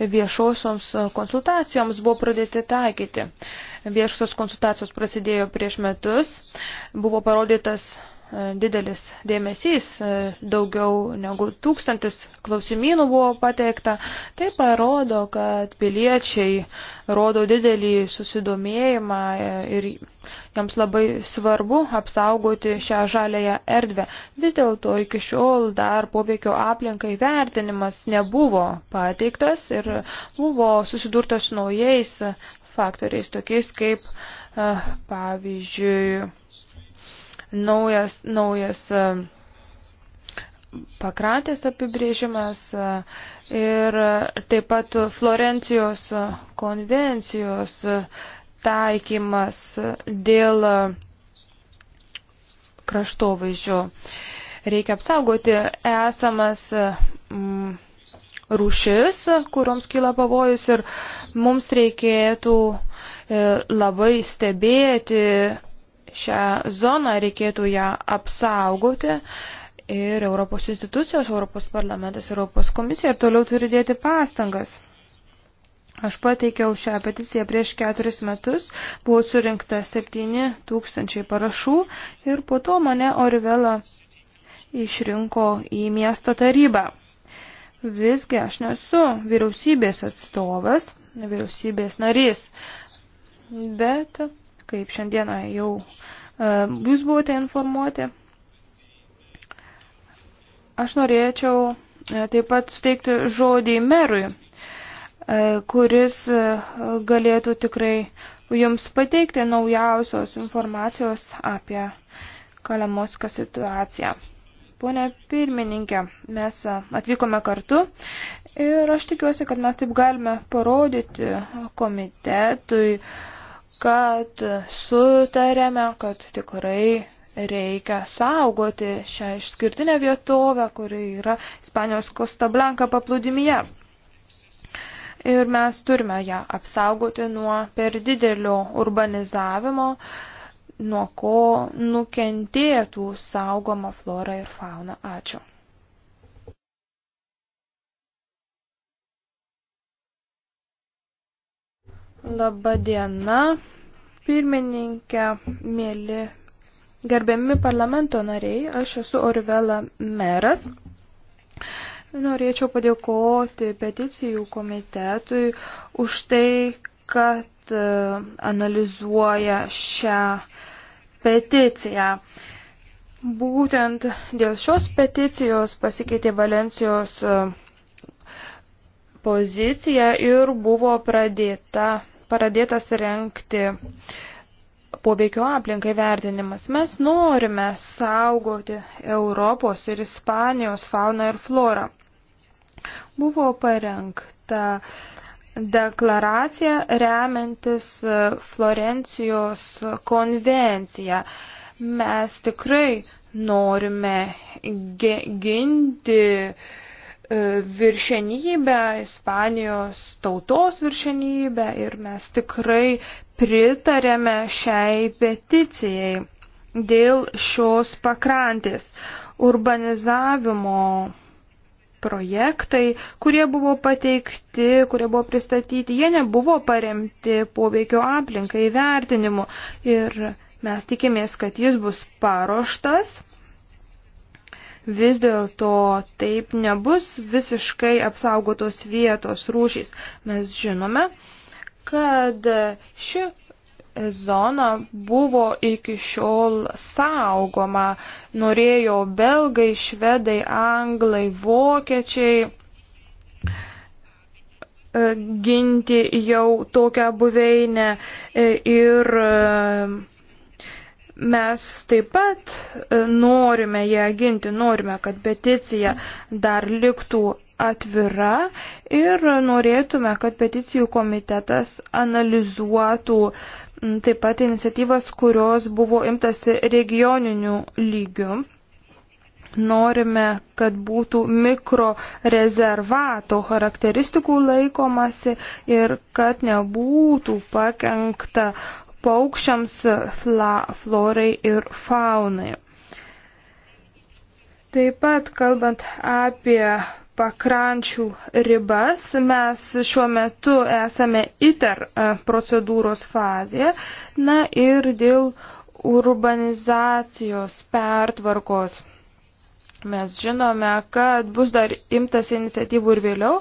viešosioms konsultacijoms, buvo pradėti taikyti. Viešos konsultacijos prasidėjo prieš metus, buvo parodytas e, didelis dėmesys, e, daugiau negu tūkstantis klausimynų buvo pateikta. Tai parodo, kad piliečiai rodo didelį susidomėjimą e, ir jiems labai svarbu apsaugoti šią žalėją erdvę. Vis dėlto iki šiol dar poveikio aplinkai vertinimas nebuvo pateiktas ir buvo susidurtas naujais faktoriais, tokiais kaip pavyzdžiui naujas, naujas pakrantės apibrėžimas ir taip pat Florencijos konvencijos taikymas dėl kraštovaizdžio. Reikia apsaugoti esamas mm, rūšis, kuriuoms kyla pavojus ir mums reikėtų e, labai stebėti šią zoną, reikėtų ją apsaugoti. Ir Europos institucijos, Europos parlamentas, Europos komisija ir toliau turi dėti pastangas. Aš pateikiau šią peticiją prieš keturis metus, buvo surinkta 7 tūkstančiai parašų ir po to mane Orivela išrinko į miesto tarybą. Visgi aš nesu vyriausybės atstovas, vyriausybės narys, bet kaip šiandieną jau e, jūs buvote informuoti, aš norėčiau e, taip pat suteikti žodį merui, e, kuris galėtų tikrai jums pateikti naujausios informacijos apie Kalemosko situaciją. Pone pirmininkė, mes atvykome kartu ir aš tikiuosi, kad mes taip galime parodyti komitetui, kad sutarėme, kad tikrai reikia saugoti šią išskirtinę vietovę, kuri yra Ispanijos Kosta Blanka paplūdimyje. Ir mes turime ją apsaugoti nuo per didelio urbanizavimo, uh, nuo ko nukentėtų saugoma flora ir fauna. Ačiū. Labadiena, pirmininkė, mėly, gerbiami parlamento nariai, aš esu Orvela meras. Norėčiau padėkoti peticijų komitetui už tai, kad e, analizuoja šią peticiją. Būtent dėl šios peticijos pasikeitė Valencijos e, pozicija ir buvo pradėta, pradėtas renkti poveikio aplinkai vertinimas. Mes norime saugoti Europos ir Ispanijos fauną ir florą. Buvo parengta deklaracija remiantis e, Florencijos konvenciją. Mes tikrai norime ginti e, viršenybę, Ispanijos tautos viršenybę ir mes tikrai pritarėme šiai peticijai dėl šios pakrantės urbanizavimo projektai, kurie buvo pateikti, kurie buvo pristatyti, jie nebuvo paremti poveikio aplinkai vertinimu. Ir mes tikimės, kad jis bus paruoštas. Vis dėlto taip nebus visiškai apsaugotos vietos rūšys. Mes žinome, kad ši zona buvo iki šiol saugoma. Norėjo belgai, švedai, anglai, vokiečiai e, ginti jau tokią buveinę e, ir e, mes taip pat norime ją ginti, norime, kad peticija dar liktų atvira ir norėtume, kad peticijų komitetas analizuotų uh, taip pat iniciatyvas, kurios buvo imtasi regioninių lygių. Norime, kad būtų mikro rezervato charakteristikų laikomasi ir kad nebūtų pakengta paukščiams, fla, florai ir faunai. Taip pat, kalbant apie pakrančių ribas. Mes šiuo metu esame ITER e, procedūros fazėje. Na ir dėl urbanizacijos pertvarkos. Mes žinome, kad bus dar imtas iniciatyvų ir vėliau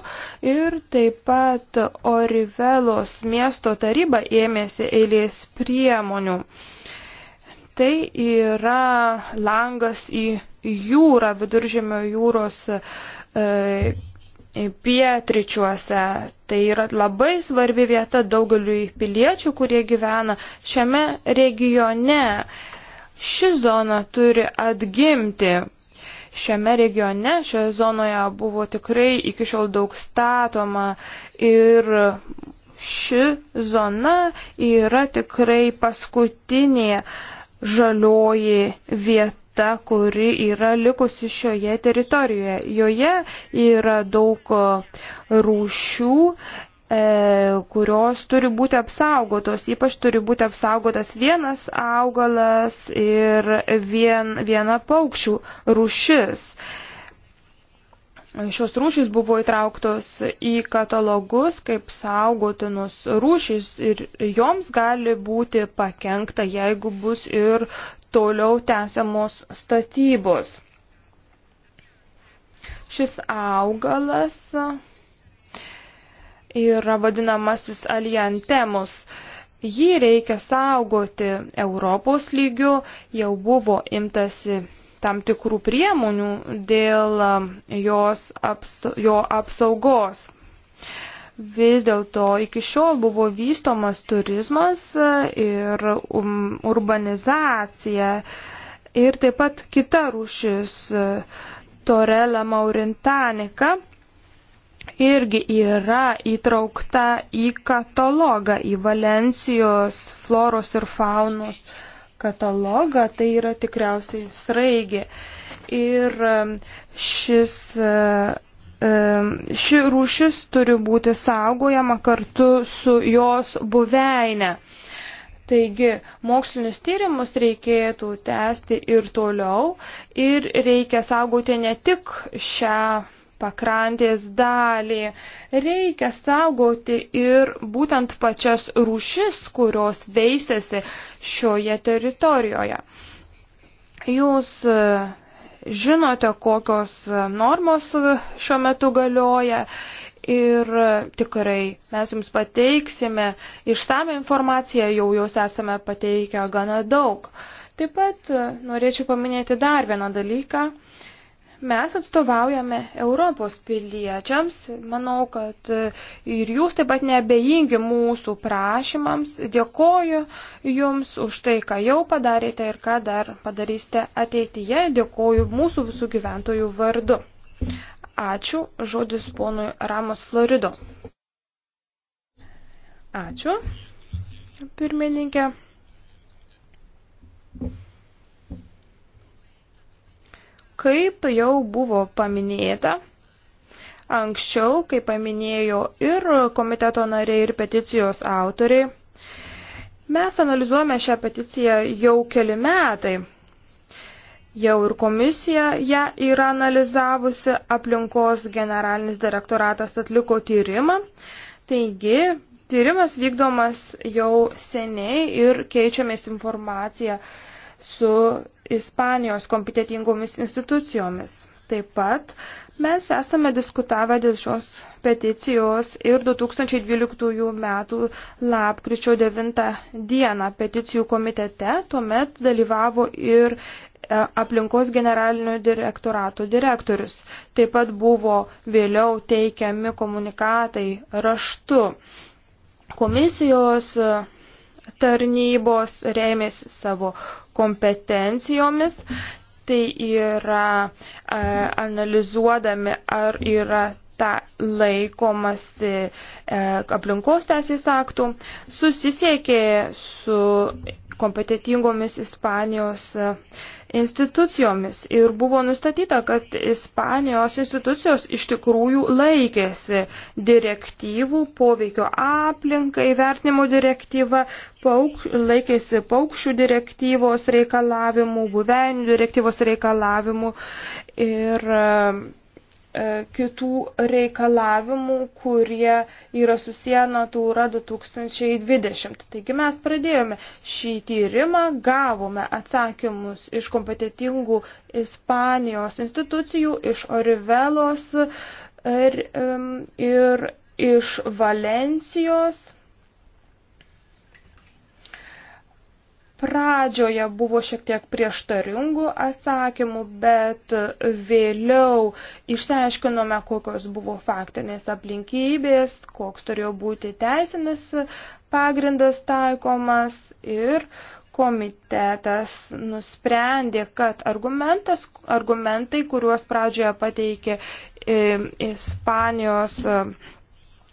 ir taip pat Orivelos miesto taryba ėmėsi eilės priemonių. Tai yra langas į jūrą viduržėmio jūros e, pietričiuose. Tai yra labai svarbi vieta daugeliui piliečių, kurie gyvena šiame regione. Ši zona turi atgimti. Šiame regione, šioje zonoje buvo tikrai iki šiol daug statoma ir ši zona yra tikrai paskutinė žalioji vieta ta, kuri yra likusi šioje teritorijoje. Joje yra daug e, rūšių, e, kurios turi būti apsaugotos. Ypač turi būti apsaugotas vienas augalas ir vien, viena paukščių rūšis. E, šios rūšys buvo įtrauktos į katalogus kaip saugotinus rūšys ir joms gali būti pakengta, jeigu bus ir toliau tęsiamos statybos. Šis augalas yra vadinamasis aliantemus. Jį reikia saugoti Europos lygiu, jau buvo imtasi tam tikrų priemonių dėl um, jos aps, jo apsaugos. Vis dėlto iki šiol buvo vystomas turizmas e, ir um, urbanizacija ir taip pat kita rūšis e, Torela maurintanika irgi yra įtraukta į katalogą, į Valencijos floros ir faunos katalogą, tai yra tikriausiai sraigė. Ir um, šis, uh, um, ši rūšis turi būti saugojama kartu su jos buveinė. Taigi, mokslinius tyrimus reikėtų tęsti ir toliau ir reikia saugoti ne tik šią pakrantės dalį. Reikia saugoti ir būtent pačias rūšis, kurios veisėsi šioje teritorijoje. Jūs e, žinote, kokios normos šiuo metu galioja ir e, tikrai mes jums pateiksime išsame informaciją, jau jūs esame pateikę gana daug. Taip pat e, norėčiau paminėti dar vieną dalyką. Mes atstovaujame Europos piliečiams. Manau, kad ir jūs taip pat nebejingi mūsų prašymams. Dėkoju jums už tai, ką jau padarėte ir ką dar padarysite ateityje. Dėkoju mūsų visų gyventojų vardu. Ačiū. Žodis ponui Ramos Florido. Ačiū. Pirmininkė. Kaip jau buvo paminėta, anksčiau, kaip paminėjo ir komiteto nariai, ir peticijos autoriai, mes analizuojame šią peticiją jau keli metai. Jau ir komisija ją yra analizavusi, aplinkos generalinis direktoratas atliko tyrimą. Taigi, tyrimas vykdomas jau seniai ir keičiamės informaciją su Ispanijos kompetitingomis institucijomis. Taip pat mes esame diskutavę dėl šios peticijos ir 2012 m. lapkričio 9 dieną peticijų komitete tuomet dalyvavo ir e, aplinkos generalinio direktorato direktorius. Taip pat buvo vėliau teikiami komunikatai raštu. Komisijos e, tarnybos rėmėsi savo kompetencijomis, tai yra e, analizuodami, ar yra ta laikomasi e, aplinkos teisės aktų, susisiekė su kompetitingomis Ispanijos institucijomis ir buvo nustatyta, kad Ispanijos institucijos iš tikrųjų laikėsi direktyvų poveikio aplinkai vertinimo direktyva, pauk, laikėsi paukščių direktyvos reikalavimų, buveinių direktyvos reikalavimų ir E, kitų reikalavimų, kurie yra susiję Natūra 2020. Taigi mes pradėjome šį tyrimą, gavome atsakymus iš kompetitingų Ispanijos institucijų, iš Orivelos ir, er, ir iš Valencijos. Pradžioje buvo šiek tiek prieštaringų atsakymų, bet vėliau išsiaiškinome, kokios buvo faktinės aplinkybės, koks turėjo būti teisinis pagrindas taikomas ir komitetas nusprendė, kad argumentai, kuriuos pradžioje pateikė e, Ispanijos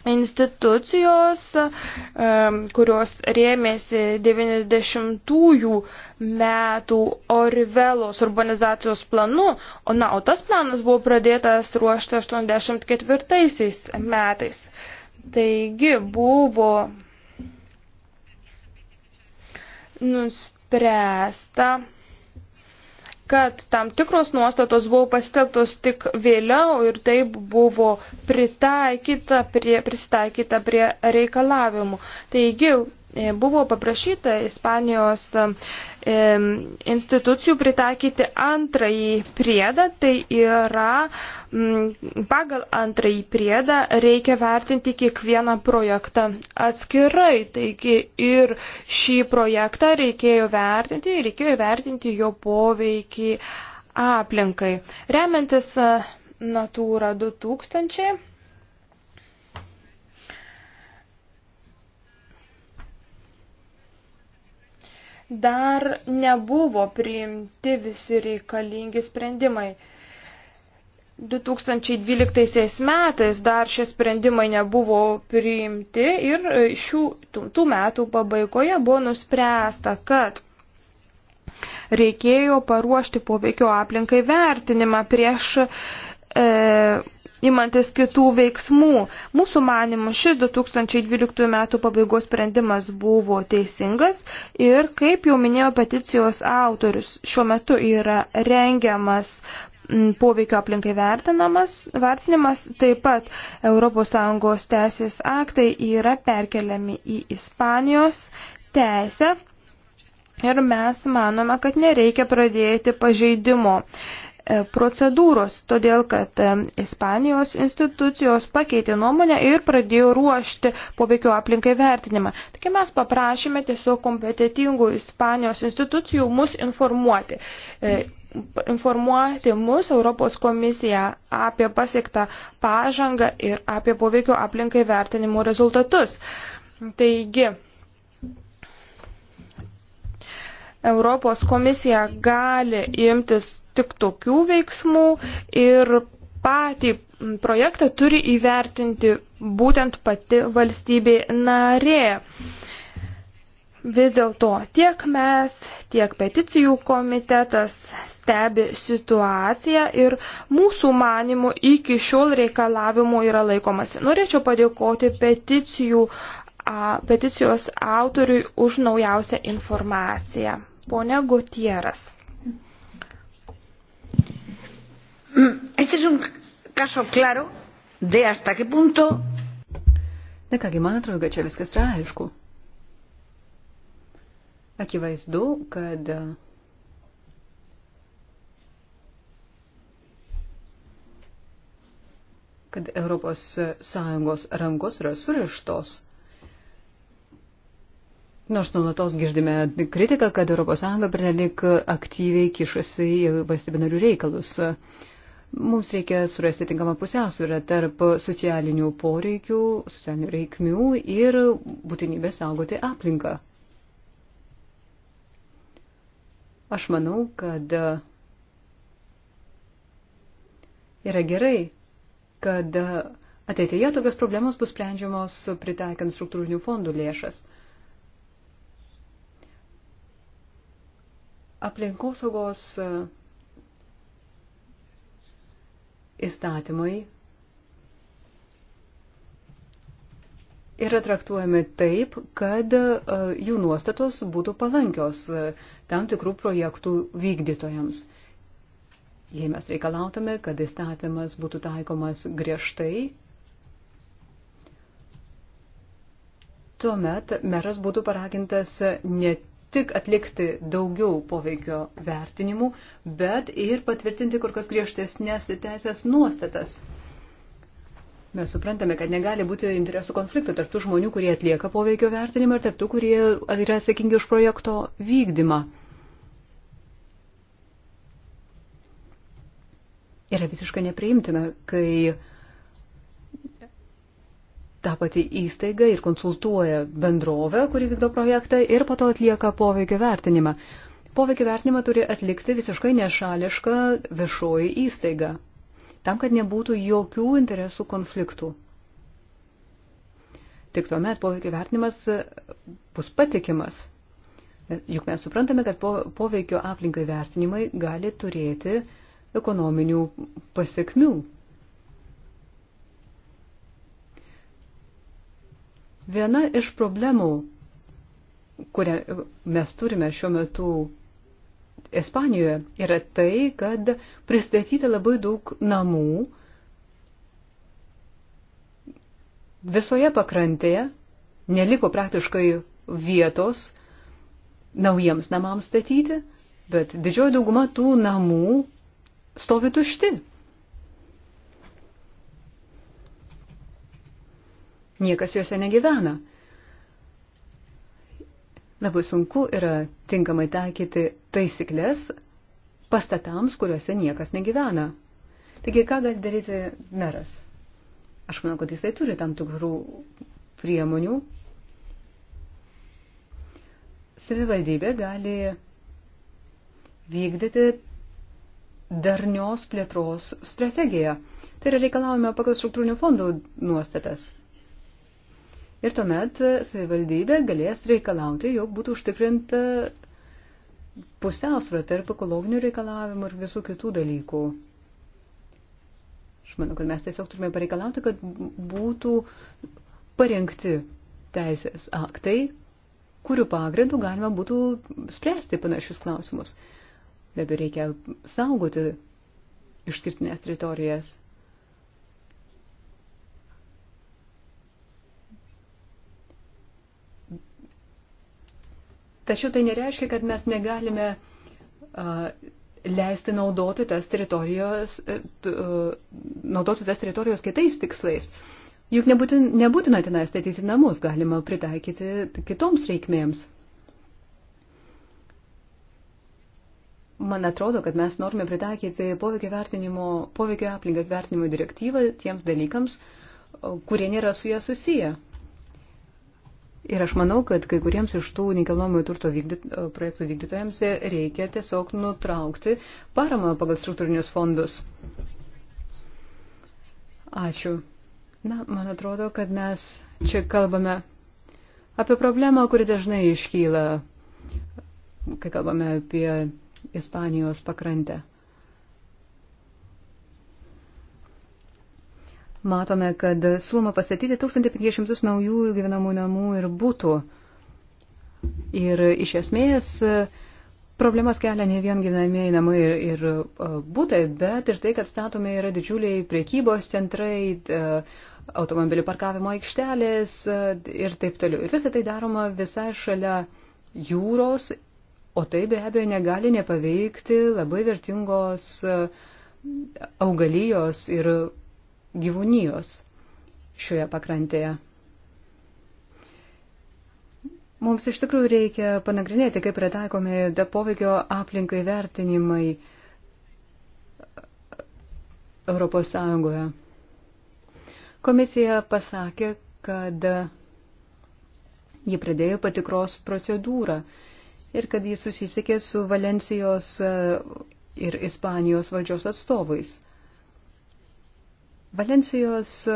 institucijos, kurios rėmėsi 90-ųjų metų Orvelos urbanizacijos planu, o, na, o tas planas buvo pradėtas ruošti 84 metais. Taigi buvo nuspręsta kad tam tikros nuostatos buvo pasitelktos tik vėliau ir taip buvo pritaikyta prie, pristaikyta prie reikalavimų. Taigi E, buvo paprašyta Ispanijos e, institucijų pritaikyti antrąjį priedą, tai yra pagal antrąjį priedą reikia vertinti kiekvieną projektą atskirai, taigi ir šį projektą reikėjo vertinti, reikėjo vertinti jo poveikį aplinkai. Remiantis e, Natūra 2000, dar nebuvo priimti visi reikalingi sprendimai. 2012 metais dar šie sprendimai nebuvo priimti ir šių tų metų pabaigoje buvo nuspręsta, kad reikėjo paruošti poveikio aplinkai vertinimą prieš e, imantis kitų veiksmų. Mūsų manimu, šis 2012 metų pabaigos sprendimas buvo teisingas ir, kaip jau minėjo peticijos autorius, šiuo metu yra rengiamas poveikio aplinkai vertinamas, vertinimas, taip pat ES teisės aktai yra perkeliami į Ispanijos teisę ir mes manome, kad nereikia pradėti pažeidimo. E, E, procedūros, todėl kad e, Ispanijos institucijos pakeitė nuomonę ir pradėjo ruošti poveikio aplinkai vertinimą. Taigi mes paprašėme tiesiog kompetitingų Ispanijos institucijų mus informuoti e, informuoti mus Europos komisiją apie pasiektą pažangą ir apie poveikio aplinkai vertinimo rezultatus. Taigi, Europos komisija gali imtis tik tokių veiksmų ir patį projektą turi įvertinti būtent pati valstybė narė. Vis dėlto tiek mes, tiek peticijų komitetas stebi situaciją ir mūsų manimų iki šiol reikalavimų yra laikomasi. Norėčiau padėkoti peticijų a, peticijos autoriui už naujausią informaciją. Pone Gutieras. Este es un caso claro de hasta qué punto. Na kągi, man atrodo, kad čia viskas yra aišku. Akivaizdu, kad kad Europos Sąjungos rankos yra surištos Nors nuolatos girdime kritiką, kad ES pernelik aktyviai kišasi į valstybių narių reikalus. Mums reikia surasti tinkamą pusiausvyrą tarp socialinių poreikių, socialinių reikmių ir būtinybės saugoti aplinką. Aš manau, kad yra gerai, kad ateityje tokios problemos bus sprendžiamos pritaikant struktūrinių fondų lėšas. aplinkosaugos e, įstatymai yra traktuojami taip, kad e, jų nuostatos būtų palankios e, tam tikrų projektų vykdytojams. Jei mes reikalautume, kad įstatymas būtų taikomas griežtai, tuomet meras būtų paragintas ne tik atlikti daugiau poveikio vertinimų, bet ir patvirtinti kur kas griežtesnės teisės nuostatas. Mes suprantame, kad negali būti interesų konflikto tarp tų žmonių, kurie atlieka poveikio vertinimą ir tarp tų, kurie yra atsakingi už projekto vykdymą. Yra visiškai nepriimtina, kai uh, tą patį įstaigą ir konsultuoja bendrovę, kuri vykdo projektą ir po to atlieka poveikio vertinimą. Poveikio vertinimą turi atlikti visiškai nešališka viešoji įstaiga, tam, kad nebūtų jokių interesų konfliktų. Tik tuomet poveikio vertinimas bus patikimas. Juk mes suprantame, kad po, poveikio aplinkai vertinimai gali turėti ekonominių pasiekmių Viena iš problemų, kurią mes turime šiuo metu Ispanijoje, yra tai, kad pristatyta labai daug namų visoje pakrantėje, neliko praktiškai vietos naujiems namams statyti, bet didžioji dauguma tų namų stovi tušti. Niekas juose negyvena. Labai sunku yra tinkamai taikyti taisyklės pastatams, kuriuose niekas negyvena. Taigi, ką gali daryti meras? Aš manau, kad jisai turi tam tikrų priemonių. Savivaldybė gali vykdyti darnios plėtros strategiją. Tai yra reikalavime pagal struktūrinių fondų nuostatas. Ir tuomet savivaldybė galės reikalauti, jog būtų užtikrinta pusiausvara tarp ekologinių reikalavimų ir visų kitų dalykų. Aš manau, kad mes tiesiog turime pareikalauti, kad būtų parengti teisės aktai, kurių pagrindų galima būtų spręsti panašius klausimus. Dabar reikia saugoti išskirtinės teritorijas. Tačiau tai nereiškia, kad mes negalime leisti naudoti tas teritorijos, e, e, naudoti tas teritorijos kitais tikslais. Juk nebūtin, nebūtina tenai statyti namus, galima pritaikyti kitoms reikmėms. Man atrodo, kad mes norime pritaikyti poveikio, vertinimo, poveikio aplinką vertinimo direktyvą tiems dalykams, kurie nėra su ją susiję. Ir aš manau, kad kai kuriems iš tų nekilnojamojo turto vykdyt, e, projektų vykdytojams reikia tiesiog nutraukti paramą pagal struktūrinius fondus. Ačiū. Na, man atrodo, kad mes čia kalbame apie problemą, kuri dažnai iškyla, kai kalbame apie Ispanijos pakrantę. matome, kad siūloma pastatyti 1500 naujų gyvenamų namų ir būtų. Ir iš esmės e, problemas kelia ne vien gyvenamieji namai ir, ir e, būtai, bet ir tai, kad statomi yra didžiuliai priekybos centrai, e, automobilių parkavimo aikštelės ir taip toliau. Ir visą tai daroma visai šalia jūros, o tai be abejo negali nepaveikti labai vertingos augalijos ir gyvūnijos šioje pakrantėje. Mums iš tikrųjų reikia panagrinėti, kaip yra taikomi poveikio aplinkai vertinimai Europos Sąjungoje. Komisija pasakė, kad ji pradėjo patikros procedūrą ir kad ji susisiekė su Valencijos ir Ispanijos valdžios atstovais. Valencijos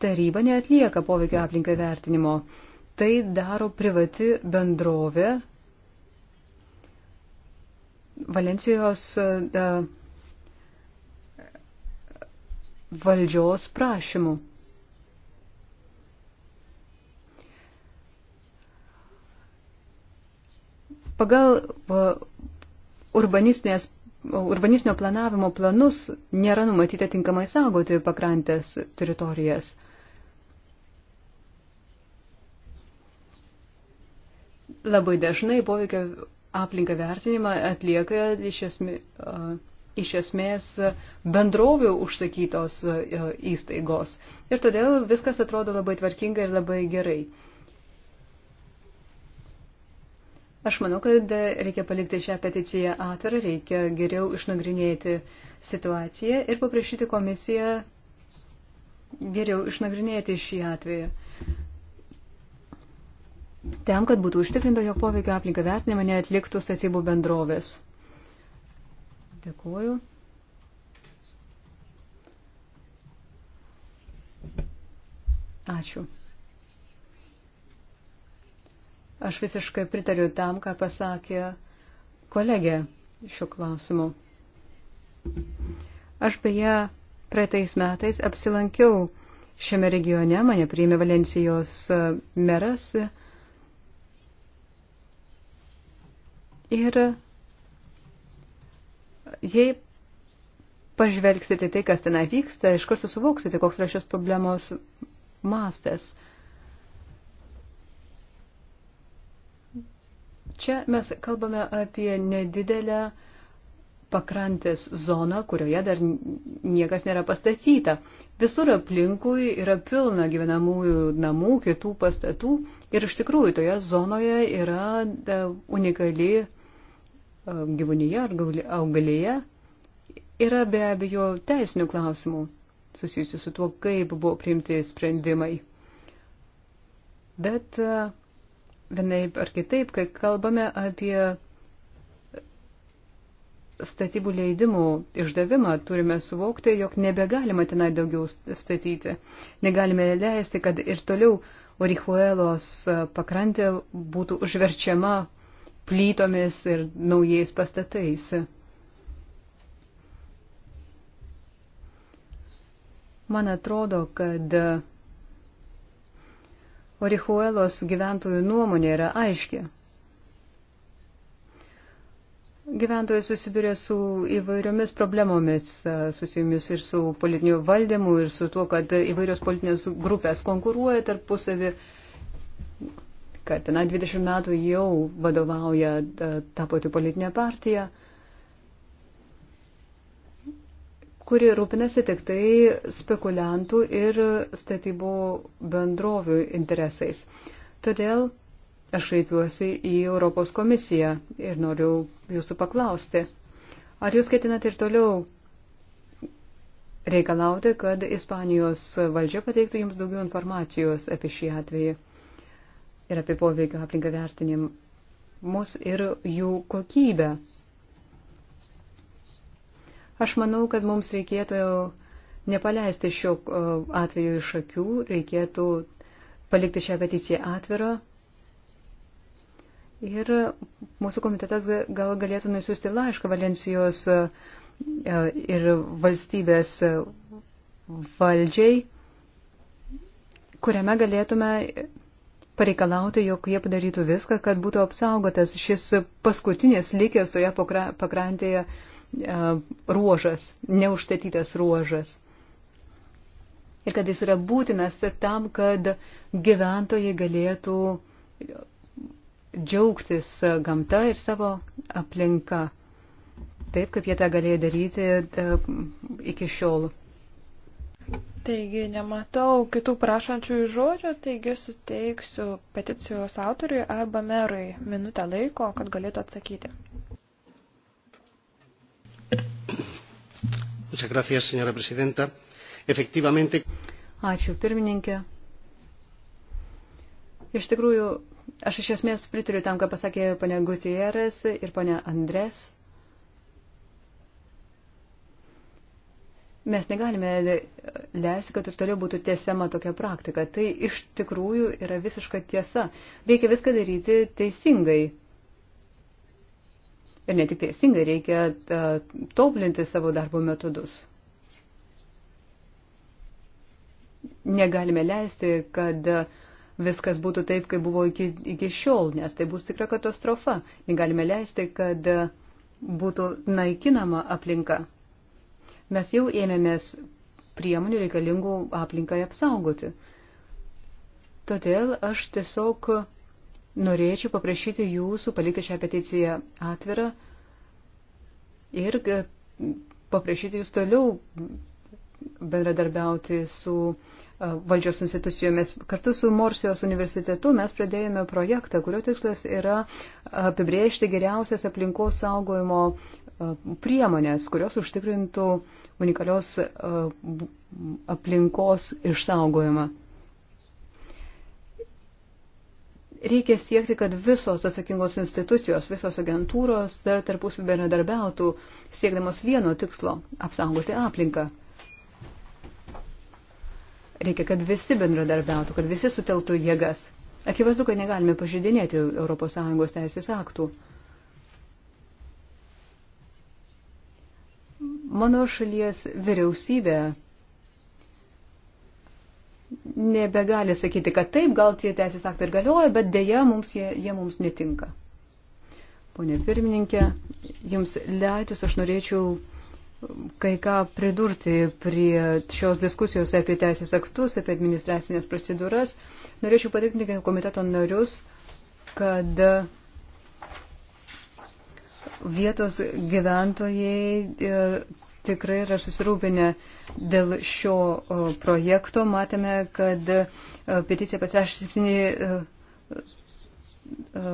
taryba neatlieka poveikio aplinkai vertinimo. Tai daro privati bendrovė Valencijos e, valdžios prašymų. Pagal e, urbanistinės urbanistinio planavimo planus nėra numatyta tinkamai saugoti pakrantės teritorijas. Labai dažnai poveikio aplinką vertinimą atlieka iš, esmė, iš esmės bendrovių užsakytos įstaigos. Ir todėl viskas atrodo labai tvarkinga ir labai gerai. Aš manau, kad reikia palikti šią peticiją atvirą, reikia geriau išnagrinėti situaciją ir paprašyti komisiją geriau išnagrinėti šį atvejį. Tam, kad būtų užtikrinta, jog poveikio aplinką vertinimą neatliktų statybų bendrovės. Dėkuoju. Ačiū. Aš visiškai pritariu tam, ką pasakė kolegė šiuo klausimu. Aš beje praeitais metais apsilankiau šiame regione, mane priėmė Valencijos e, meras ir jei pažvelgsite tai, kas ten vyksta, iš karto suvoksite, koks yra šios problemos mastas. Čia mes kalbame apie nedidelę pakrantės zoną, kurioje dar niekas nėra pastatyta. Visur aplinkui yra pilna gyvenamųjų namų, kitų pastatų ir iš tikrųjų toje zonoje yra e, unikali e, gyvūnyje ar augalyje. Yra be abejo teisinių klausimų susijusių su tuo, kaip buvo priimti sprendimai. Bet uh, vienaip ar kitaip, kai kalbame apie statybų leidimų išdavimą, turime suvokti, jog nebegalima tenai daugiau statyti. Negalime leisti, kad ir toliau Orihuelos pakrantė būtų užverčiama plytomis ir naujais pastatais. Man atrodo, kad Orihuelos gyventojų nuomonė yra aiški. Gyventojai susiduria su įvairiomis problemomis, e, susijomis ir su politiniu valdymu, ir su tuo, kad įvairios politinės grupės konkuruoja tarpusavį, kad na 20 metų jau vadovauja e, ta pati politinė partija. kuri rūpinasi tik tai spekuliantų ir statybų bendrovių interesais. Todėl aš kreipiuosi į Europos komisiją ir noriu jūsų paklausti, ar jūs ketinate ir toliau reikalauti, kad Ispanijos valdžia pateiktų jums daugiau informacijos apie šį atvejį ir apie poveikio aplinką vertinimus ir jų kokybę. Aš manau, kad mums reikėtų nepaleisti šio atveju iš akių, reikėtų palikti šią peticiją atvirą. Ir mūsų komitetas gal galėtų nusiųsti laišką Valencijos ir valstybės valdžiai, kuriame galėtume pareikalauti, jog jie padarytų viską, kad būtų apsaugotas šis paskutinis likęs toje pakrantėje. Pakra ruožas, neužstatytas ruožas. Ir kad jis yra būtinas tam, kad gyventojai galėtų džiaugtis gamta ir savo aplinka, taip kaip jie tą galėjo daryti iki šiol. Taigi nematau kitų prašančių žodžio, taigi suteiksiu peticijos autoriui arba merui minutę laiko, kad galėtų atsakyti. Gracias, señora presidenta. Efectivamente. Ačiū, pirmininkė. Iš tikrųjų, aš iš esmės pritariu tam, ką pasakė ponia Gutierrez ir ponia Andres. Mes negalime leisti, kad ir toliau būtų tiesiama tokia praktika. Tai iš tikrųjų yra visiška tiesa. Reikia viską daryti teisingai. Ir ne tik teisingai, reikia e, tobulinti savo darbo metodus. Negalime leisti, kad viskas būtų taip, kaip buvo iki, iki šiol, nes tai bus tikra katastrofa. Negalime leisti, kad būtų naikinama aplinka. Mes jau ėmėmės priemonių reikalingų aplinkai apsaugoti. Todėl aš tiesiog norėčiau paprašyti jūsų palikti šią peticiją atvirą ir e, paprašyti jūs toliau bendradarbiauti su e, valdžios institucijomis. Kartu su Morsijos universitetu mes pradėjome projektą, kurio tikslas yra apibriežti geriausias aplinkos saugojimo e, priemonės, kurios užtikrintų unikalios aplinkos išsaugojimą. reikia siekti, kad visos atsakingos institucijos, visos agentūros tarpusavį bendradarbiautų, siekdamos vieno tikslo - apsaugoti aplinką. Reikia, kad visi bendradarbiautų, kad visi suteltų jėgas. Akivaizdu, kad negalime pažydinėti ES teisės aktų. Mano šalies vyriausybė nebegali sakyti, kad taip, gal tie teisės aktai ir galioja, bet dėja mums jie, jie mums netinka. Pone pirmininkė, jums leidus aš norėčiau kai ką pridurti prie šios diskusijos apie teisės aktus, apie administracinės procedūras. Norėčiau patikinti komiteto narius, kad vietos gyventojai e, tikrai yra susirūpinę dėl šio projekto. Matėme, kad e, peticija pasirašė 7 e,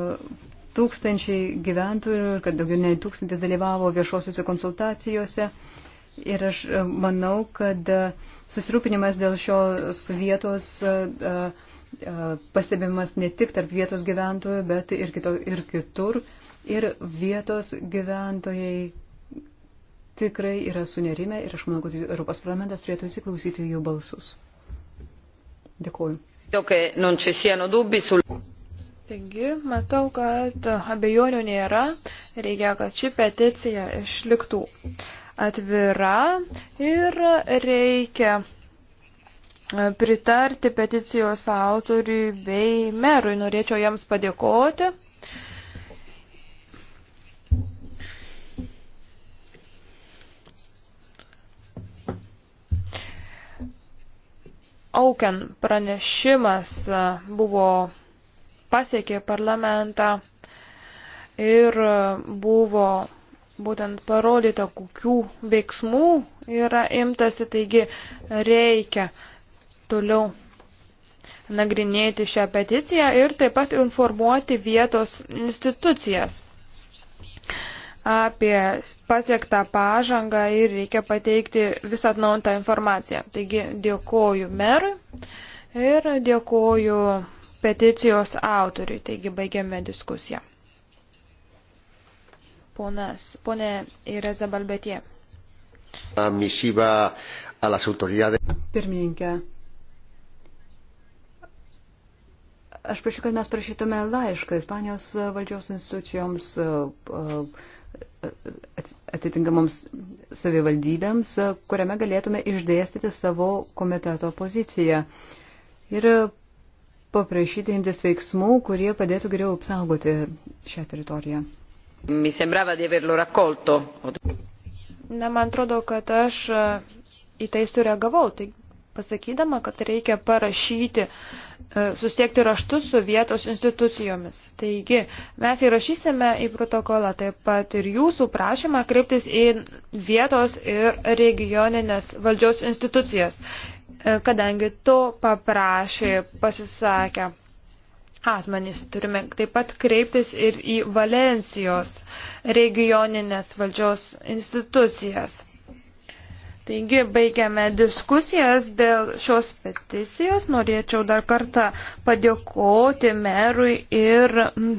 tūkstančiai gyventojų ir kad daugiau nei tūkstantis dalyvavo viešosiuose konsultacijose. Ir aš manau, kad susirūpinimas dėl šios vietos pastebimas ne tik tarp vietos gyventojų, bet ir, kito, ir kitur ir vietos gyventojai tikrai yra sunerime ir aš manau, kad Europos parlamentas turėtų įsiklausyti jų balsus. Dėkuoju. Taigi, matau, kad abejonių nėra, reikia, kad ši peticija išliktų atvira ir reikia pritarti peticijos autoriui bei merui. Norėčiau jiems padėkoti. Auken pranešimas e, buvo pasiekė parlamentą ir e, buvo būtent parodyta, kokių veiksmų yra imtasi, taigi reikia toliau nagrinėti šią peticiją ir taip pat informuoti vietos institucijas apie pasiektą pažangą ir reikia pateikti visą atnaujantą informaciją. Taigi dėkoju merui ir dėkoju peticijos autoriui. Taigi baigiame diskusiją. Ponas, ponė Ireza Balbetie. Pirmininkė. Aš prašau, kad mes prašytume laišką Ispanijos valdžios institucijoms. Uh, uh, atitinkamoms savivaldybėms, kuriame galėtume išdėstyti savo komiteto poziciją ir paprašyti imtis veiksmų, kurie padėtų geriau apsaugoti šią teritoriją. Na, man atrodo, kad aš e, į tai sureagavau, tai pasakydama, kad reikia parašyti, e, susiekti raštus su vietos institucijomis. Taigi, mes įrašysime į protokolą taip pat ir jūsų prašymą kreiptis į vietos ir regioninės valdžios institucijas, e, kadangi to paprašė pasisakę. Asmenys turime taip pat kreiptis ir į Valencijos regioninės valdžios institucijas. Taigi baigiame diskusijas dėl šios peticijos. Norėčiau dar kartą padėkoti merui ir mm,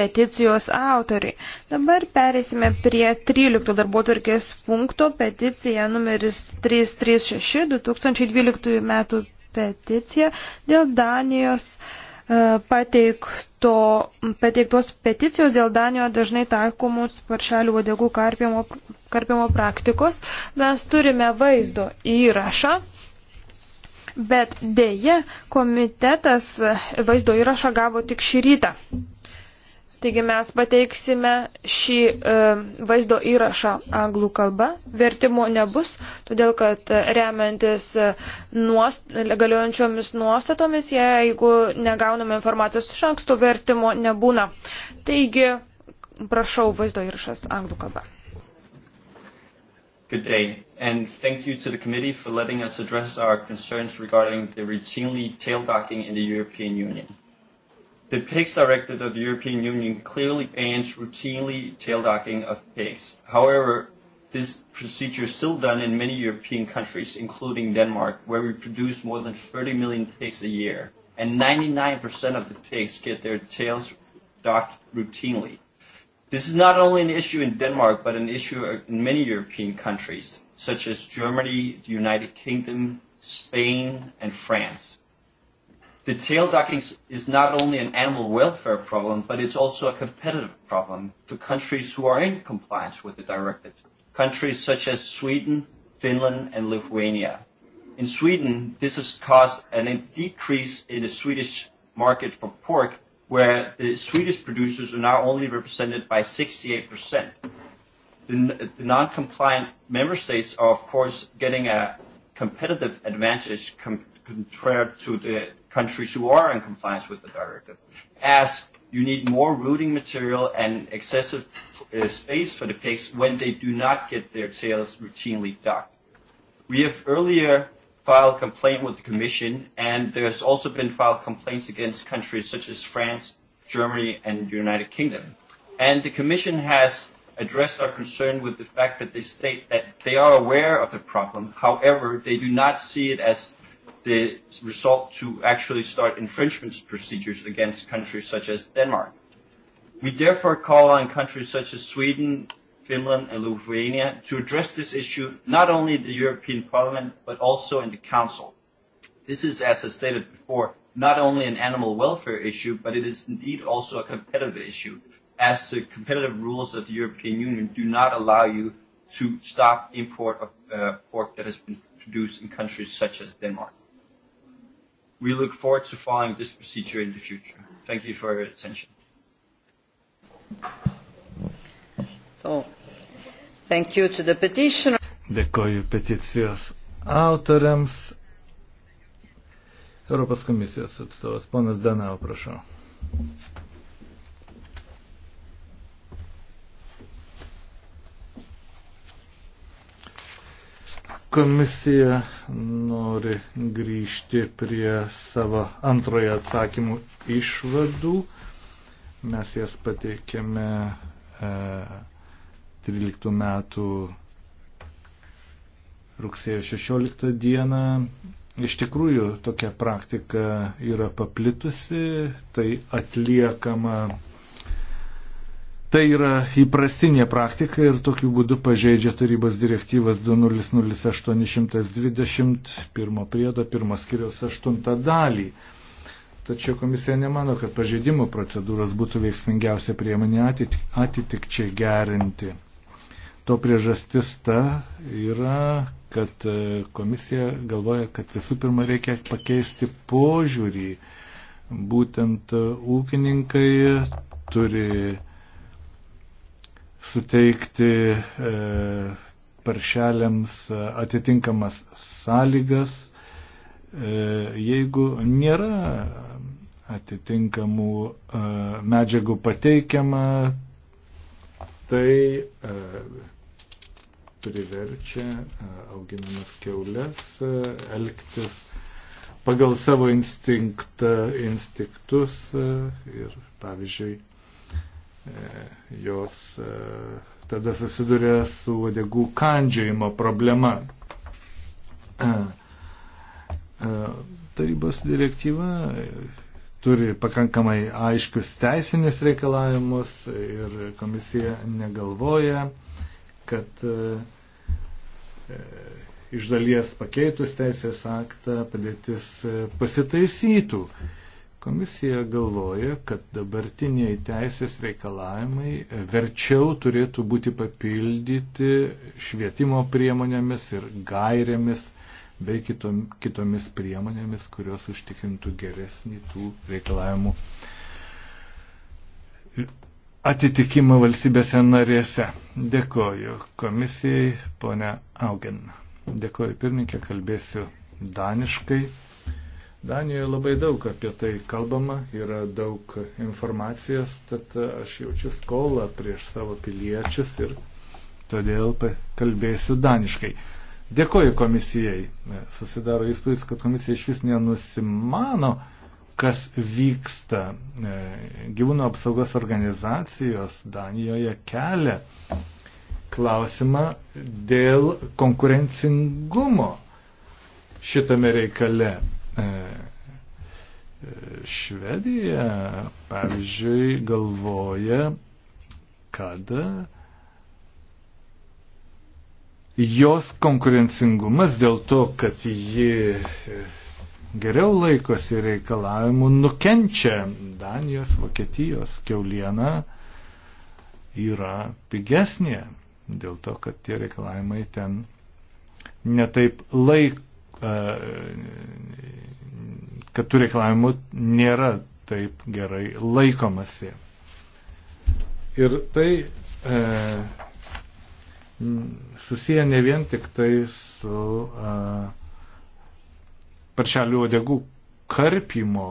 peticijos autoriai. Dabar pereisime prie 13 darbo tvarkės punkto peticija numeris 336 2012 metų peticija dėl Danijos E, pateikto, pateiktos peticijos dėl Danijoje dažnai taikomų paršelių odegų karpimo, karpimo praktikos. Mes turime vaizdo įrašą, bet dėje komitetas vaizdo įrašą gavo tik šį rytą. Taigi mes pateiksime šį e, vaizdo įrašą anglų kalba. Vertimo nebus, todėl kad remiantis e, nuost, galiojančiomis nuostatomis, jeigu negauname informacijos iš anksto, vertimo nebūna. Taigi, prašau, vaizdo įrašas anglų kalba. Good day, and thank you to the committee for letting us address our concerns regarding the routinely tail docking in the European Union. The PIGS Directive of the European Union clearly bans routinely tail docking of pigs. However, this procedure is still done in many European countries, including Denmark, where we produce more than 30 million pigs a year, and 99% of the pigs get their tails docked routinely. This is not only an issue in Denmark, but an issue in many European countries, such as Germany, the United Kingdom, Spain, and France the tail docking is not only an animal welfare problem, but it's also a competitive problem to countries who are in compliance with the directive, countries such as Sweden, Finland, and Lithuania. In Sweden, this has caused a decrease in the Swedish market for pork, where the Swedish producers are now only represented by 68%. The, the non-compliant member states are, of course, getting a competitive advantage com- compared to the countries who are in compliance with the directive, as you need more routing material and excessive uh, space for the pigs when they do not get their tails routinely docked. We have earlier filed complaint with the Commission, and there's also been filed complaints against countries such as France, Germany, and the United Kingdom. And the Commission has addressed our concern with the fact that they state that they are aware of the problem. However, they do not see it as the result to actually start infringement procedures against countries such as Denmark. We therefore call on countries such as Sweden, Finland and Lithuania to address this issue not only in the European Parliament but also in the Council. This is, as I stated before, not only an animal welfare issue, but it is indeed also a competitive issue, as the competitive rules of the European Union do not allow you to stop import of uh, pork that has been produced in countries such as Denmark. We look forward to following this procedure in the future. Thank you for your attention. So, thank you to the petitioner. Dėkoju peticijos autoriams. Europos komisijos atstovas, ponas Danau, prašau. Komisija nori grįžti prie savo antrojo atsakymų išvadų. Mes jas pateikėme e, 13 metų rugsėjo 16 dieną. Iš tikrųjų, tokia praktika yra paplitusi, tai atliekama Tai yra įprastinė praktika ir tokiu būdu pažeidžia tarybos direktyvas 200821 priedo 1 skiriaus 8 dalį. Tačiau komisija nemano, kad pažeidimo procedūros būtų veiksmingiausia priemonė atitikčiai gerinti. To priežastis ta yra, kad e, komisija galvoja, kad visų pirma reikia pakeisti požiūrį. Būtent e, ūkininkai turi suteikti e, paršeliams e, atitinkamas sąlygas. E, jeigu nėra atitinkamų medžiagų pateikiama, tai priverčia auginamas keulės elgtis pagal savo instinktą, instinktus ir, pavyzdžiui, E, jos e, tada susiduria su vadegų kandžiojimo problema. E, tarybos direktyva turi pakankamai aiškius teisinius reikalavimus ir komisija negalvoja, kad iš dalies pakeitus teisės aktą padėtis pasitaisytų. E, Komisija galvoja, kad dabartiniai teisės reikalavimai verčiau turėtų būti papildyti švietimo priemonėmis ir gairėmis bei kitom, kitomis priemonėmis, kurios užtikrintų geresnį tų reikalavimų atitikimą valstybėse narėse. Dėkoju komisijai, ponia Augen. Dėkoju pirmininkė, kalbėsiu daniškai. Danijoje labai daug apie tai kalbama, yra daug informacijos, tad aš jaučiu skolą prieš savo piliečius ir todėl kalbėsiu daniškai. Dėkoju komisijai. Susidaro įspūdis, kad komisija iš vis nenusimano, kas vyksta. E, gyvūnų apsaugos organizacijos Danijoje kelia klausimą dėl konkurencingumo šitame reikale. E, Švedija, pavyzdžiui, galvoja, kad jos konkurencingumas dėl to, kad ji geriau laikosi reikalavimų, nukenčia Danijos, Vokietijos keuliena yra pigesnė dėl to, kad tie reikalavimai ten netaip laik, E, kad tų reikalavimų nėra taip gerai laikomasi. Ir tai e, susiję ne vien tik tai su e, paršelių odegų karpimo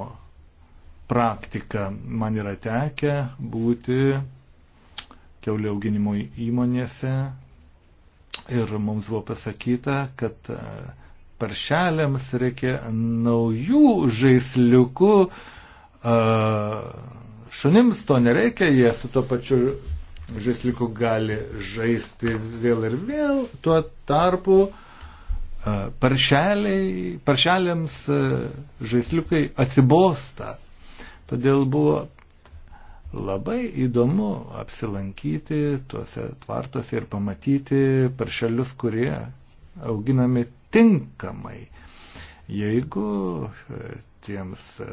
praktika. Man yra tekę būti keulio auginimo įmonėse ir mums buvo pasakyta, kad e, paršeliams reikia naujų žaisliukų, šunims to nereikia, jie su to pačiu žaisliku gali žaisti vėl ir vėl, tuo tarpu paršeliams žaisliukai atsibosta. Todėl buvo labai įdomu apsilankyti tuose tvartuose ir pamatyti paršelius, kurie auginami tinkamai. Jeigu e, tiems e,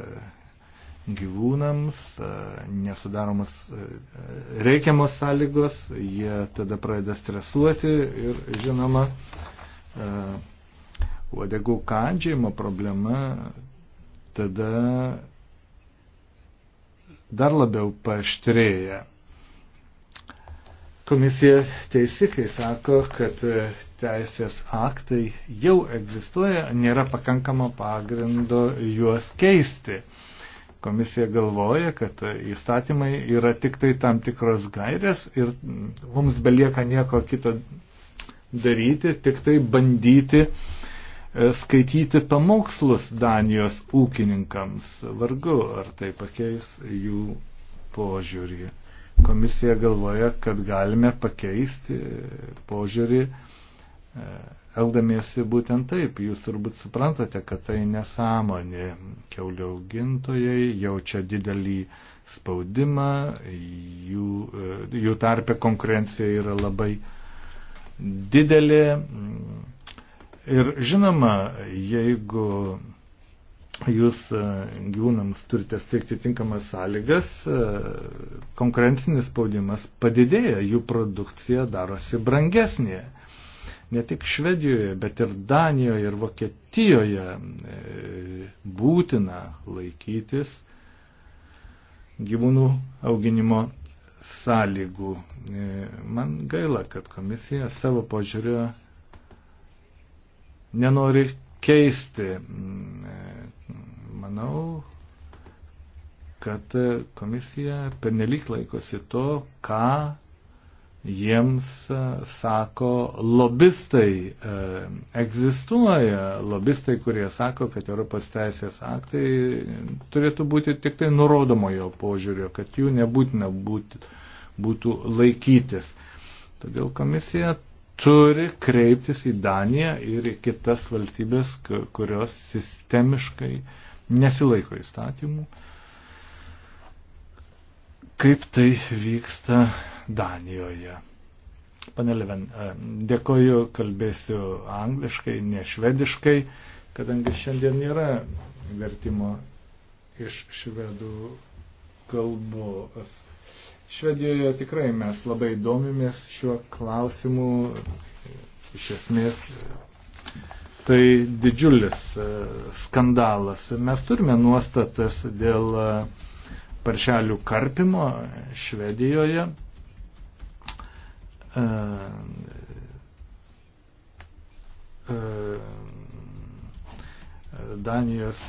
gyvūnams e, nesudaromas reikiamos sąlygos, jie tada pradeda stresuoti ir, žinoma, uodegų kandžiajimo problema tada dar labiau paštrėja. Komisija teisi, kai sako, kad e, teisės aktai jau egzistuoja, nėra pakankamo pagrindo juos keisti. Komisija galvoja, kad e, įstatymai yra tik tai tam tikros gairės ir mums belieka nieko kito daryti, tik tai bandyti e, skaityti pamokslus Danijos ūkininkams. Vargu, ar tai pakeis jų požiūrį komisija galvoja, kad galime pakeisti požiūrį, e, elgdamiesi būtent taip. Jūs turbūt suprantate, kad tai nesąmonė. Kiaulių augintojai jaučia didelį spaudimą, jų, e, jų tarpė konkurencija yra labai didelė. Ir žinoma, jeigu jūs e, gyvūnams turite steigti tinkamas sąlygas, e, konkurencinis spaudimas padidėja, jų produkcija darosi brangesnė. Ne tik Švedijoje, bet ir Danijoje ir Vokietijoje e, būtina laikytis gyvūnų auginimo sąlygų. Man gaila, kad komisija savo požiūrio nenori keisti. Manau, kad komisija pernelik laikosi to, ką jiems e, sako lobistai. E, egzistuoja lobistai, kurie sako, kad Europos teisės aktai turėtų būti tik tai nurodomojo požiūrio, kad jų nebūtina būti, būtų laikytis. Todėl komisija turi kreiptis į Daniją ir į kitas valstybės, kurios sistemiškai uh, nesilaiko įstatymų, kaip tai vyksta Danijoje. Paneleven, e, dėkoju, kalbėsiu angliškai, ne švediškai, kadangi šiandien nėra vertimo iš švedų kalbos. Švedijoje tikrai mes labai domimės šiuo klausimu, iš esmės Tai didžiulis e, skandalas. Mes turime nuostatas dėl e, paršelių karpimo Švedijoje. E, e, Danijos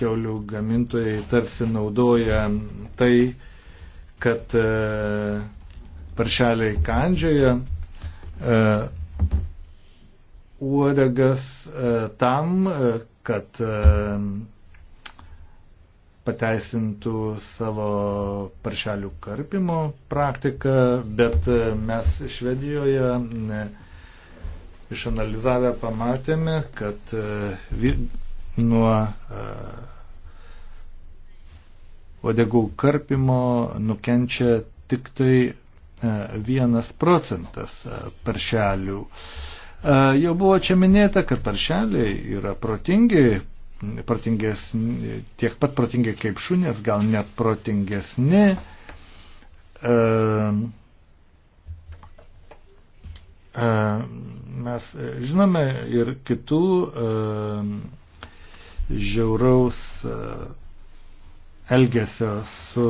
keulių gamintojai tarsi naudoja tai, kad e, paršeliai kandžioje uodegas e, tam, e, kad e, pateisintų savo paršelių karpimo praktiką, bet mes Švedijoje išanalizavę pamatėme, kad nuo odegų karpimo nukenčia tik tai vienas procentas paršelių. Uh, Jau buvo čia minėta, kad paršeliai yra protingi, protingesni, tiek pat protingi kaip šunės, gal net protingesni. Mes žinome ir kitų žiauraus elgesio su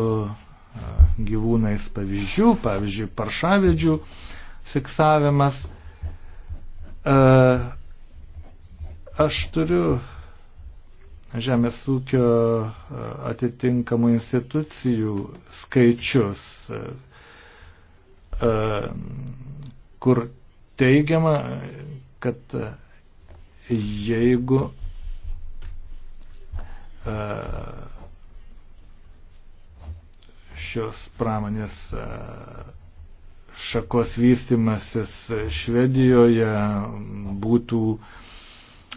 gyvūnais pavyzdžių, pavyzdžiui, paršavedžių fiksavimas. E, aš turiu žemės ūkio e, atitinkamų institucijų skaičius, e, kur teigiama, kad jeigu šios pramonės šakos vystimasis Švedijoje būtų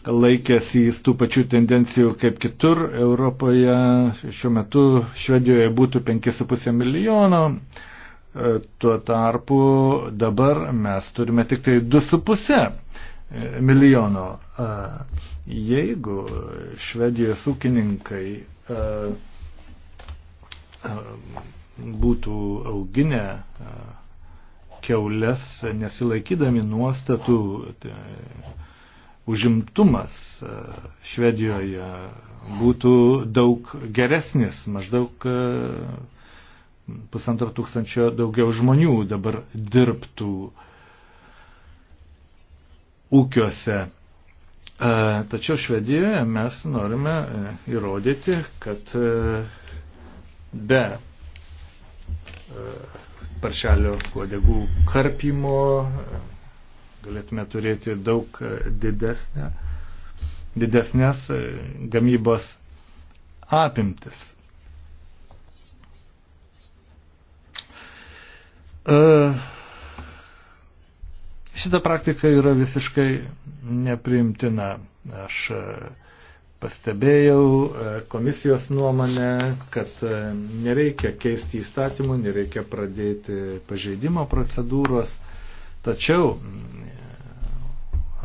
laikęsis tų pačių tendencijų kaip kitur Europoje. Šiuo metu Švedijoje būtų 5,5 milijono, e, tuo tarpu dabar mes turime tik tai 2,5 e, milijono. E, jeigu Švedijos ūkininkai būtų auginę keulės nesilaikydami nuostatų. Tai, užimtumas e, Švedijoje būtų daug geresnis, maždaug e, pusantro tūkstančio daugiau žmonių dabar dirbtų ūkiuose. E, tačiau Švedijoje mes norime įrodyti, kad be paršelio uodegų karpimo galėtume turėti daug e, didesnę, didesnės e, gamybos apimtis. E, šita praktika yra visiškai nepriimtina. Aš Pastebėjau e, komisijos nuomonę, kad e, nereikia keisti įstatymų, nereikia pradėti pažeidimo procedūros, tačiau mm,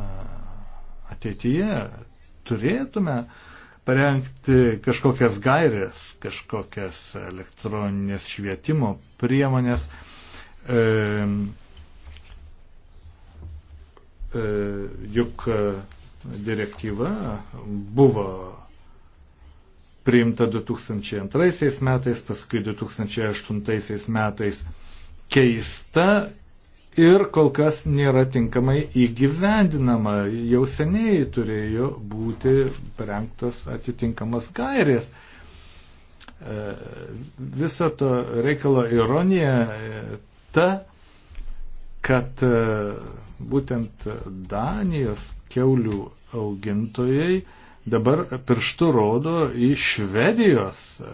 e, ateityje turėtume parengti kažkokias gairės, kažkokias elektroninės švietimo priemonės. E, e, juk e, direktyva buvo priimta 2002 metais, paskui 2008 metais keista ir kol kas nėra tinkamai įgyvendinama. Jau seniai turėjo būti parengtas atitinkamas gairės. E, Visa to reikalo ironija e, ta, kad e, būtent Danijos keulių augintojai dabar pirštu rodo į Švedijos e,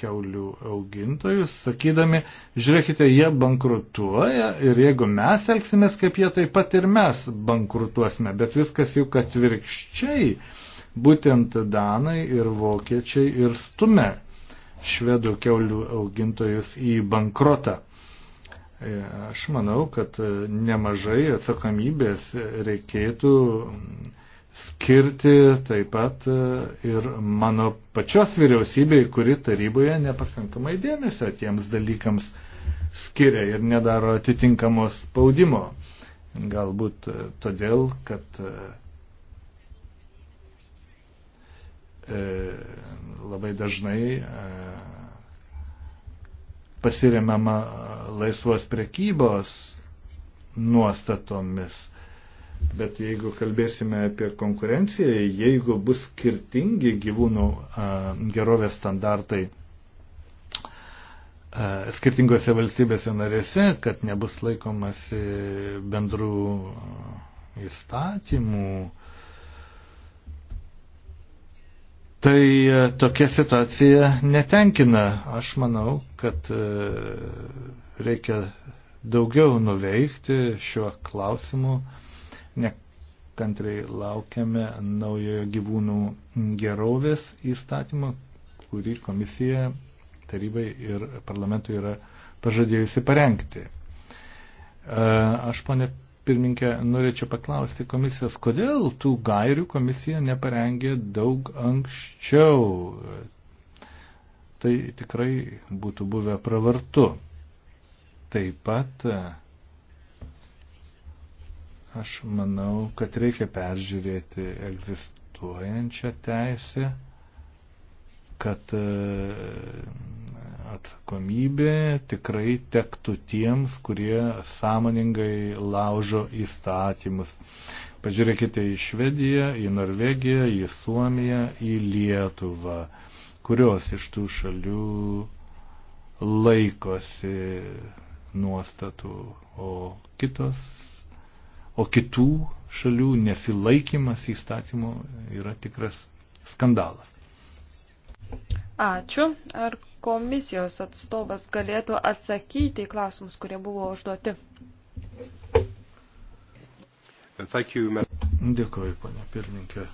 keulių augintojus, sakydami, žiūrėkite, jie bankrutuoja ir jeigu mes elgsimės kaip jie, taip pat ir mes bankrutuosime, bet viskas juk atvirkščiai. Būtent Danai ir Vokiečiai ir stumia švedų keulių augintojus į bankrotą. E, aš manau, kad e, nemažai atsakomybės reikėtų skirti taip pat e, ir mano pačios vyriausybei, kuri taryboje nepakankamai dėmesio tiems dalykams skiria ir nedaro atitinkamos spaudimo. Galbūt todėl, kad labai dažnai pasiremiama laisvos prekybos nuostatomis. Bet jeigu kalbėsime apie konkurenciją, jeigu bus skirtingi gyvūnų a, gerovės standartai a, skirtingose valstybėse narėse, kad nebus laikomasi bendrų įstatymų, Tai e, tokia situacija netenkina. Aš manau, kad e, reikia daugiau nuveikti šiuo klausimu. Nekantriai laukiame naujojo gyvūnų gerovės įstatymo, kurį komisija tarybai ir parlamentui yra pažadėjusi parengti. E, aš, ponė pirminkė, norėčiau paklausti komisijos, kodėl tų gairių komisija neparengė daug anksčiau. Tai tikrai būtų buvę pravartu. Taip pat aš manau, kad reikia peržiūrėti egzistuojančią teisę, kad atkomybė tikrai tektų tiems, kurie sąmoningai laužo įstatymus. Pažiūrėkite į Švediją, į Norvegiją, į Suomiją, į Lietuvą, kurios iš tų šalių laikosi nuostatų, o kitos, o kitų šalių nesilaikimas įstatymų yra tikras skandalas. Ačiū. Ar komisijos atstovas galėtų atsakyti į klausimus, kurie buvo užduoti? Dėkoju, ponia pirmininkė.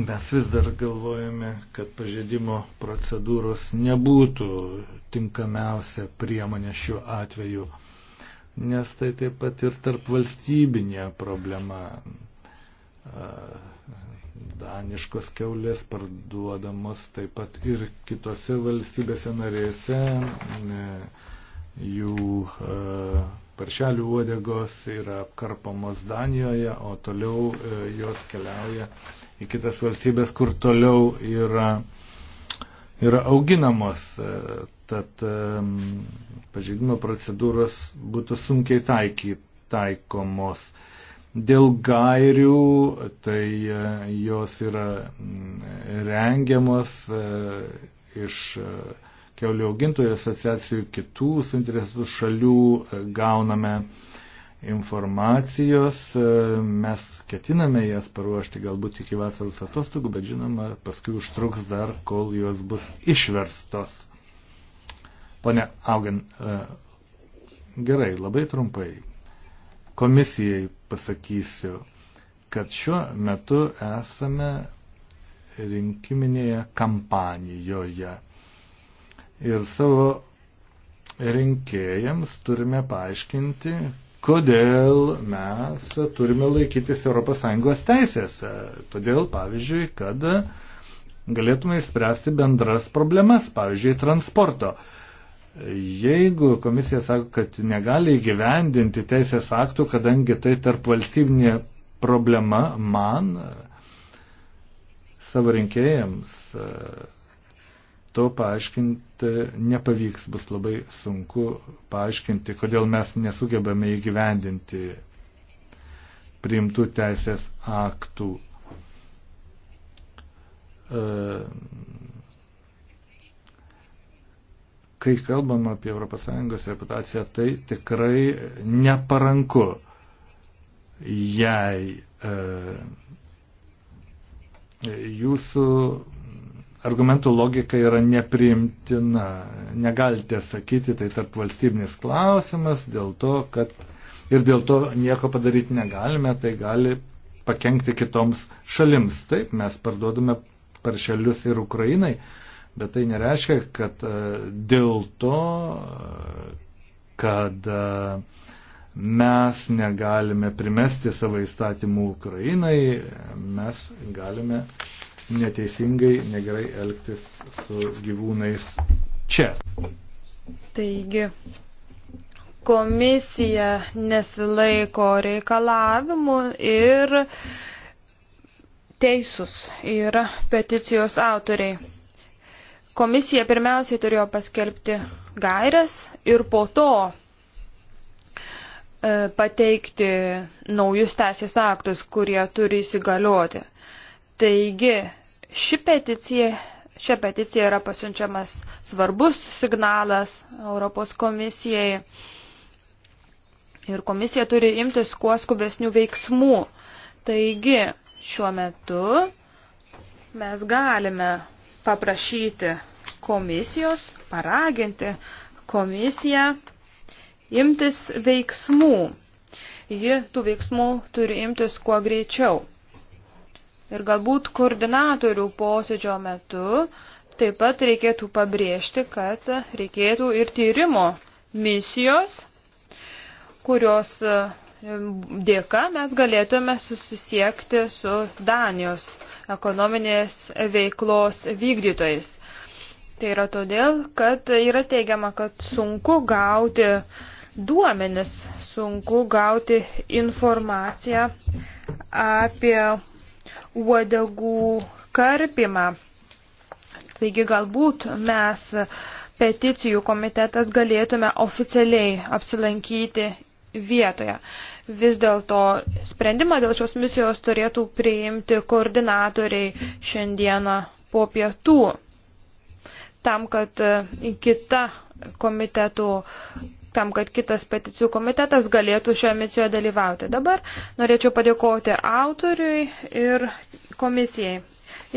Mes vis dar galvojame, kad pažeidimo procedūros nebūtų tinkamiausia priemonė šiuo atveju, nes tai taip pat ir tarp valstybinė problema Daniškos keulės parduodamos taip pat ir kitose valstybėse narėse. Jų e, paršelių uodegos yra apkarpamos Danijoje, o toliau e, jos keliauja į kitas valstybės, kur toliau yra, yra auginamos. E, tad pažeidimo procedūros būtų sunkiai taiky, taikomos. Dėl gairių, tai e, jos yra mm, rengiamos e, iš e, keulio augintojų asociacijų kitų suinteresuotų šalių gauname informacijos, mes ketiname jas paruošti galbūt iki vasaros atostogų, bet žinoma, paskui užtruks dar, kol jos bus išverstos. Pone Augen, gerai, labai trumpai. Komisijai pasakysiu, kad šiuo metu esame rinkiminėje kampanijoje. Ir savo rinkėjams turime paaiškinti, kodėl mes turime laikytis ES teisės. Todėl, pavyzdžiui, kad galėtume išspręsti bendras problemas, pavyzdžiui, transporto. Jeigu komisija sako, kad negali įgyvendinti teisės aktų, kadangi tai tarp valstybinė problema man, savo rinkėjams, e, to paaiškinti e, nepavyks, bus labai sunku paaiškinti, kodėl mes nesugebame įgyvendinti priimtų teisės aktų. E, kai kalbam apie ES reputaciją, tai tikrai neparanku, jei e, jūsų argumentų logika yra nepriimtina. Negalite sakyti, tai tarp valstybinis klausimas, dėl to, kad ir dėl to nieko padaryti negalime, tai gali pakengti kitoms šalims. Taip, mes parduodame paršelius ir Ukrainai, Bet tai nereiškia, kad e, dėl to, kad e, mes negalime primesti savo įstatymų Ukrainai, mes galime neteisingai, negerai elgtis su gyvūnais čia. Taigi, komisija nesilaiko reikalavimų ir teisus yra peticijos autoriai. Komisija pirmiausiai turėjo paskelbti gairias ir po to e, pateikti naujus teisės aktus, kurie turi įsigalioti. Taigi, ši peticija, šia peticija yra pasiunčiamas svarbus signalas Europos komisijai ir komisija turi imtis kuo skubesnių veiksmų. Taigi, šiuo metu mes galime paprašyti komisijos, paraginti komisiją imtis veiksmų. Ji tų veiksmų turi imtis kuo greičiau. Ir galbūt koordinatorių posėdžio metu taip pat reikėtų pabrėžti, kad reikėtų ir tyrimo misijos, kurios e, dėka mes galėtume susisiekti su Danijos ekonominės veiklos vykdytojais. Tai yra todėl, kad yra teigiama, kad sunku gauti duomenis, sunku gauti informaciją apie uodegų karpimą. Taigi galbūt mes peticijų komitetas galėtume oficialiai apsilankyti vietoje. Vis dėlto sprendimą dėl šios misijos turėtų priimti koordinatoriai šiandieną po pietų, tam, kad e, kita komitetų tam, kad kitas peticijų komitetas galėtų šioje misijoje dalyvauti. Dabar norėčiau padėkoti autoriui ir komisijai.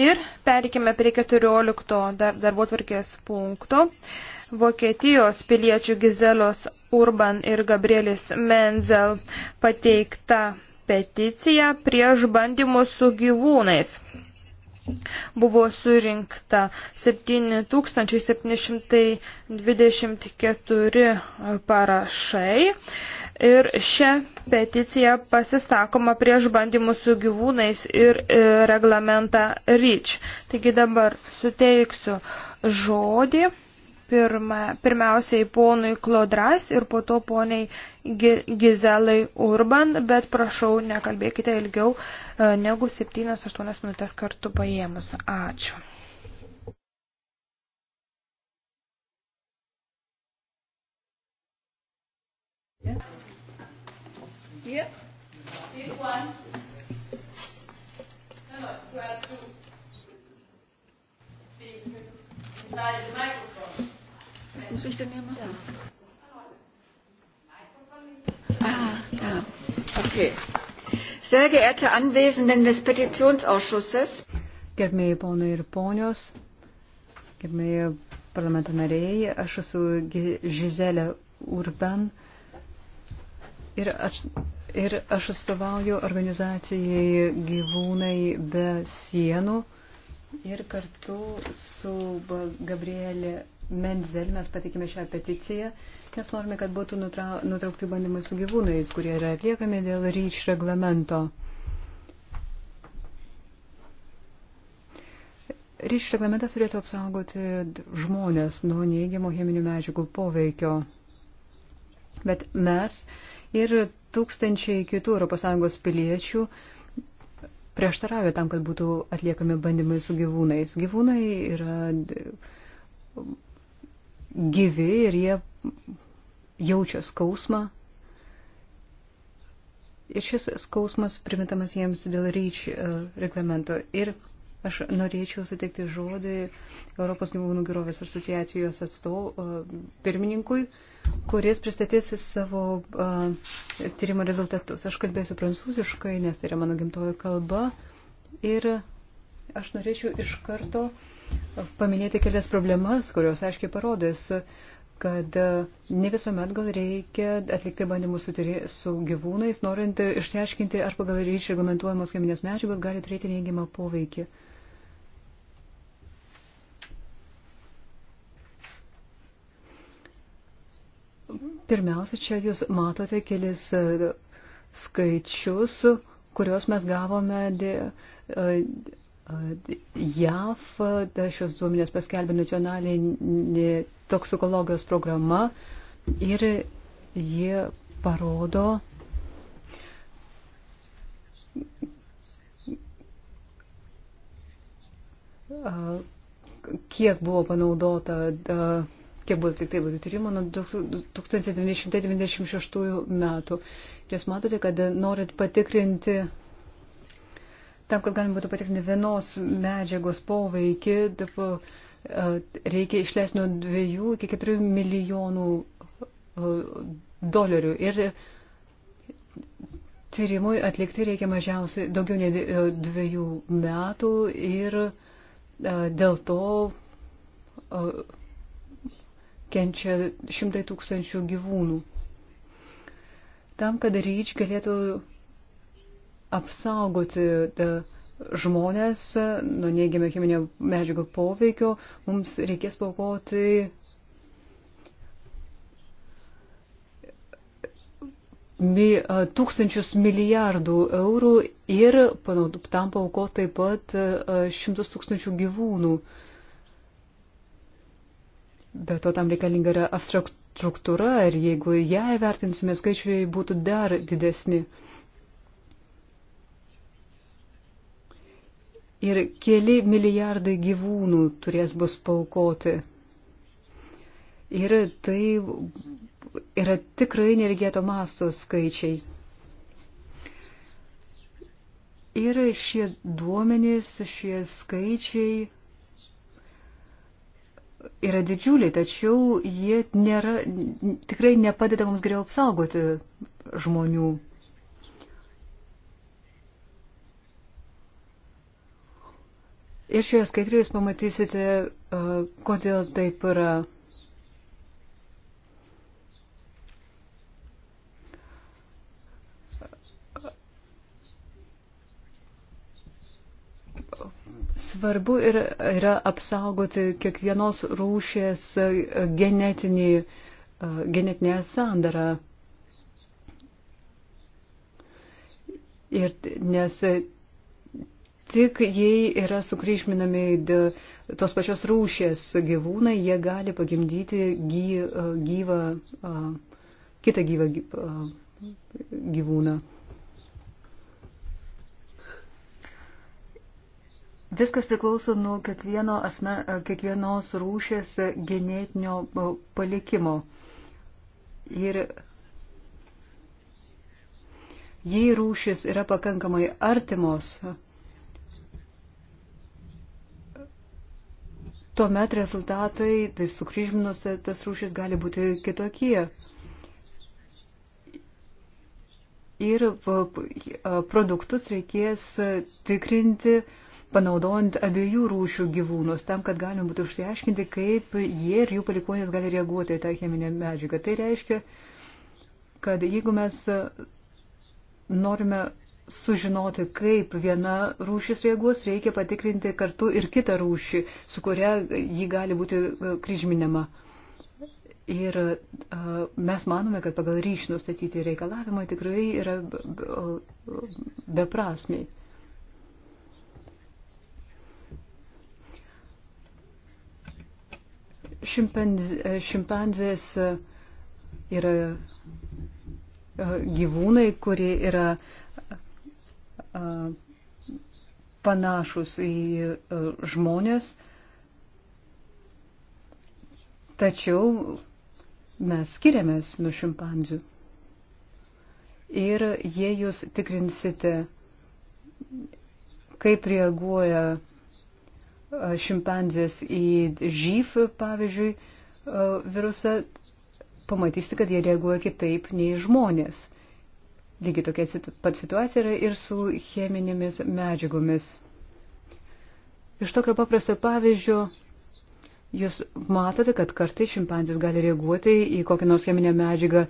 Ir perikime prie 14 dar, darbo tvarkės punkto. Vokietijos piliečių Gizelos Urban ir Gabrielis Menzel pateikta peticija prieš bandymus su gyvūnais. Buvo surinkta 7724 parašai ir šią peticiją pasisakoma prieš bandymus su gyvūnais ir e, reglamentą REACH. Taigi dabar suteiksiu žodį pirma, pirmiausiai ponui Klodras ir po to poniai Gizelai Urban, bet prašau, nekalbėkite ilgiau e, negu 7-8 minutės kartu paėmus. Ačiū. Yeah. Yep. This one. No, no, you have to be inside the microphone. Muss ich denn hier machen? Ah, ja. Okay. Sehr geehrte Anwesenden des Petitionsausschusses. Gerbėjai ponai ir ponios, gerbėjai parlamento nariai, aš esu Žizelė Urban ir aš, ir aš atstovauju organizacijai Gyvūnai be sienų ir kartu su Gabrielė Menzel mes patikime šią peticiją, nes norime, kad būtų nutra, nutraukti bandymai su gyvūnais, kurie yra atliekami dėl ryč reglamento. Ryšių reglamentas turėtų apsaugoti žmonės nuo neįgiamo cheminių medžiagų poveikio. Bet mes ir tūkstančiai kitų ES piliečių prieštaravė tam, kad būtų atliekami bandymai su gyvūnais. Gyvūnai yra gyvi ir jie jaučia skausmą. Ir šis skausmas primetamas jiems dėl ryč e, reglamento. Ir aš norėčiau suteikti žodį Europos gyvūnų gerovės asociacijos atstovų e, pirmininkui, kuris pristatys savo e, tyrimo rezultatus. Aš kalbėsiu prancūziškai, nes tai yra mano gimtojo kalba. Ir aš norėčiau iš karto uh, paminėti kelias problemas, kurios aiškiai parodys, kad e, ne visuomet gal reikia atlikti bandymus su, su gyvūnais, norint išsiaiškinti, ar pagal ryšį reglamentuojamos cheminės medžiagos gali turėti neigiamą poveikį. Pirmiausia, čia jūs matote kelis e, skaičius, kuriuos mes gavome dė, dė, e, JAV šios duomenės paskelbė nacionalinė toksikologijos programa ir jie parodo, kiek buvo panaudota, kiek buvo atlikta įvairių tyrimų nuo 1996 metų. Jūs matote, kad norint patikrinti Tam, kad galima būtų patikrinti vienos medžiagos poveikį, e, reikia išleisti nuo 2 iki 4 milijonų e, dolerių. Ir tyrimui atlikti reikia mažiausiai daugiau nei e, dviejų metų ir dėl to kenčia šimtai tūkstančių gyvūnų. Tam, kad ryč galėtų apsaugoti e, žmonės e, nuo neigiamio cheminio medžiagų poveikio, mums reikės paukoti mi, e, tūkstančius milijardų eurų ir tam pauko taip pat šimtus tūkstančių gyvūnų. Bet to tam reikalinga yra abstraktūra ir jeigu ją įvertinsime, skaičiai būtų dar didesni. Uh, ir keli milijardai gyvūnų turės bus paukoti. Ir tai yra tikrai neregėto masto skaičiai. Ir šie duomenys, šie skaičiai yra didžiuliai, tačiau jie nėra, tikrai nepadeda mums geriau apsaugoti žmonių Ir šioje skaitrėje jūs pamatysite, kodėl taip yra. Svarbu yra, yra apsaugoti kiekvienos rūšės genetinį, genetinę sandarą. Ir nes tik jei yra sukryžminami tos pačios rūšės gyvūnai, jie gali pagimdyti gy, gyvą, kitą gyvą gyvūną. Viskas priklauso nuo kiekvieno asme, kiekvienos rūšės genetinio palikimo. Ir jei rūšis yra pakankamai artimos, tuomet rezultatai, tai sukryžminus tas rūšis gali būti kitokie. Ir produktus reikės tikrinti, panaudojant abiejų rūšių gyvūnus, tam, kad galima būtų užsiaiškinti, kaip jie ir jų palikonės gali reaguoti į tą cheminę medžiagą. Tai reiškia, kad jeigu mes norime sužinoti, kaip viena rūšis reaguos, reikia patikrinti kartu ir kitą rūšį, su kuria ji gali būti e, kryžminama. Ir e, mes manome, kad pagal ryšį nustatyti reikalavimą tikrai yra beprasmiai. E, šimpanzės yra gyvūnai, kurie yra panašus į e, žmonės, tačiau mes skiriamės nuo šimpanzių. Ir jei jūs tikrinsite, kaip reaguoja e, šimpanzės į žyf, pavyzdžiui, e, virusą, pamatysite, kad jie reaguoja kitaip nei žmonės. Lygiai tokia situ, pat situacija yra ir su cheminėmis medžiagomis. Iš tokio paprasto pavyzdžio jūs matote, kad kartais šimpanzės gali reaguoti į kokią nors cheminę medžiagą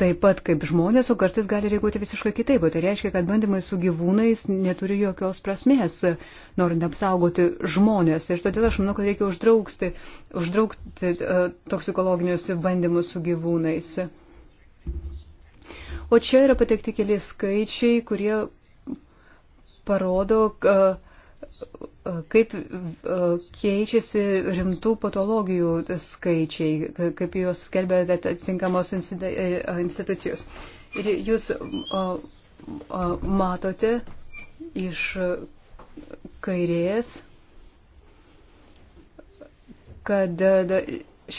taip pat kaip žmonės, o kartais gali reaguoti visiškai kitaip. O tai reiškia, kad bandymai su gyvūnais neturi jokios prasmės, norint apsaugoti žmonės. Ir todėl aš manau, kad reikia uždrausti, uždraukti uh, toksikologinius bandymus su gyvūnais. O čia yra patekti keli skaičiai, kurie parodo, kaip keičiasi rimtų patologijų skaičiai, kaip juos skelbia atitinkamos e, institucijos. Ir jūs matote iš kairės, kad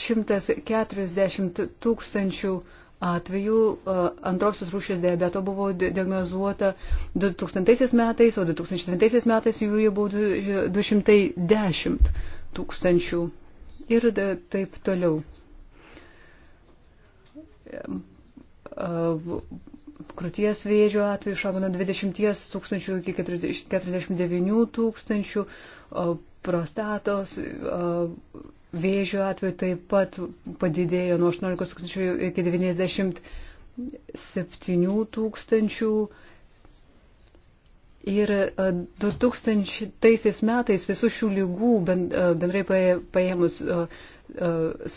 140 tūkstančių 000 atvejų e, antrosios rūšės diabeto buvo diagnozuota 2000 metais, o 2009 metais jų jau buvo 210 tūkstančių ir taip toliau. Krūties vėžio atveju išaugo nuo 20 tūkstančių iki 49 tūkstančių, prostatos Vėžio atveju taip pat padidėjo nuo 18 tūkstančių iki 97 tūkstančių. Ir 2000 e, metais visų šių lygų e, bendrai paėmus e,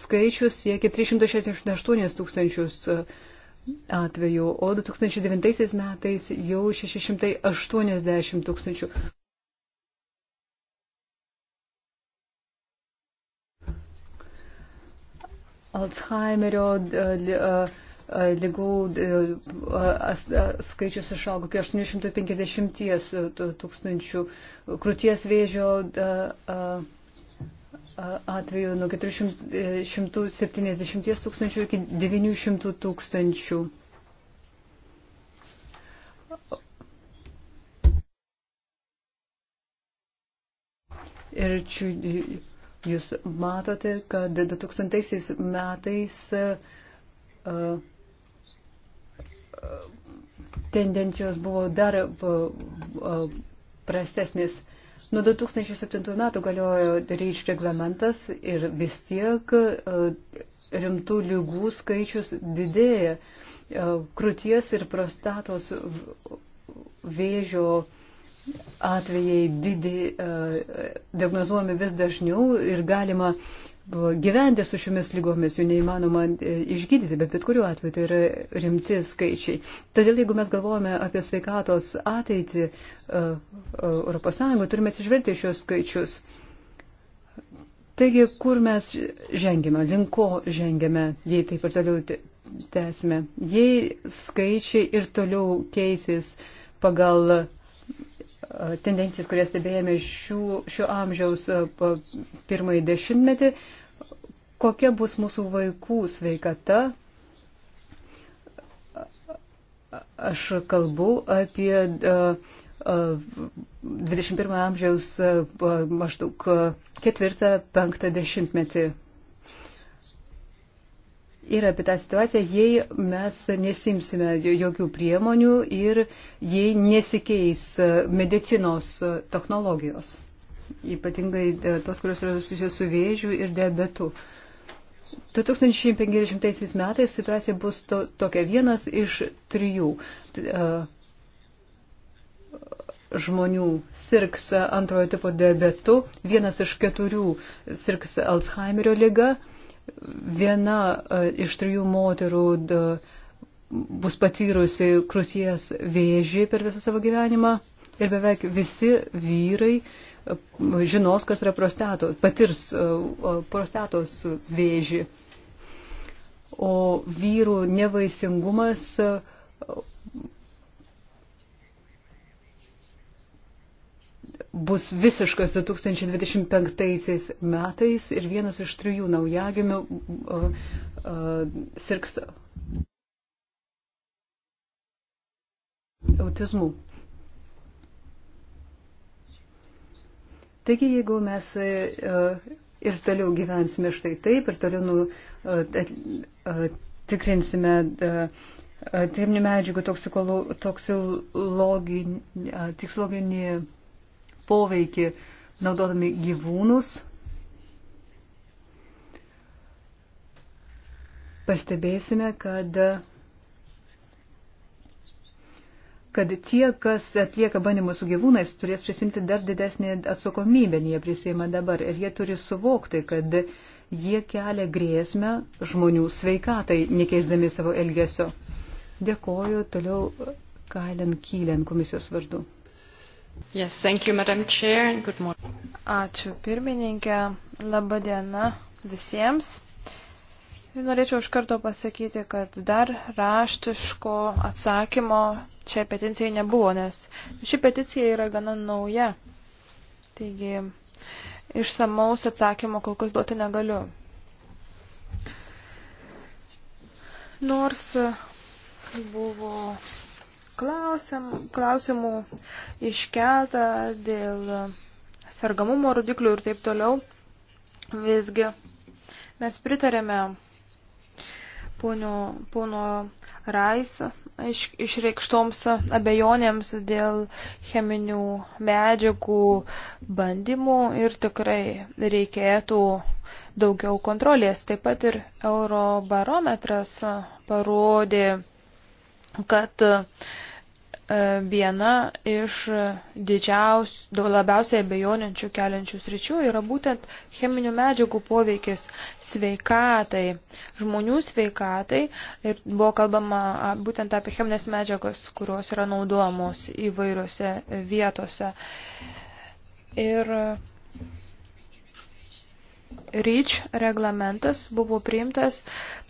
skaičius siekia 368 tūkstančius atvejų, o 2009 metais jau 680 tūkstančių. Alzheimerio lygų skaičius išaugo iki 850 e, tūkstančių, krūties vėžio atveju nuo 470 e, tūkstančių iki 900 tūkstančių. Ir čia Jūs matote, kad 2000 metais e, e, tendencijos buvo dar e, prastesnis. Nuo 2007 metų galiojo ryč reglamentas ir vis tiek rimtų lygų skaičius didėja. Krūties ir prostatos vėžio atvejai didi, e, diagnozuojami vis dažniau ir galima gyventi su šiomis lygomis, jų neįmanoma e, išgydyti, bet bet kuriuo atveju tai yra rimti skaičiai. Todėl jeigu mes galvojame apie sveikatos ateitį ES, e, turime atsižvelgti šios skaičius. Taigi, kur mes žengėme, link ko žengėme, jei taip ir toliau tęsime. Jei skaičiai ir toliau keisys pagal tendencijas, kurias stebėjome šių, šio amžiaus e, pirmąjį dešimtmetį, kokia bus mūsų vaikų sveikata. Aš kalbu apie 21 e, e, amžiaus maždaug ketvirtą, penktą dešimtmetį ir apie tą situaciją, jei mes nesimsime jokių priemonių ir jei nesikeis e, medicinos e, technologijos, ypatingai e, tos, kurios yra susijusios su vėžiu ir diabetu. 2050 metais situacija bus to, tokia vienas iš trijų žmonių sirgs antrojo tipo diabetu, vienas iš keturių sirgs Alzheimerio lyga, viena e, iš trijų moterų bus patyrusi krūties vėžį per visą savo gyvenimą ir beveik visi vyrai e, žinos, kas yra prostato, patirs e, prostatos vėžį. O vyrų nevaisingumas bus visiškas 2025 metais ir vienas iš trijų naujagimių uh, uh, sirgs autizmu. Taigi, jeigu mes ir toliau gyvensime štai taip, ir toliau nu, tikrinsime tyriminių medžiagų toksikologinį poveikį naudodami gyvūnus, pastebėsime, kad, kad tie, kas atlieka bandymus su gyvūnais, turės prisimti dar didesnį atsakomybę, nei jie prisima dabar. Ir jie turi suvokti, kad jie kelia grėsmę žmonių sveikatai, nekeisdami savo elgesio. Dėkoju toliau Kailen Kylen komisijos vardu. Yes, thank you, Madam Chair, and good morning. Ačiū pirmininkė, laba diena visiems. Ir norėčiau iš karto pasakyti, kad dar raštiško atsakymo šiai peticijai nebuvo, nes ši peticija yra gana nauja. Taigi, išsamaus atsakymo kol kas duoti negaliu. Nors buvo klausim, klausimų iškelta dėl sergamumo rodiklių ir taip toliau. Visgi mes pritarėme pono, pono Rais iš, išreikštoms abejonėms dėl cheminių medžiagų bandymų ir tikrai reikėtų daugiau kontrolės. Taip pat ir eurobarometras parodė, kad uh, viena iš didžiausių, labiausiai abejonančių keliančių sričių yra būtent cheminių medžiagų poveikis sveikatai, žmonių sveikatai. Ir buvo kalbama būtent apie cheminės medžiagas, kurios yra naudojamos įvairiose vietose. Ir REACH reglamentas buvo priimtas,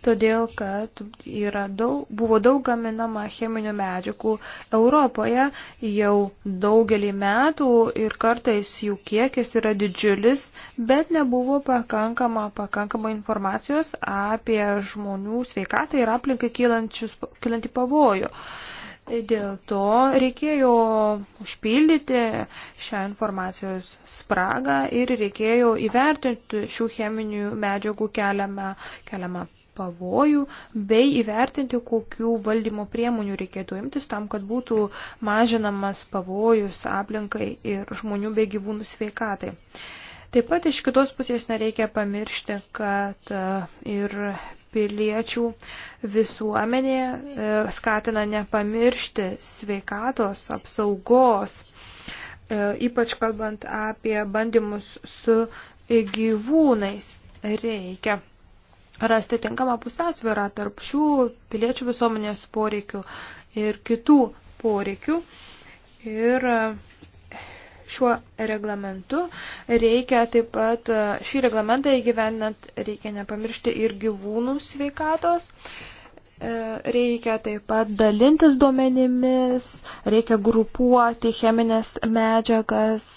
todėl kad yra daug, buvo daug gaminama cheminių medžiagų Europoje jau daugelį metų ir kartais jų kiekis yra didžiulis, bet nebuvo pakankama, pakankama informacijos apie žmonių sveikatą ir aplinkai kylantį pavojų. Dėl to reikėjo užpildyti šią informacijos spragą ir reikėjo įvertinti šių cheminių medžiagų keliamą, keliamą pavojų, bei įvertinti, kokių valdymo priemonių reikėtų imtis tam, kad būtų mažinamas pavojus aplinkai ir žmonių bei gyvūnų sveikatai. Taip pat iš kitos pusės nereikia pamiršti, kad e, ir piliečių visuomenė e, skatina nepamiršti sveikatos apsaugos, e, ypač kalbant apie bandymus su gyvūnais. Reikia rasti tinkamą pusiausvyrą tarp šių piliečių visuomenės poreikių ir kitų poreikių. Ir uh, šiuo reglamentu. Reikia taip pat e, šį reglamentą įgyvendinant reikia nepamiršti ir gyvūnų sveikatos. E, reikia taip pat dalintis duomenimis, reikia grupuoti cheminės medžiagas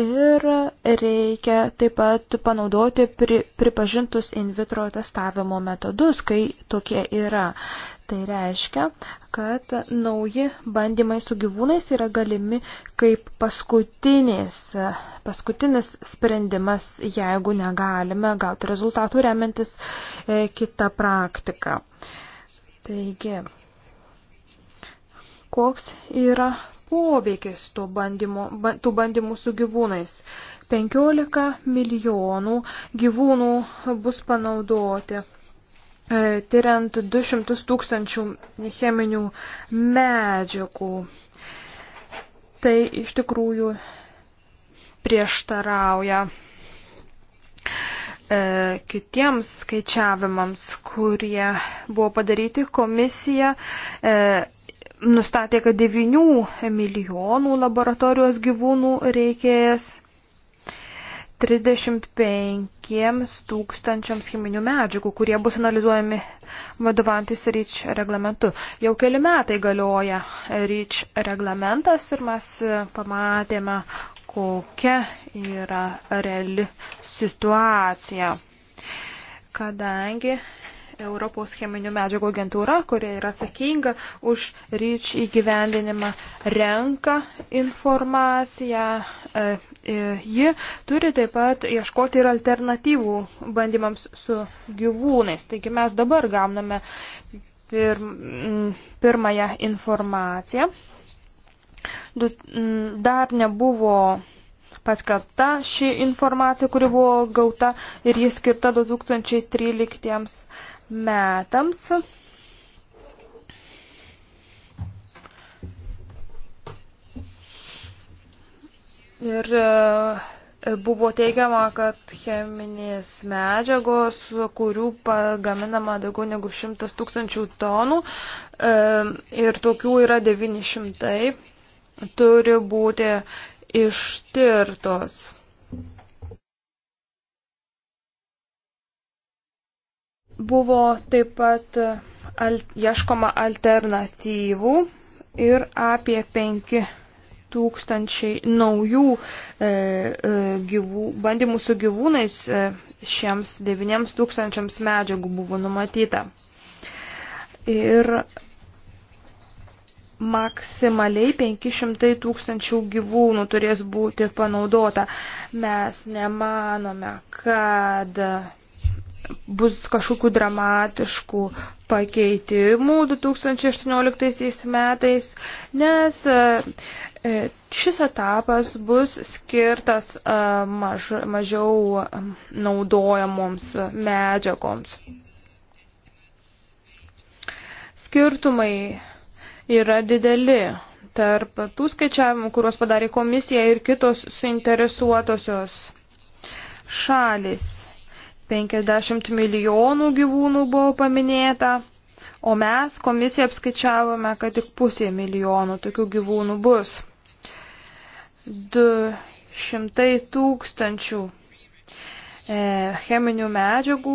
ir reikia taip pat panaudoti pri, pripažintus in vitro testavimo metodus, kai tokie yra. Tai reiškia, kad nauji bandymai su gyvūnais yra galimi kaip paskutinis, paskutinis sprendimas, jeigu negalime gauti rezultatų remiantis e, kitą praktiką. Taigi, koks yra poveikis tų bandymų, tų bandymų su gyvūnais. 15 milijonų gyvūnų bus panaudoti E, tyriant 200 tūkstančių cheminių medžiagų. Tai iš tikrųjų prieštarauja e, kitiems skaičiavimams, kurie buvo padaryti. Komisija e, nustatė, kad 9 milijonų laboratorijos gyvūnų reikės 35 tūkstančiams cheminių medžiagų, kurie bus analizuojami vadovantis REACH reglamentu. Jau keli metai galioja REACH reglamentas ir mes pamatėme, kokia yra reali situacija. Kadangi Europos cheminių medžiagų agentūra, kurie yra atsakinga už ryč įgyvendinimą, renka informaciją. E, e, ji turi taip pat ieškoti ir alternatyvų bandymams su gyvūnais. Taigi mes dabar gauname pir, pirmąją informaciją. Dar nebuvo paskelbta ši informacija, kuri buvo gauta ir jis skirta 2013 metams. Ir e, buvo teigiama, kad cheminės medžiagos, kurių pagaminama daugiau negu 100 tūkstančių tonų e, ir tokių yra 900, turi būti ištirtos. Buvo taip pat al, ieškoma alternatyvų ir apie 5 tūkstančiai naujų e, e, gyvų, bandymų su gyvūnais e, šiems 9 tūkstančiams medžiagų buvo numatyta. Ir maksimaliai 500 tūkstančių gyvūnų turės būti panaudota. Mes nemanome, kad bus kažkokių dramatiškų pakeitimų 2018 metais, nes e, šis etapas bus skirtas e, maž, mažiau e, naudojamoms medžiagoms. Skirtumai yra dideli tarp tų skaičiavimų, kuriuos padarė komisija ir kitos suinteresuotosios šalis. 50 milijonų gyvūnų buvo paminėta, o mes komisija apskaičiavome, kad tik pusė milijonų tokių gyvūnų bus. 200 tūkstančių E, cheminių medžiagų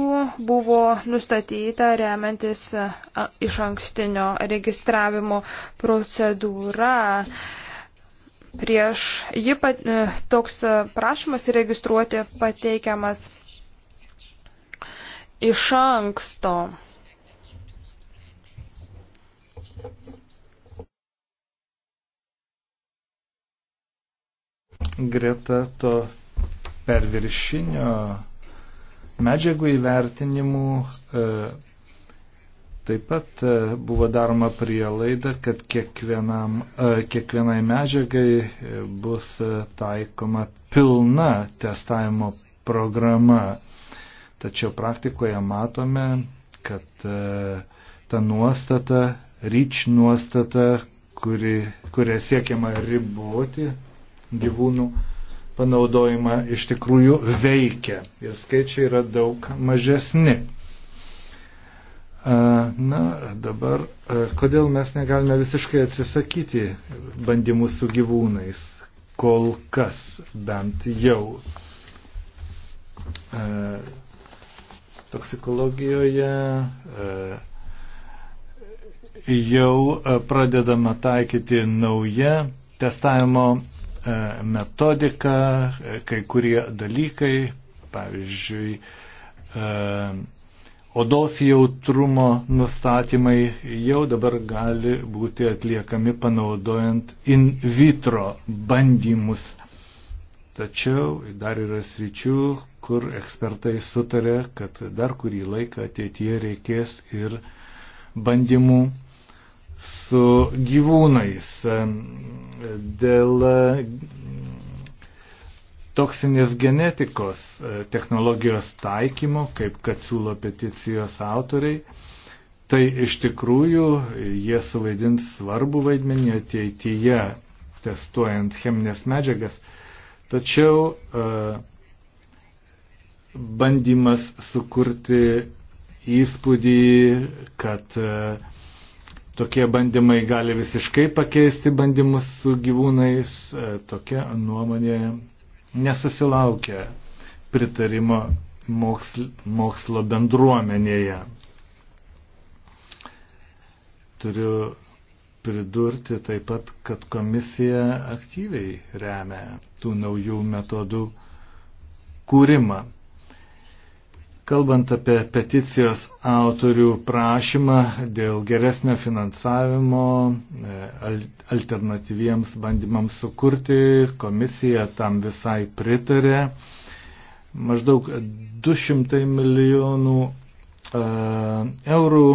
buvo nustatyta remiantis e, iš ankstinio registravimo procedūra. Prieš jį pat, e, toks prašymas registruoti pateikiamas iš anksto. Greta to per viršinio medžiagų įvertinimų e, taip pat e, buvo daroma prielaida, kad kiekvienam, e, kiekvienai medžiagai bus taikoma pilna testavimo programa. Tačiau praktikoje matome, kad ta nuostata, ryč nuostata, kuri, kuria siekiama riboti gyvūnų panaudojimą iš tikrųjų veikia ir skaičiai yra daug mažesni. Na, dabar, kodėl mes negalime visiškai atsisakyti bandymų su gyvūnais, kol kas bent jau. Toksikologijoje jau pradedama taikyti nauja testavimo E, metodika, e, kai kurie dalykai, pavyzdžiui, e, odos jautrumo nustatymai jau dabar gali būti atliekami panaudojant in vitro bandymus. Tačiau dar yra sričių, kur ekspertai sutarė, kad dar kurį laiką ateityje reikės ir bandymų su gyvūnais. Dėl e, toksinės genetikos e, technologijos taikymo, kaip kad siūlo peticijos autoriai, tai iš tikrųjų jie suvaidins svarbu vaidmenį ateityje testuojant cheminės medžiagas. Tačiau e, bandymas sukurti įspūdį, kad uh, Tokie bandymai gali visiškai pakeisti bandymus su gyvūnais. E, tokia nuomonė nesusilaukia pritarimo moksl, mokslo bendruomenėje. Turiu pridurti taip pat, kad komisija aktyviai remia tų naujų metodų kūrimą. Kalbant apie peticijos autorių prašymą dėl geresnio finansavimo e, alternatyviems bandymams sukurti, komisija tam visai pritarė. Maždaug 200 milijonų e, eurų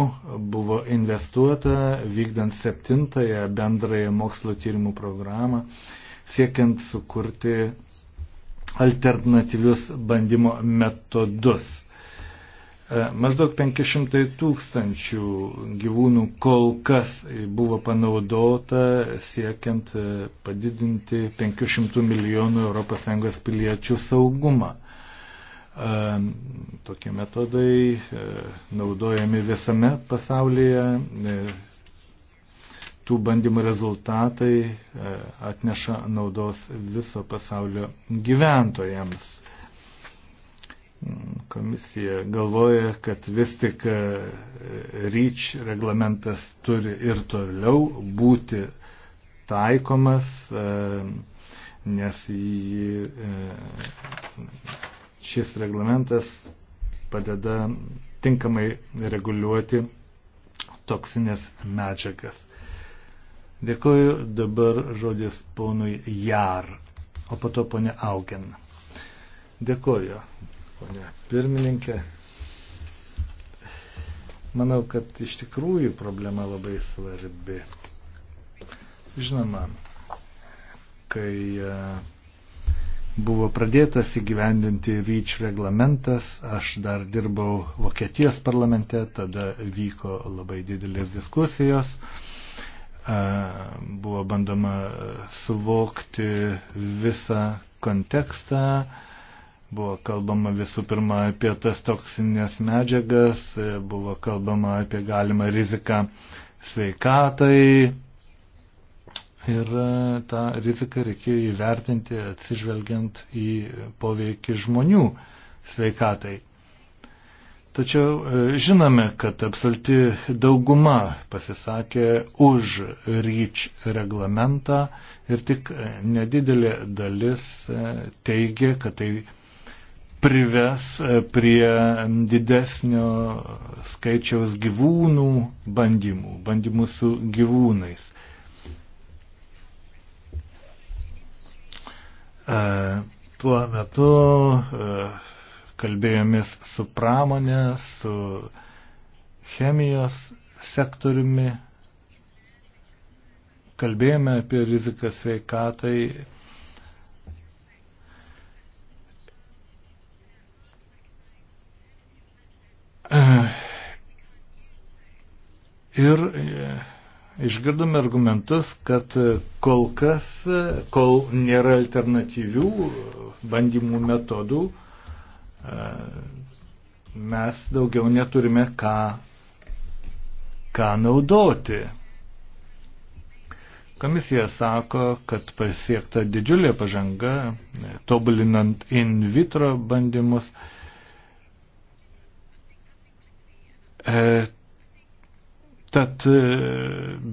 buvo investuota vykdant septintąją bendrąją mokslo tyrimų programą, siekiant sukurti alternatyvius bandymo metodus E, maždaug 500 tūkstančių gyvūnų kol kas buvo panaudota siekiant e, padidinti 500 milijonų ES piliečių saugumą. E, tokie metodai naudojami visame pasaulyje. Tų bandymų rezultatai atneša naudos viso pasaulio gyventojams. Komisija galvoja, kad vis tik e, ryč reglamentas turi ir toliau būti taikomas, e, nes jį, e, šis reglamentas padeda tinkamai reguliuoti toksinės medžiagas. Dėkoju dabar žodis ponui Jar, o po to ponė Augen. Dėkoju ponia pirmininkė. Manau, kad iš tikrųjų problema labai svarbi. Žinoma, kai e, buvo pradėtas įgyvendinti REACH reglamentas, aš dar dirbau Vokietijos parlamente, tada vyko labai didelės diskusijos, e, buvo bandoma suvokti visą kontekstą, Buvo kalbama visų pirma apie tas toksinės medžiagas, buvo kalbama apie galimą riziką sveikatai ir e, tą riziką reikėjo įvertinti atsižvelgiant į poveikį žmonių sveikatai. Tačiau e, žinome, kad absoliuti dauguma pasisakė už REACH reglamentą ir tik nedidelė dalis e, teigia, kad tai prives e, prie didesnio skaičiaus gyvūnų bandymų, bandymų su gyvūnais. E, tuo metu e, kalbėjomės su pramonė, su chemijos sektoriumi, kalbėjome apie riziką sveikatai E, ir e, išgirdome argumentus, kad kol kas, kol nėra alternatyvių bandymų metodų, e, mes daugiau neturime ką, ką naudoti. Komisija sako, kad pasiekta didžiulė pažanga, tobulinant in vitro bandymus, E, tad e,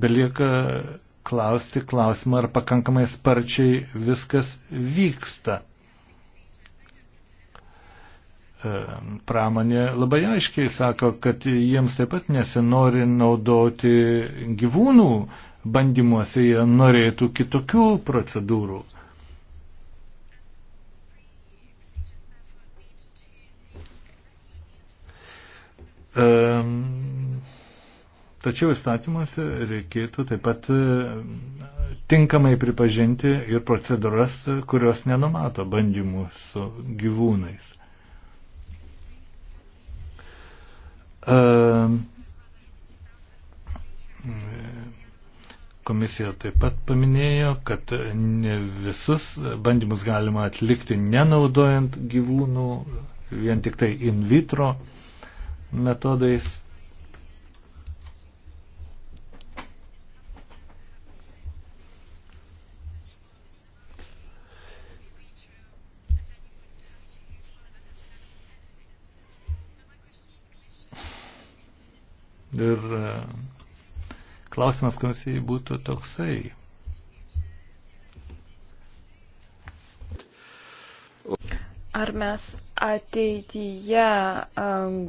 belieka klausti klausimą, ar pakankamai sparčiai viskas vyksta. E, pramonė labai aiškiai sako, kad jiems taip pat nesinori naudoti gyvūnų bandymuose, jie norėtų kitokių procedūrų. Tačiau įstatymuose reikėtų taip pat e, tinkamai pripažinti ir procedūras, kurios nenumato bandymų su gyvūnais. Komisija taip pat paminėjo, kad ne visus bandymus galima atlikti nenaudojant gyvūnų, vien tik tai in vitro metodais. Ir e, klausimas komisijai būtų toksai. Ar mes ateityje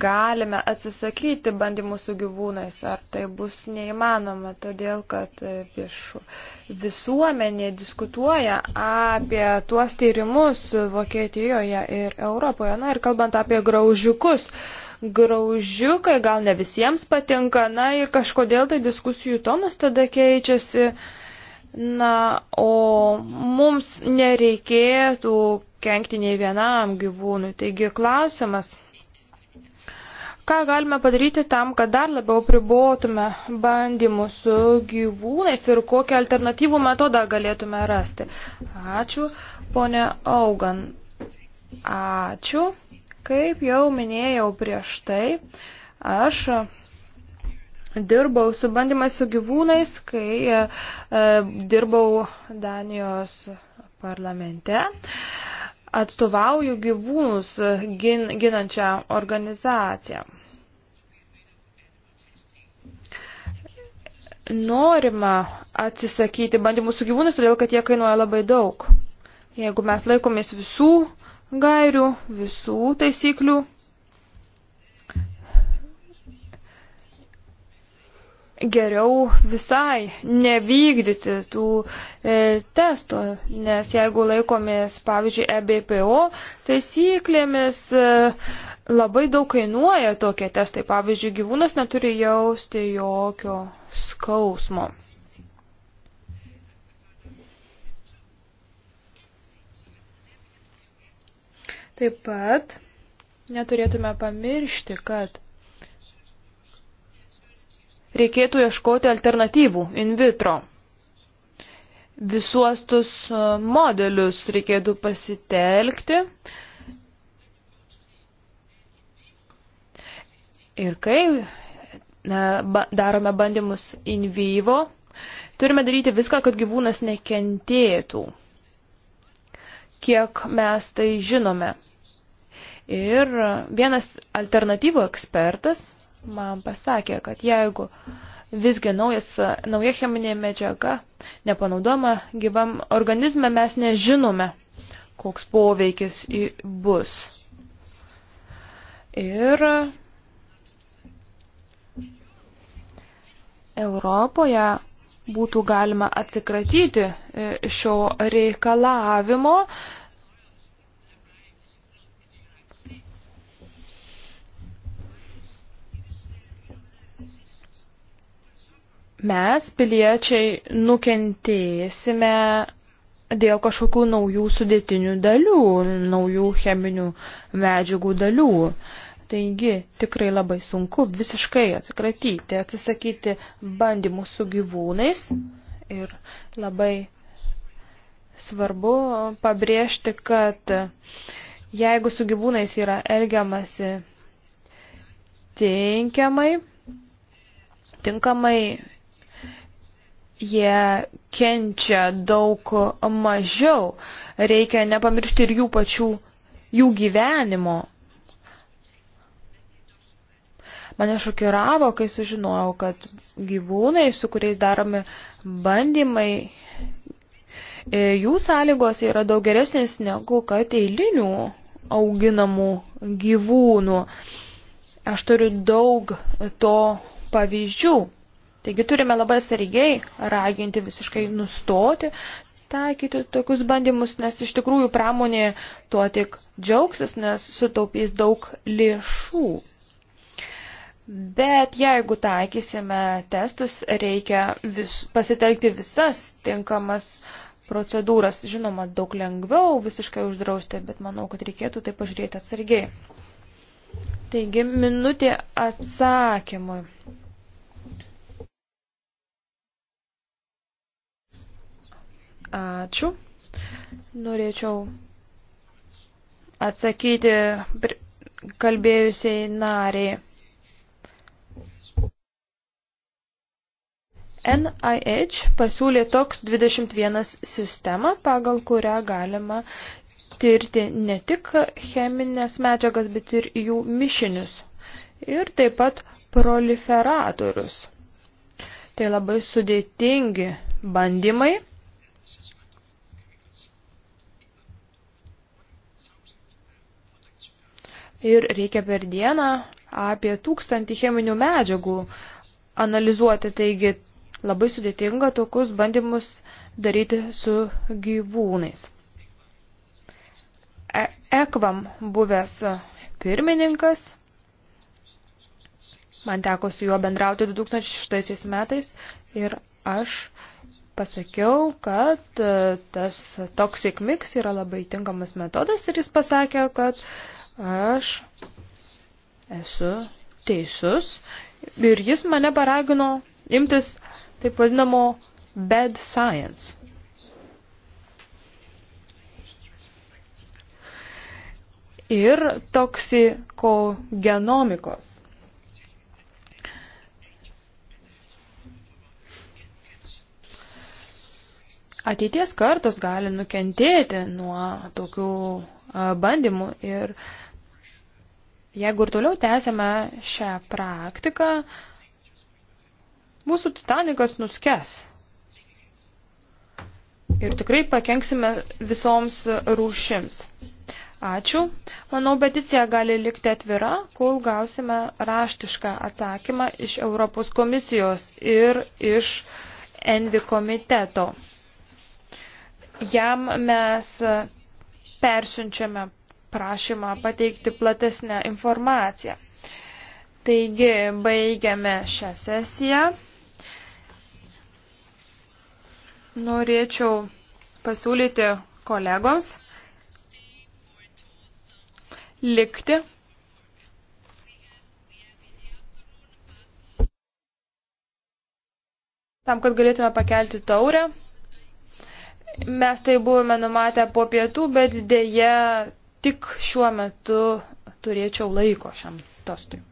galime atsisakyti bandymų su gyvūnais, ar tai bus neįmanoma, todėl kad visuomenė diskutuoja apie tuos tyrimus Vokietijoje ir Europoje. Na ir kalbant apie graužiukus, graužiukai gal ne visiems patinka, na ir kažkodėl tai diskusijų tonas tada keičiasi. Uh, Na, o mums nereikėtų kenkti nei vienam gyvūnui. Taigi klausimas, ką galime padaryti tam, kad dar labiau pribotume bandymus su gyvūnais ir kokią alternatyvų metodą galėtume rasti. Ačiū, ponė Augan. Ačiū. Kaip jau minėjau prieš tai, aš dirbau su bandymais su gyvūnais, kai e, e, dirbau Danijos parlamente. Atstovauju gyvūnus gin, ginančią organizaciją. Norima atsisakyti bandymų su gyvūnais, todėl kad jie kainuoja labai daug. Jeigu mes laikomės visų gairių, visų taisyklių, geriau visai nevykdyti tų e, testų, nes jeigu laikomės, pavyzdžiui, EBPO taisyklėmis, e, labai daug kainuoja tokie testai. Pavyzdžiui, gyvūnas neturi jausti jokio skausmo. Taip pat neturėtume pamiršti, kad reikėtų ieškoti alternatyvų in vitro. Visuostus e, modelius reikėtų pasitelkti. Ir kai darome bandymus in vivo, turime daryti viską, kad gyvūnas nekentėtų, kiek mes tai žinome. Ir vienas alternatyvų ekspertas man pasakė, kad jeigu visgi naujas, nauja cheminė medžiaga nepanaudojama gyvam organizme, mes nežinome, koks poveikis bus. Ir Europoje būtų galima atsikratyti e, šio reikalavimo, mes, piliečiai, nukentėsime dėl kažkokių naujų sudėtinių dalių, naujų cheminių medžiagų dalių. Taigi tikrai labai sunku visiškai atsikratyti, atsisakyti bandymų su gyvūnais ir labai svarbu pabrėžti, kad jeigu su gyvūnais yra elgiamasi tinkamai, tinkamai jie kenčia daug mažiau. Reikia nepamiršti ir jų pačių, jų gyvenimo. Mane šokiravo, kai sužinojau, kad gyvūnai, su kuriais daromi bandymai, e, jų sąlygos yra daug geresnės negu kad eilinių auginamų gyvūnų. Aš turiu daug to pavyzdžių. Taigi turime labai sarigiai raginti visiškai nustoti taikyti tokius bandymus, nes iš tikrųjų pramonė tuo tik džiaugsis, nes sutaupys daug lėšų. Bet jeigu taikysime testus, reikia vis, pasitelkti visas tinkamas procedūras. Žinoma, daug lengviau visiškai uždrausti, bet manau, kad reikėtų tai pažiūrėti atsargiai. Taigi, minutė atsakymui. Ačiū. Norėčiau atsakyti kalbėjusiai nariai. NIH pasiūlė toks 21 sistemą, pagal kurią galima tirti ne tik cheminės medžiagas, bet ir jų mišinius. Ir taip pat proliferatorius. Tai labai sudėtingi bandymai ir reikia per dieną apie tūkstantį cheminių medžiagų analizuoti. Taigi labai sudėtinga tokius bandymus daryti su gyvūnais. E Ekvam buvęs pirmininkas Man teko su juo bendrauti 2006 metais ir aš pasakiau, kad e, tas toxic mix yra labai tinkamas metodas ir jis pasakė, kad Aš esu teisus ir jis mane paragino imtis taip vadinamo bad science. Ir toksikogenomikos. Ateities kartos gali nukentėti nuo tokių bandymų ir uh, Jeigu ir toliau tęsime šią praktiką, mūsų Titanikas nuskes. Ir tikrai pakenksime visoms rūšims. Ačiū. Manau, peticija gali likti atvira, kol gausime raštišką atsakymą iš Europos komisijos ir iš Envi komiteto. Jam mes persiunčiame prašymą pateikti platesnę informaciją. Taigi, baigiame šią sesiją. Norėčiau pasiūlyti kolegoms likti. Tam, kad galėtume pakelti taurę. Mes tai buvome numatę po pietų, bet dėje tik šiuo metu turėčiau laiko šiam tostui.